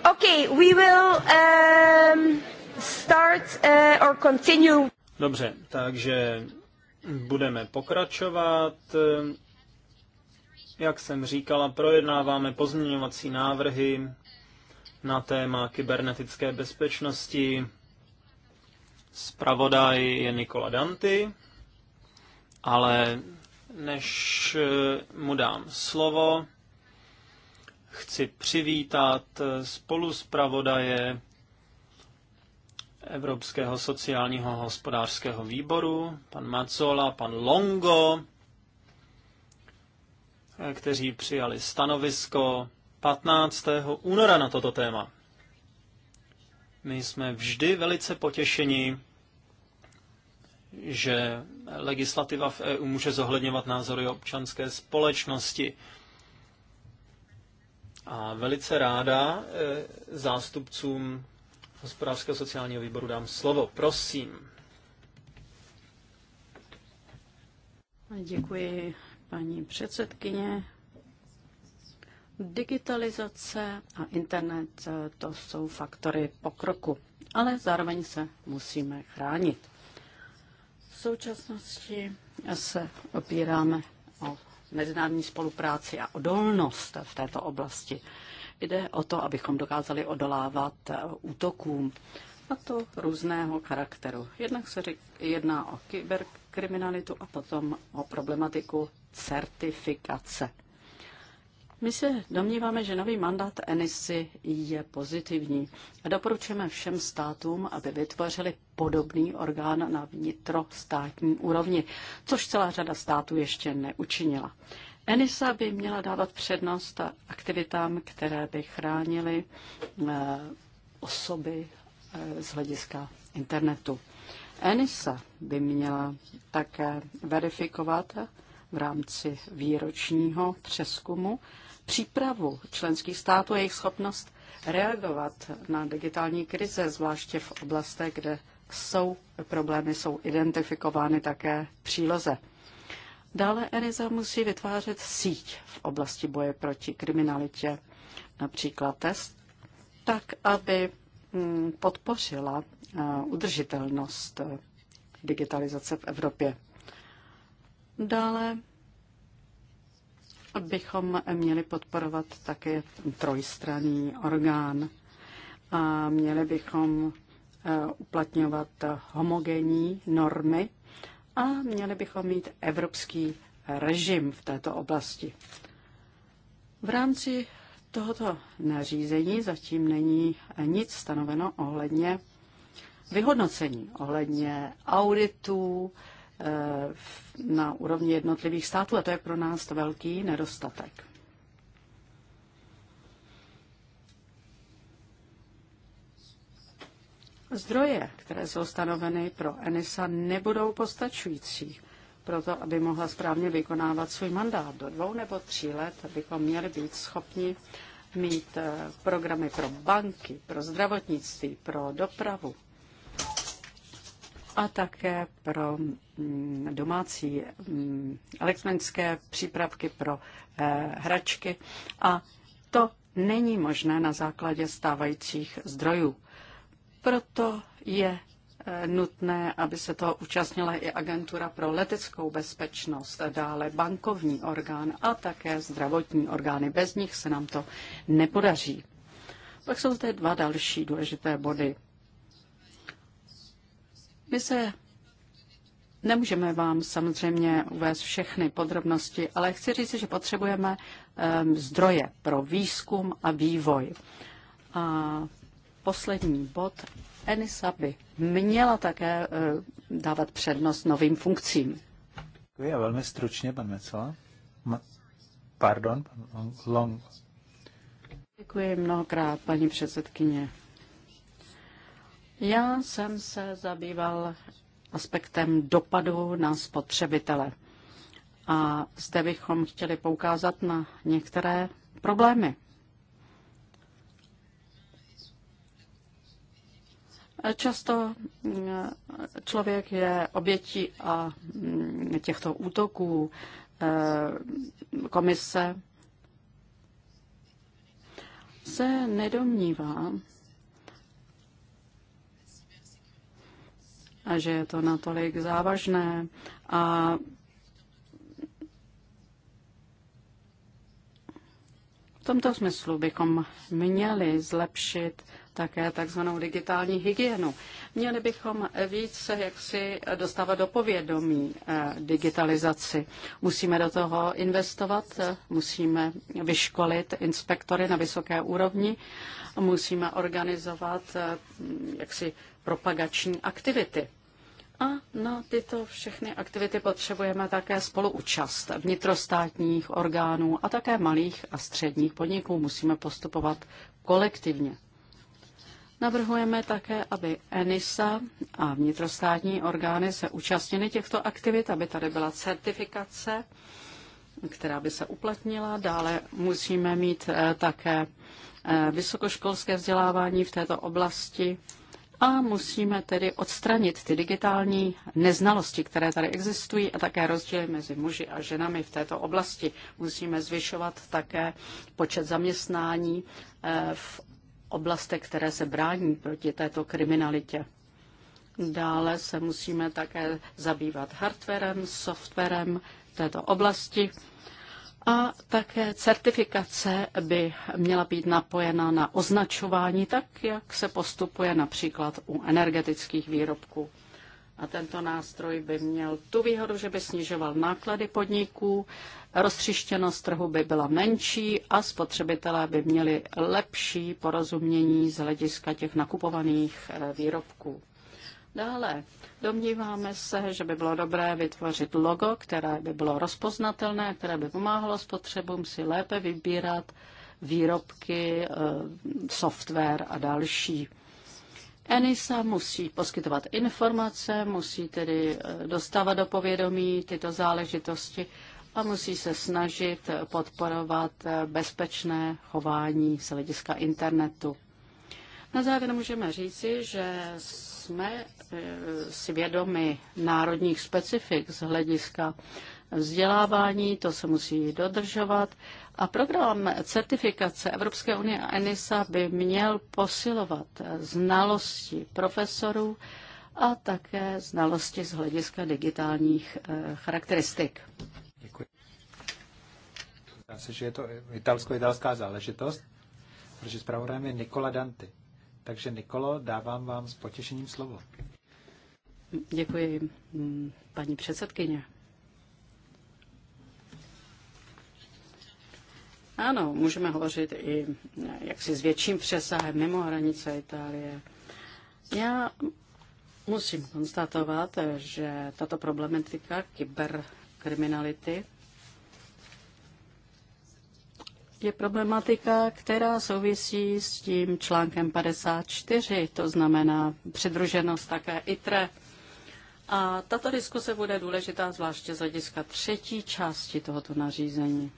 [SPEAKER 2] Um, uh, Dobře, takže budeme pokračovat. Jak jsem říkala, projednáváme pozměňovací návrhy na téma kybernetické bezpečnosti. Spravodaj je Nikola Danty, ale než eh, mu dám slovo, chci přivítat eh, spolu zpravodaje Evropského sociálního hospodářského výboru, pan Macola, pan Longo, eh, kteří přijali stanovisko 15. února na toto téma. My jsme vždy velice potěšeni, že legislativa v EU může zohledňovat názory občanské společnosti. A velice ráda eh, zástupcům hospodářského sociálního výboru dám slovo. Prosím.
[SPEAKER 1] Děkuji, paní předsedkyně. Digitalizace a internet eh, to jsou faktory pokroku, ale zároveň se musíme chránit. V současnosti se opíráme o mezinárodní spolupráci a odolnost v této oblasti. Jde o to, abychom dokázali odolávat útokům a to různého charakteru. Jednak se jedná o kyberkriminalitu a potom o problematiku certifikace. My se domníváme, že nový mandát ENISY je pozitivní a doporučujeme všem státům, aby vytvořili podobný orgán na vnitrostátní úrovni, což celá řada států ještě neučinila. ENISA by měla dávat přednost aktivitám, které by chránily eh, osoby eh, z hlediska internetu. ENISA by měla také verifikovat v rámci výročního přeskumu přípravu členských států a jejich schopnost reagovat na digitální krize, zvláště v oblastech, kde jsou problémy, jsou identifikovány také příloze. Dále ERIZA musí vytvářet síť v oblasti boje proti kriminalitě, například test, tak, aby mm, podpořila udržitelnost digitalizace v Evropě. Dále bychom měli podporovat také trojstranný orgán a měli bychom eh, uplatňovat homogenní normy a měli bychom mít evropský režim v této oblasti. V rámci tohoto nařízení zatím není nic stanoveno ohledně vyhodnocení, ohledně auditů, Eh, na úrovni jednotlivých států a to je pro nás to velký nedostatek. Zdroje, které jsou stanoveny pro ENISA, nebudou postačující proto, aby mohla správně vykonávat svůj mandát. Do dvou nebo tří let bychom měli být schopni mít eh, programy pro banky, pro zdravotnictví, pro dopravu, a také pro mm, domácí mm, elektronické přípravky pro eh, hračky. A to není možné na základě stávajících zdrojů. Proto je eh, nutné, aby se toho účastnila i agentura pro leteckou bezpečnost, dále bankovní orgán a také zdravotní orgány. Bez nich se nám to nepodaří. Pak jsou zde dva další důležité body. My se Nemůžeme vám samozřejmě uvést všechny podrobnosti, ale chci říct, že potřebujeme um, zdroje pro výzkum a vývoj. A poslední bod. ENISA by měla také uh, dávat přednost novým funkcím.
[SPEAKER 3] Děkuji a velmi stručně, pan Mecola. Ma- pardon, pan Long.
[SPEAKER 1] Děkuji mnohokrát, paní předsedkyně. Já jsem se zabýval aspektem dopadu na spotřebitele. A zde bychom chtěli poukázat na některé problémy. Často eh, člověk je obětí a mm, těchto útoků eh, komise se nedomnívá, a že je to natolik závažné a v tomto smyslu bychom měli zlepšit také takzvanou digitální hygienu. Měli bychom víc se jaksi dostávat do povědomí eh, digitalizaci. Musíme do toho investovat, eh, musíme vyškolit inspektory na vysoké úrovni, musíme organizovat eh, jaksi propagační aktivity. A na tyto všechny aktivity potřebujeme také spoluúčast vnitrostátních orgánů a také malých a středních podniků. Musíme postupovat kolektivně. Navrhujeme také, aby ENISA a vnitrostátní orgány se účastnily těchto aktivit, aby tady byla certifikace, která by se uplatnila. Dále musíme mít eh, také eh, vysokoškolské vzdělávání v této oblasti a musíme tedy odstranit ty digitální neznalosti, které tady existují a také rozdíly mezi muži a ženami v této oblasti. Musíme zvyšovat také počet zaměstnání eh, v oblastech, které se brání proti této kriminalitě. Dále se musíme také zabývat hardwarem, softwarem této oblasti. A také certifikace by měla být napojena na označování, tak jak se postupuje například u energetických výrobků. A tento nástroj by měl tu výhodu, že by snižoval náklady podniků, roztřištěnost trhu by byla menší a spotřebitelé by měli lepší porozumění z hlediska těch nakupovaných eh, výrobků. Dále domníváme se, že by bylo dobré vytvořit logo, které by bylo rozpoznatelné, které by pomáhalo spotřebům si lépe vybírat výrobky, eh, software a další. ENISA musí poskytovat informace, musí tedy eh, dostávat do povědomí tyto záležitosti a musí se snažit podporovat eh, bezpečné chování z hlediska internetu. Na závěr můžeme říci, že jsme eh, si vědomi národních specifik z hlediska vzdělávání, to se musí dodržovat. A program certifikace Evropské unie a ENISA by měl posilovat znalosti profesorů a také znalosti z hlediska digitálních eh, charakteristik.
[SPEAKER 3] Děkuji. Zdá se, že je to italsko-italská záležitost, protože zpravodajem je Nikola Danti. Takže Nikolo, dávám
[SPEAKER 1] vám s potěšením slovo. Děkuji, mm, paní předsedkyně. Ano, můžeme hovořit i eh, jaksi s větším přesahem mimo hranice Itálie. Já musím konstatovat, eh, že tato problematika kyberkriminality je problematika, která souvisí s tím článkem 54, to znamená přidruženost také ITRE. A tato diskuse bude důležitá zvláště z hlediska třetí části tohoto nařízení.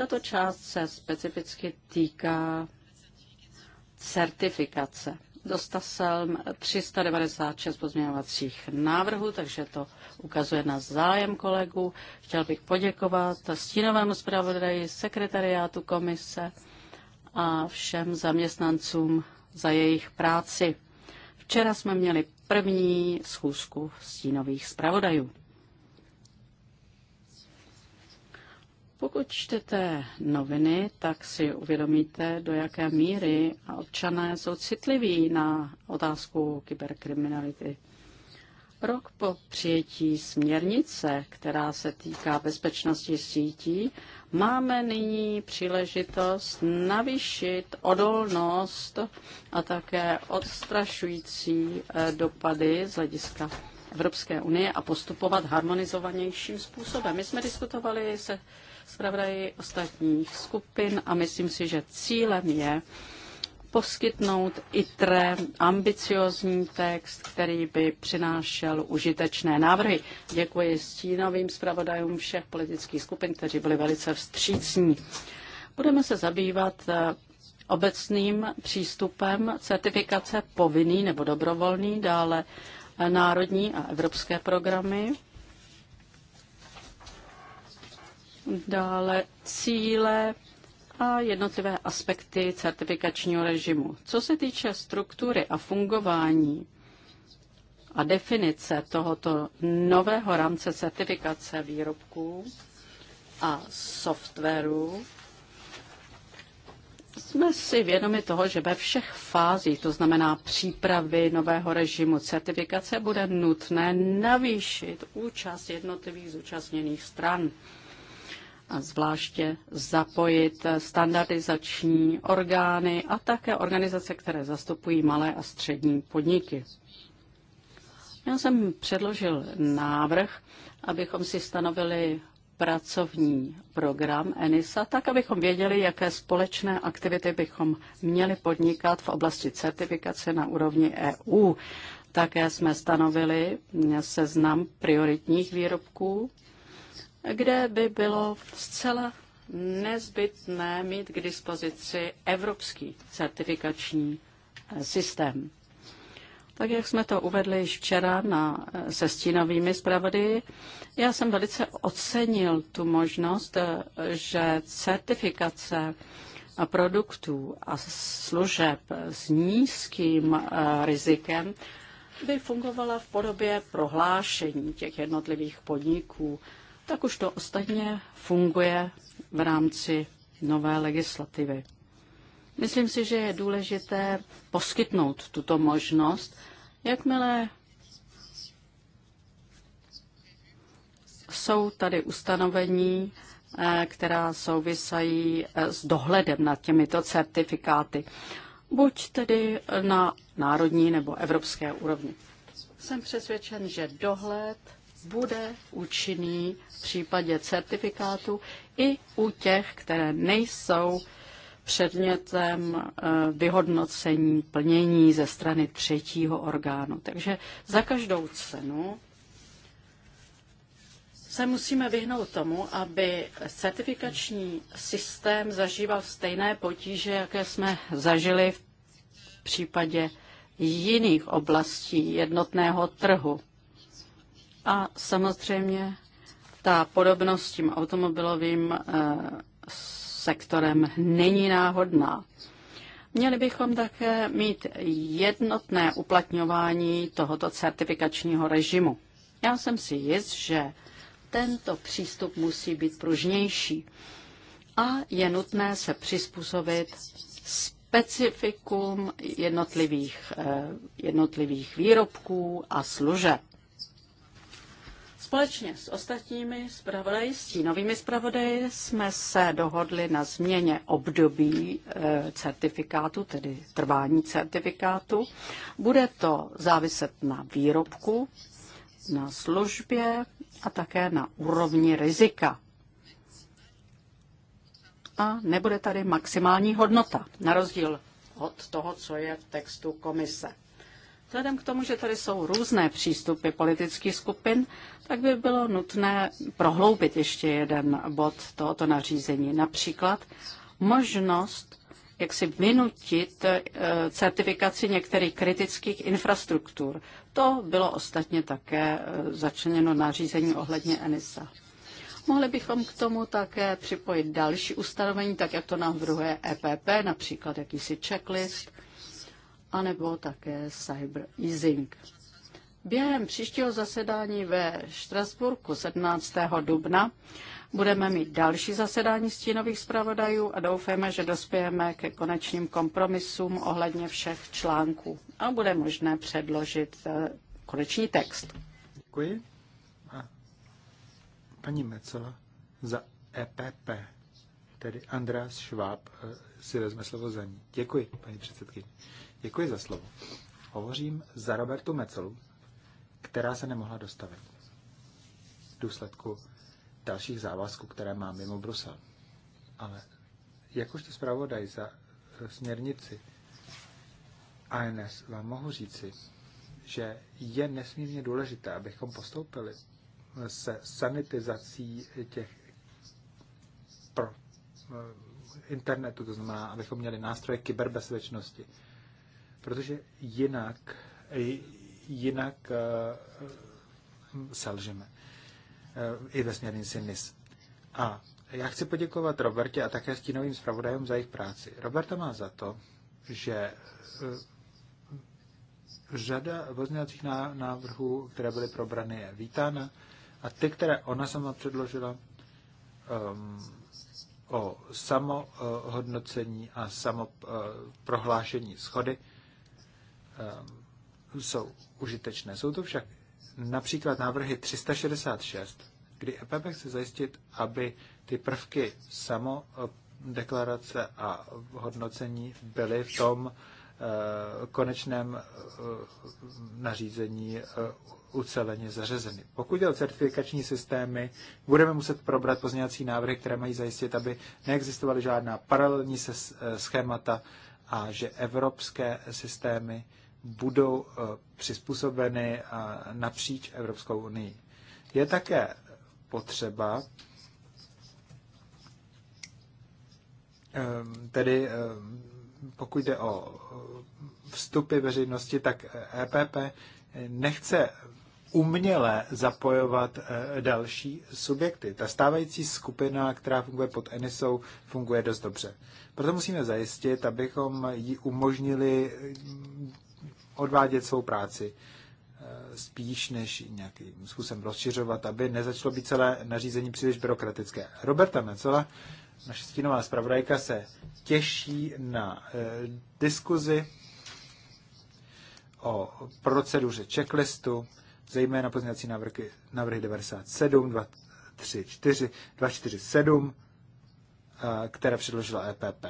[SPEAKER 1] Tato část se specificky týká certifikace. Dostal jsem 396 pozměňovacích návrhů, takže to ukazuje na zájem kolegů. Chtěl bych poděkovat stínovému zpravodaji, sekretariátu komise a všem zaměstnancům za jejich práci. Včera jsme měli první schůzku stínových zpravodajů. Pokud čtete noviny, tak si uvědomíte, do jaké míry občané jsou citliví na otázku kyberkriminality. Rok po přijetí směrnice, která se týká bezpečnosti sítí, máme nyní příležitost navýšit odolnost a také odstrašující eh, dopady z hlediska Evropské unie a postupovat harmonizovanějším způsobem. My jsme diskutovali se zpravodaji ostatních skupin a myslím si, že cílem je poskytnout ITRE ambiciozní text, který by přinášel užitečné návrhy. Děkuji stínovým zpravodajům všech politických skupin, kteří byli velice vstřícní. Budeme se zabývat eh, obecným přístupem certifikace povinný nebo dobrovolný, dále eh, národní a evropské programy dále cíle a jednotlivé aspekty certifikačního režimu. Co se týče struktury a fungování a definice tohoto nového rámce certifikace výrobků a softwaru, jsme si vědomi toho, že ve všech fázích, to znamená přípravy nového režimu certifikace, bude nutné navýšit účast jednotlivých zúčastněných stran a zvláště zapojit standardizační orgány a také organizace, které zastupují malé a střední podniky. Já jsem předložil návrh, abychom si stanovili pracovní program ENISA, tak abychom věděli, jaké společné aktivity bychom měli podnikat v oblasti certifikace na úrovni EU. Také jsme stanovili seznam prioritních výrobků kde by bylo zcela nezbytné mít k dispozici evropský certifikační eh, systém. Tak jak jsme to uvedli již včera na, eh, se stínovými zpravody, já jsem velice ocenil tu možnost, eh, že certifikace produktů a služeb s nízkým rizikem by fungovala v podobě prohlášení těch jednotlivých podniků tak už to ostatně funguje v rámci nové legislativy. Myslím si, že je důležité poskytnout tuto možnost, jakmile jsou tady ustanovení, eh, která souvisají eh, s dohledem nad těmito certifikáty, buď tedy na národní nebo evropské úrovni. Jsem přesvědčen, že dohled bude účinný v případě certifikátu i u těch, které nejsou předmětem eh, vyhodnocení plnění ze strany třetího orgánu. Takže za každou cenu se musíme vyhnout tomu, aby certifikační systém zažíval stejné potíže, jaké jsme zažili v případě jiných oblastí jednotného trhu. A samozřejmě ta podobnost s tím automobilovým eh, sektorem není náhodná. Měli bychom také mít jednotné uplatňování tohoto certifikačního režimu. Já jsem si jist, že tento přístup musí být pružnější a je nutné se přizpůsobit specifikum jednotlivých, eh, jednotlivých výrobků a služeb. Společně s ostatními zpravodaji, s novými zpravodaji, jsme se dohodli na změně období eh, certifikátu, tedy trvání certifikátu. Bude to záviset na výrobku, na službě a také na úrovni rizika. A nebude tady maximální hodnota, na rozdíl od toho, co je v textu komise. Vzhledem k tomu, že tady jsou různé přístupy politických skupin, tak by bylo nutné prohloubit ještě jeden bod tohoto nařízení. Například možnost jak si vynutit eh, certifikaci některých kritických infrastruktur. To bylo ostatně také eh, začleněno nařízení ohledně ENISA. Mohli bychom k tomu také připojit další ustanovení, tak jak to navrhuje EPP, například jakýsi checklist, anebo také cyber easing. Během příštího zasedání ve Štrasburku 17. dubna budeme mít další zasedání stínových zpravodajů a doufáme, že dospějeme ke konečným kompromisům ohledně všech článků a bude možné předložit eh, konečný text. Děkuji.
[SPEAKER 3] A paní Mecela za EPP, tedy Andreas Schwab, eh, si vezme slovo za ní. Děkuji, paní předsedkyně. Děkuji za slovo. Hovořím za Robertu Mecelu, která se nemohla dostavit v důsledku dalších závazků, které má mimo Brusel. Ale jakožto zpravodaj za eh, směrnici ANS vám mohu říci, že je nesmírně důležité, abychom postoupili se sanitizací těch pro eh, internetu, to znamená, abychom měli nástroje kyberbezpečnosti, protože jinak, eh, jinak eh, selžeme eh, i ve směrnici NIS. A já chci poděkovat Robertě a také stínovým zpravodajům za jejich práci. Roberta má za to, že řada pozměňovacích návrhů, které byly probrany, je vítána a ty, které ona sama předložila um, o samohodnocení a samoprohlášení schody, Ehm, jsou užitečné. Jsou to však například návrhy 366, kdy EPP chce zajistit, aby ty prvky samo eh, deklarace a hodnocení byly v tom eh, konečném eh, nařízení uceleně zařazeny. Pokud je o certifikační systémy, budeme muset probrat pozněvací návrhy, které mají zajistit, aby neexistovaly žádná paralelní schémata a že evropské systémy budou eh, přizpůsobeny eh, napříč Evropskou unii. Je také potřeba eh, tedy pokud jde o vstupy veřejnosti, tak EPP e nechce uměle zapojovat další subjekty. Ta stávající skupina, která funguje pod Enisou, funguje dost dobře. Proto musíme zajistit, abychom ji umožnili odvádět svou práci eh, spíš než nějakým způsobem rozšiřovat, aby nezačalo být celé nařízení příliš byrokratické. Roberta Mecela, naše stínová zpravodajka, se těší na e, diskuzi o proceduře checklistu, zejména pozměňovací návrhy, návrhy 97, 234, 247, e, které předložila EPP.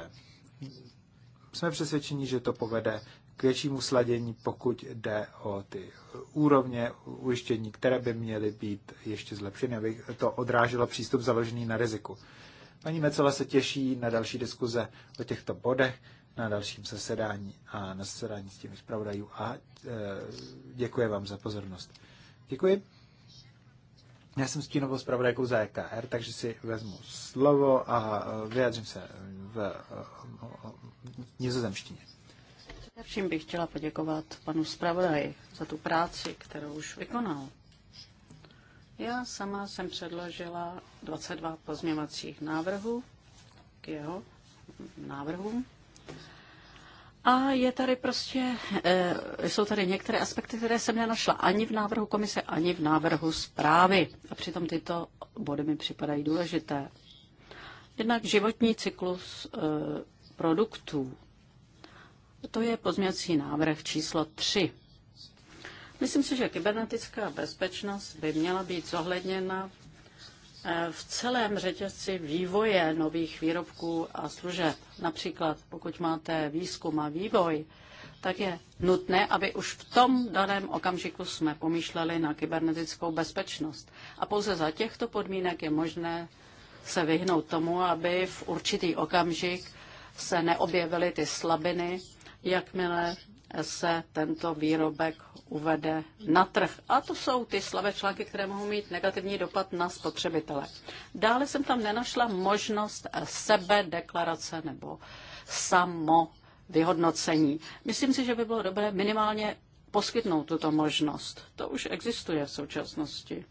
[SPEAKER 3] Jsme přesvědčeni, že to povede k většímu sladění, pokud jde o ty úrovně ujištění, které by měly být ještě zlepšeny, aby to odráželo přístup založený na riziku. Paní Mecela se těší na další diskuze o těchto bodech, na dalším zasedání a na zasedání s těmi zpravodajů a e, děkuji vám za pozornost. Děkuji. Já jsem stínovou zpravodajkou za EKR, takže si vezmu slovo a e, vyjádřím se v, v, e, v nizozemštině.
[SPEAKER 1] Vším bych chtěla poděkovat panu zpravodaji za tu práci, kterou už vykonal. Já sama jsem předložila 22 pozměvacích návrhů k jeho návrhům. A je tady prostě, eh, jsou tady některé aspekty, které jsem nenašla ani v návrhu komise, ani v návrhu zprávy. A přitom tyto body mi připadají důležité. Jednak životní cyklus eh, produktů to je pozměňovací návrh číslo 3. Myslím si, že kybernetická bezpečnost by měla být zohledněna eh, v celém řetězci vývoje nových výrobků a služeb. Například pokud máte výzkum a vývoj, tak je nutné, aby už v tom daném okamžiku jsme pomýšleli na kybernetickou bezpečnost. A pouze za těchto podmínek je možné se vyhnout tomu, aby v určitý okamžik se neobjevily ty slabiny, jakmile se tento výrobek uvede na trh. A to jsou ty slabé články, které mohou mít negativní dopad na spotřebitele. Dále jsem tam nenašla možnost sebe deklarace nebo samo vyhodnocení. Myslím si, že by bylo dobré minimálně poskytnout tuto možnost. To už existuje v současnosti.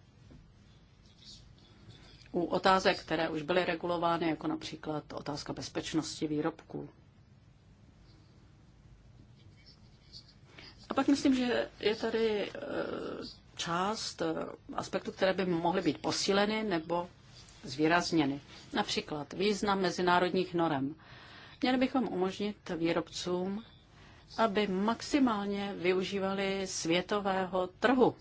[SPEAKER 1] U otázek, které už byly regulovány, jako například otázka bezpečnosti výrobků. A pak myslím, že je tady eh, část eh, aspektů, které by mohly být posíleny nebo zvýrazněny. Například význam mezinárodních norem. Měli bychom umožnit výrobcům, aby maximálně využívali světového trhu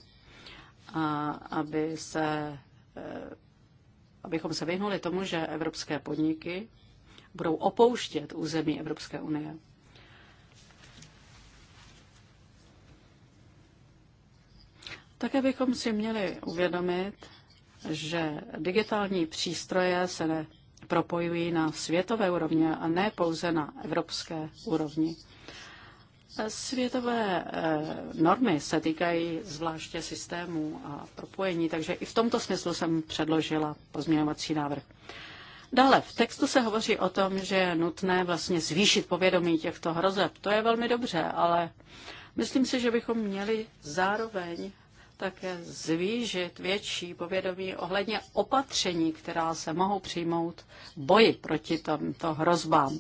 [SPEAKER 1] a aby se, eh, abychom se vyhnuli tomu, že evropské podniky budou opouštět území Evropské unie. Také bychom si měli uvědomit, že digitální přístroje se ne propojují na světové úrovni a ne pouze na evropské úrovni. Světové eh, normy se týkají zvláště systémů a propojení, takže i v tomto smyslu jsem předložila pozměňovací návrh. Dále v textu se hovoří o tom, že je nutné vlastně zvýšit povědomí těchto hrozeb. To je velmi dobře, ale myslím si, že bychom měli zároveň také zvýšit větší povědomí ohledně opatření, která se mohou přijmout boji proti tomto hrozbám.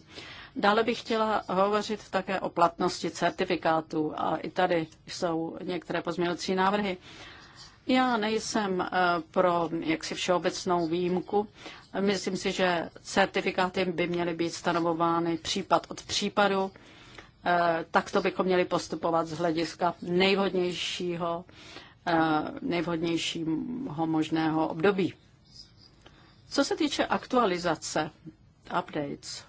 [SPEAKER 1] Dále bych chtěla hovořit také o platnosti certifikátů a i tady jsou některé pozměňovací návrhy. Já nejsem eh, pro jaksi všeobecnou výjimku. Myslím si, že certifikáty by měly být stanovovány případ od případu. Eh, takto bychom měli postupovat z hlediska nejvhodnějšího Eh, nejvhodnějšího možného období. Co se týče aktualizace, updates,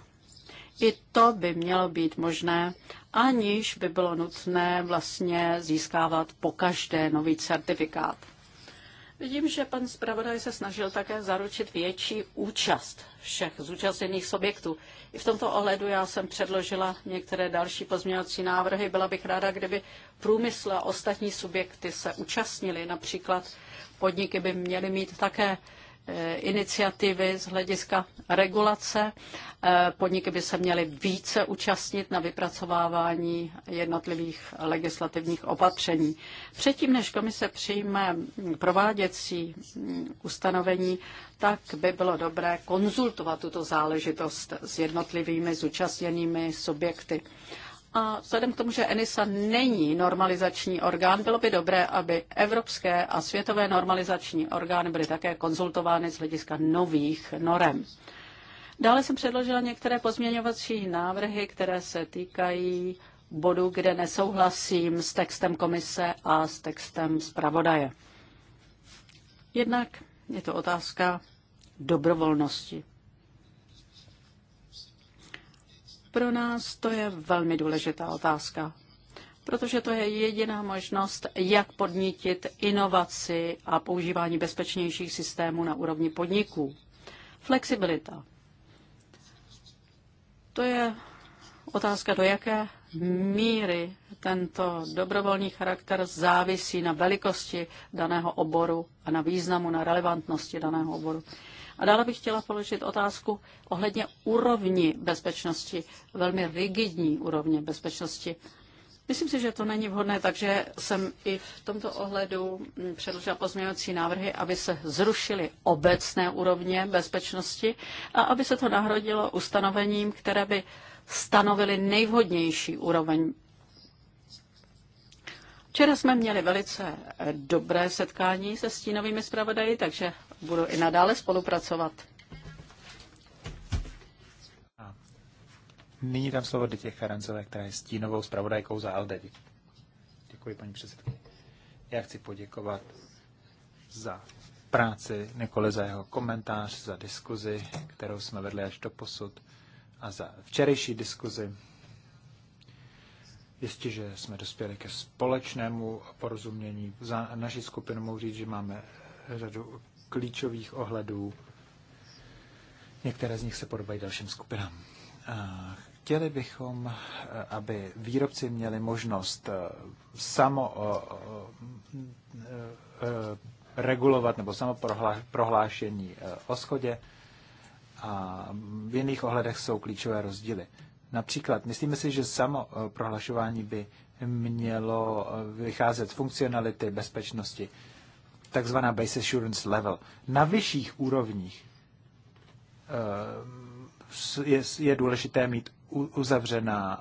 [SPEAKER 1] i to by mělo být možné, aniž by bylo nutné vlastně získávat po každé nový certifikát. Vidím, že pan zpravodaj se snažil také zaručit větší účast všech zúčastněných subjektů. I v tomto ohledu já jsem předložila některé další pozměňovací návrhy. Byla bych ráda, kdyby průmysl a ostatní subjekty se účastnili. Například podniky by měly mít také Eh, iniciativy z hlediska regulace. Eh, podniky by se měly více účastnit na vypracovávání jednotlivých legislativních opatření. Předtím, než komise přijme prováděcí mm, ustanovení, tak by bylo dobré konzultovat tuto záležitost s jednotlivými zúčastněnými subjekty. A vzhledem k tomu, že ENISA není normalizační orgán, bylo by dobré, aby evropské a světové normalizační orgány byly také konzultovány z hlediska nových norem. Dále jsem předložila některé pozměňovací návrhy, které se týkají bodu, kde nesouhlasím s textem komise a s textem zpravodaje. Jednak je to otázka dobrovolnosti. Pro nás to je velmi důležitá otázka, protože to je jediná možnost, jak podnítit inovaci a používání bezpečnějších systémů na úrovni podniků. Flexibilita. To je otázka, do jaké míry tento dobrovolný charakter závisí na velikosti daného oboru a na významu, na relevantnosti daného oboru. A dále bych chtěla položit otázku ohledně úrovni bezpečnosti, velmi rigidní úrovně bezpečnosti. Myslím si, že to není vhodné, takže jsem i v tomto ohledu mm, předložila pozměňovací návrhy, aby se zrušily obecné úrovně bezpečnosti a aby se to nahradilo ustanovením, které by stanovily nejvhodnější úroveň Včera jsme měli velice eh, dobré setkání se stínovými zpravodaji, takže budu i nadále spolupracovat.
[SPEAKER 3] nyní dám slovo Dětě Charanzové, která je stínovou zpravodajkou za LD. Děkuji, paní předsedkyně. Já chci poděkovat za práci Nikoli za jeho komentář, za diskuzi, kterou jsme vedli až do posud a za včerejší diskuzi že jsme dospěli ke společnému porozumění. Za naši skupinu mohu říct, že máme řadu klíčových ohledů. Některé z nich se podobají dalším skupinám. Chtěli bychom, aby výrobci měli možnost eh, samo eh, eh, regulovat nebo samo prohlášení o schodě a v jiných ohledech jsou klíčové rozdíly. Například, myslíme si, že samo eh, prohlašování by mělo eh, vycházet z funkcionality bezpečnosti, takzvaná base assurance level. Na vyšších úrovních eh, je, je důležité mít uzavřená,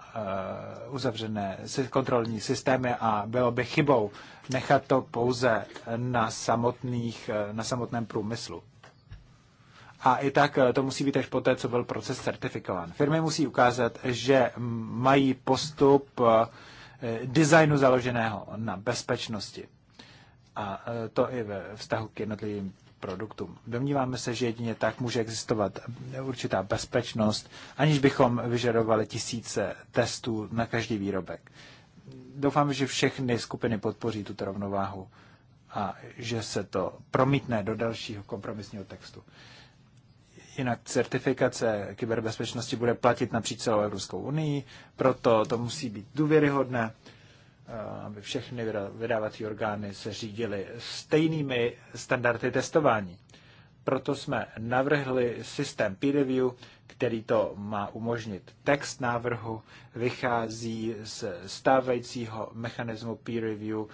[SPEAKER 3] uzavřené kontrolní systémy a bylo by chybou nechat to pouze na, samotných, na samotném průmyslu. A i tak eh, to musí být až poté, co byl proces certifikován. Firmy musí ukázat, že mají postup eh, eh, designu založeného na bezpečnosti. A to i ve vztahu k jednotlivým produktům. Domníváme se, že jedině tak může existovat určitá bezpečnost, aniž bychom vyžadovali tisíce testů na každý výrobek. Doufám, že všechny skupiny podpoří tuto rovnováhu a že se to promítne do dalšího kompromisního textu. Jinak certifikace kyberbezpečnosti bude platit napříč celou Evropskou unii, proto to musí být důvěryhodné, eh, aby všechny vydávací orgány se řídily stejnými standardy testování. Proto jsme navrhli systém peer review, který to má umožnit. Text návrhu vychází z stávajícího mechanismu peer review, eh,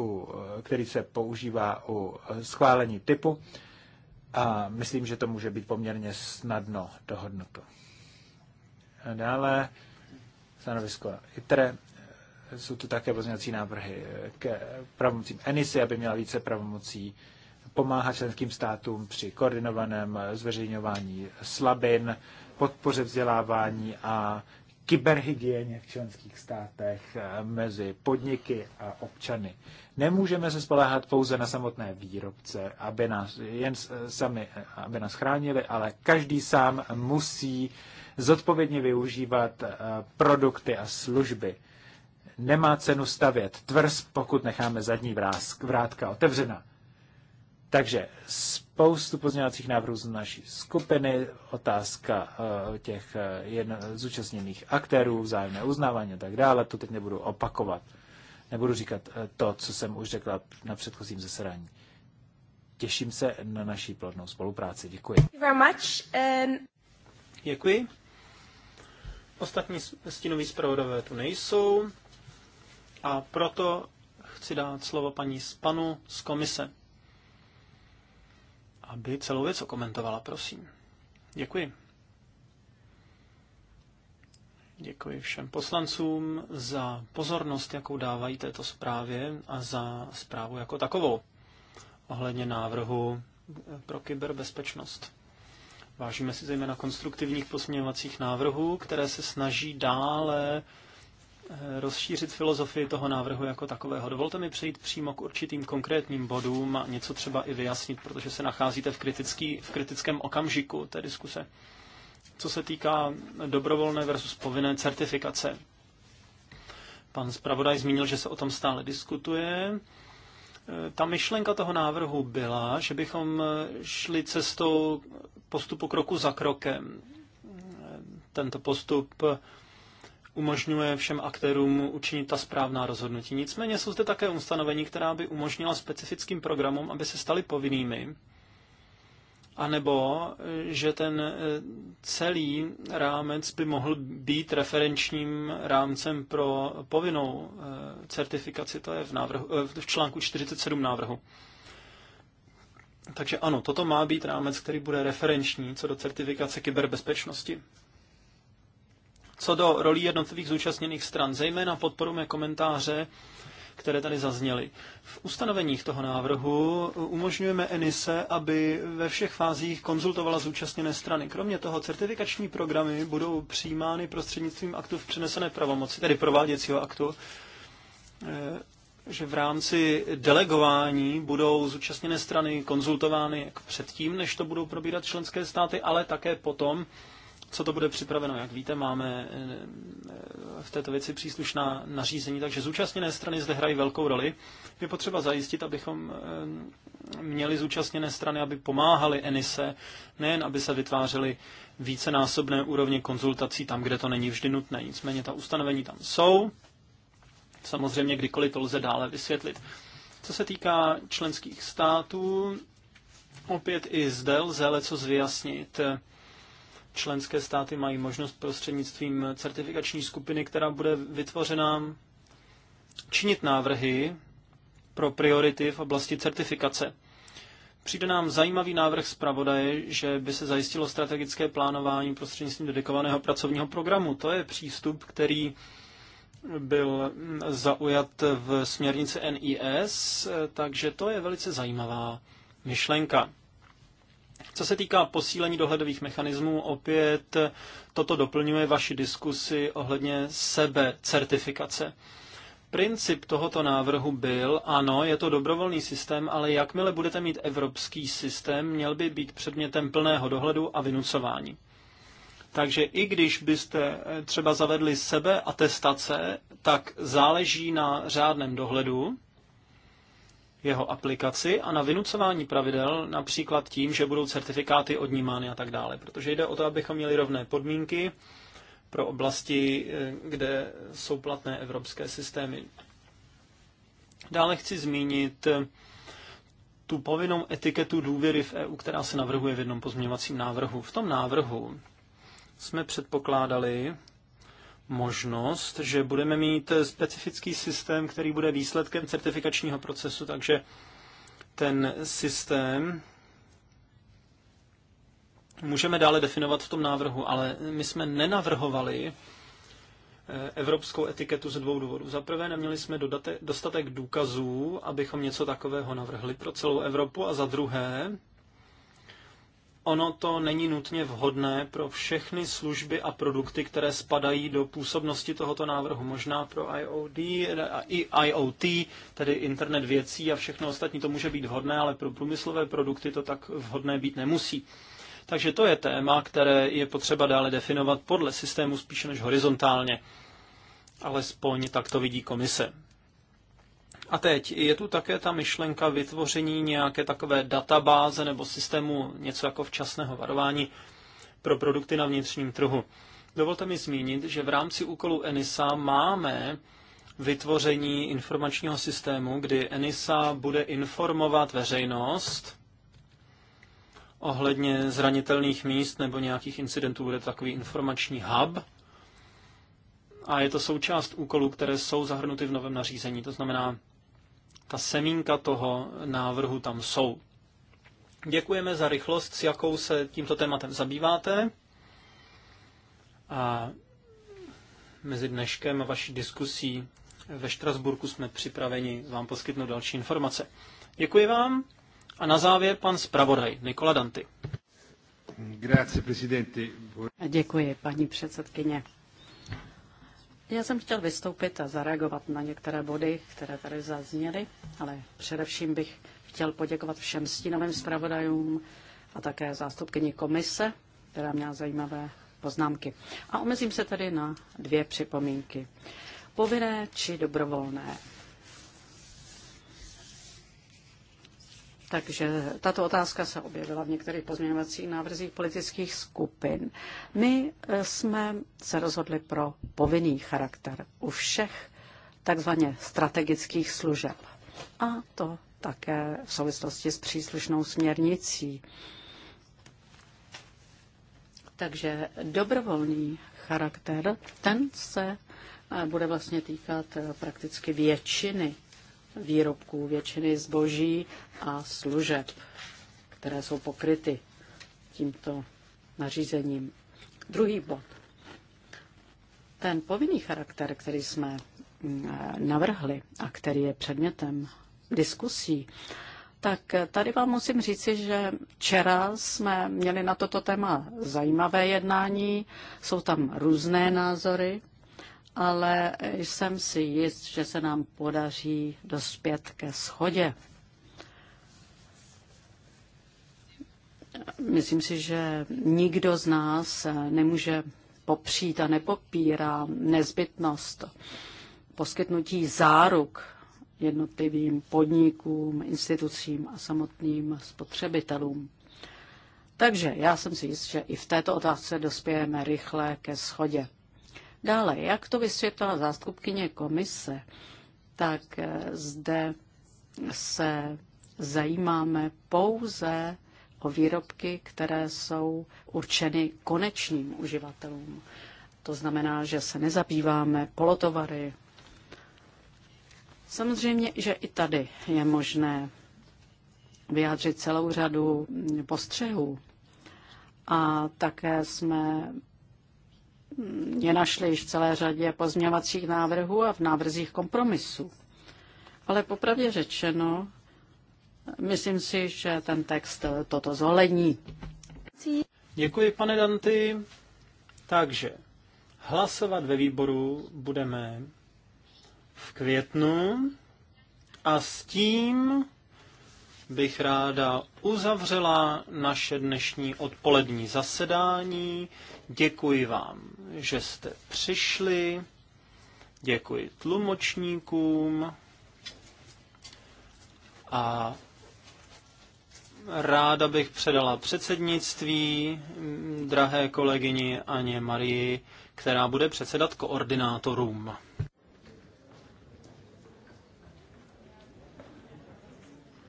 [SPEAKER 3] eh, který se používá u schválení typu a myslím, že to může být poměrně snadno dohodnuto. A dále stanovisko ITRE. Jsou tu také pozměňovací návrhy k pravomocím ENISY, aby měla více pravomocí pomáhat členským státům při koordinovaném zveřejňování slabin, podpoře vzdělávání a kyberhygieně v členských státech eh, mezi podniky a občany. Nemůžeme se spoléhat pouze na samotné výrobce, aby nás jen eh, sami, eh, aby nás chránili, ale každý sám musí zodpovědně využívat produkty a služby. Nemá cenu stavět tvrz, pokud necháme zadní vrátka otevřená. Takže spoustu pozměňovacích návrhů z naší skupiny, otázka eh, těch eh, jedno, zúčastněných aktérů, vzájemné uznávání a tak dále, to teď nebudu opakovat. Nebudu říkat eh, to, co jsem už řekla na předchozím zasedání. Těším se na naší plodnou spolupráci. Děkuji.
[SPEAKER 1] Very much.
[SPEAKER 2] Um, Děkuji. Ostatní stínoví zpravodové tu nejsou a proto chci dát slovo paní Spanu z komise aby celou věc okomentovala, prosím. Děkuji. Děkuji všem poslancům za pozornost, jakou dávají této zprávě a za zprávu jako takovou ohledně návrhu pro kyberbezpečnost. Vážíme si zejména konstruktivních posměvacích návrhů, které se snaží dále rozšířit filozofii toho návrhu jako takového. Dovolte mi přejít přímo k určitým konkrétním bodům a něco třeba i vyjasnit, protože se nacházíte v, kritický, v kritickém okamžiku té diskuse. Co se týká dobrovolné versus povinné certifikace. Pan zpravodaj zmínil, že se o tom stále diskutuje. E, ta myšlenka toho návrhu byla, že bychom šli cestou postupu kroku za krokem. E, tento postup umožňuje všem aktérům učinit ta správná rozhodnutí. Nicméně jsou zde také ustanovení, která by umožnila specifickým programům, aby se staly povinnými, anebo eh, že ten eh, celý rámec by mohl být referenčním rámcem pro povinnou eh, certifikaci, to je v, návrhu, v článku 47 návrhu. Takže ano, toto má být rámec, který bude referenční co do certifikace kyberbezpečnosti. Co do rolí jednotlivých zúčastněných stran, zejména mé komentáře, které tady zazněly. V ustanoveních toho návrhu umožňujeme Enise, aby ve všech fázích konzultovala zúčastněné strany. Kromě toho certifikační programy budou přijímány prostřednictvím aktu v přenesené pravomoci, tedy prováděcího aktu, eh, že v rámci delegování budou zúčastněné strany konzultovány jak předtím, než to budou probírat členské státy, ale také potom, co to bude připraveno. Jak víte, máme eh, v této věci příslušná nařízení, takže zúčastněné strany zde hrají velkou roli. Je potřeba zajistit, abychom eh, měli zúčastněné strany, aby pomáhali Enise, nejen aby se vytvářely vícenásobné úrovně konzultací tam, kde to není vždy nutné. Nicméně ta ustanovení tam jsou. Samozřejmě kdykoliv to lze dále vysvětlit. Co se týká členských států, opět i zde lze co zvyjasnit členské státy mají možnost prostřednictvím certifikační skupiny, která bude vytvořena, činit návrhy pro priority v oblasti certifikace. Přijde nám zajímavý návrh zpravodaje, že by se zajistilo strategické plánování prostřednictvím dedikovaného pracovního programu. To je přístup, který byl zaujat v směrnici NIS, takže to je velice zajímavá myšlenka. Co se týká posílení dohledových mechanismů, opět toto doplňuje vaši diskusi ohledně sebe certifikace. Princip tohoto návrhu byl, ano, je to dobrovolný systém, ale jakmile budete mít evropský systém, měl by být předmětem plného dohledu a vynucování. Takže i když byste eh, třeba zavedli sebe atestace, tak záleží na řádném dohledu, jeho aplikaci a na vynucování pravidel, například tím, že budou certifikáty odnímány a tak dále. Protože jde o to, abychom měli rovné podmínky pro oblasti, eh, kde jsou platné evropské systémy. Dále chci zmínit eh, tu povinnou etiketu důvěry v EU, která se navrhuje v jednom pozměňovacím návrhu. V tom návrhu jsme předpokládali, možnost, že budeme mít specifický systém, který bude výsledkem certifikačního procesu, takže ten systém můžeme dále definovat v tom návrhu, ale my jsme nenavrhovali eh, evropskou etiketu ze dvou důvodů. Za prvé, neměli jsme dodatek, dostatek důkazů, abychom něco takového navrhli pro celou Evropu, a za druhé, ono to není nutně vhodné pro všechny služby a produkty, které spadají do působnosti tohoto návrhu. Možná pro IOD, i IoT, tedy internet věcí a všechno ostatní to může být vhodné, ale pro průmyslové produkty to tak vhodné být nemusí. Takže to je téma, které je potřeba dále definovat podle systému spíše než horizontálně. Alespoň tak to vidí komise. A teď je tu také ta myšlenka vytvoření nějaké takové databáze nebo systému něco jako včasného varování pro produkty na vnitřním trhu. Dovolte mi zmínit, že v rámci úkolu ENISA máme vytvoření informačního systému, kdy ENISA bude informovat veřejnost ohledně zranitelných míst nebo nějakých incidentů. Bude takový informační hub, a je to součást úkolů, které jsou zahrnuty v novém nařízení. To znamená, ta semínka toho návrhu tam jsou. Děkujeme za rychlost, s jakou se tímto tématem zabýváte. A mezi dneškem a vaší diskusí ve Štrasburku jsme připraveni vám poskytnout další informace. Děkuji vám a na závěr pan zpravodaj Nikola Danty.
[SPEAKER 1] Děkuji, paní předsedkyně. Já jsem chtěl vystoupit a zareagovat na některé body, které tady zazněly, ale především bych chtěl poděkovat všem stínovým zpravodajům a také zástupkyni komise, která měla zajímavé poznámky. A omezím se tedy na dvě připomínky. Povinné či dobrovolné Takže tato otázka se objevila v některých pozměňovacích návrzích politických skupin. My eh, jsme se rozhodli pro povinný charakter u všech takzvaně strategických služeb. A to také v souvislosti s příslušnou směrnicí. Takže dobrovolný charakter, ten se eh, bude vlastně týkat eh, prakticky většiny výrobků, většiny zboží a služeb, které jsou pokryty tímto nařízením. Druhý bod. Ten povinný charakter, který jsme mm, navrhli a který je předmětem diskusí, tak tady vám musím říci, že včera jsme měli na toto téma zajímavé jednání. Jsou tam různé názory ale jsem si jist, že se nám podaří dospět ke schodě. Myslím si, že nikdo z nás nemůže popřít a nepopírá nezbytnost poskytnutí záruk jednotlivým podnikům, institucím a samotným spotřebitelům. Takže já jsem si jist, že i v této otázce dospějeme rychle ke schodě. Dále, jak to vysvětlila zástupkyně komise, tak eh, zde se zajímáme pouze o výrobky, které jsou určeny konečným uživatelům. To znamená, že se nezabýváme polotovary. Samozřejmě, že i tady je možné vyjádřit celou řadu postřehů. A také jsme je našli již v celé řadě pozměňovacích návrhů a v návrzích kompromisů. Ale popravdě řečeno, myslím si, že ten text toto zohlední. Děkuji,
[SPEAKER 2] pane Danty. Takže hlasovat ve výboru budeme v květnu a s tím bych ráda uzavřela naše dnešní odpolední zasedání. Děkuji vám, že jste přišli. Děkuji tlumočníkům. A ráda bych předala předsednictví drahé kolegyni Aně Marii, která bude předsedat koordinátorům.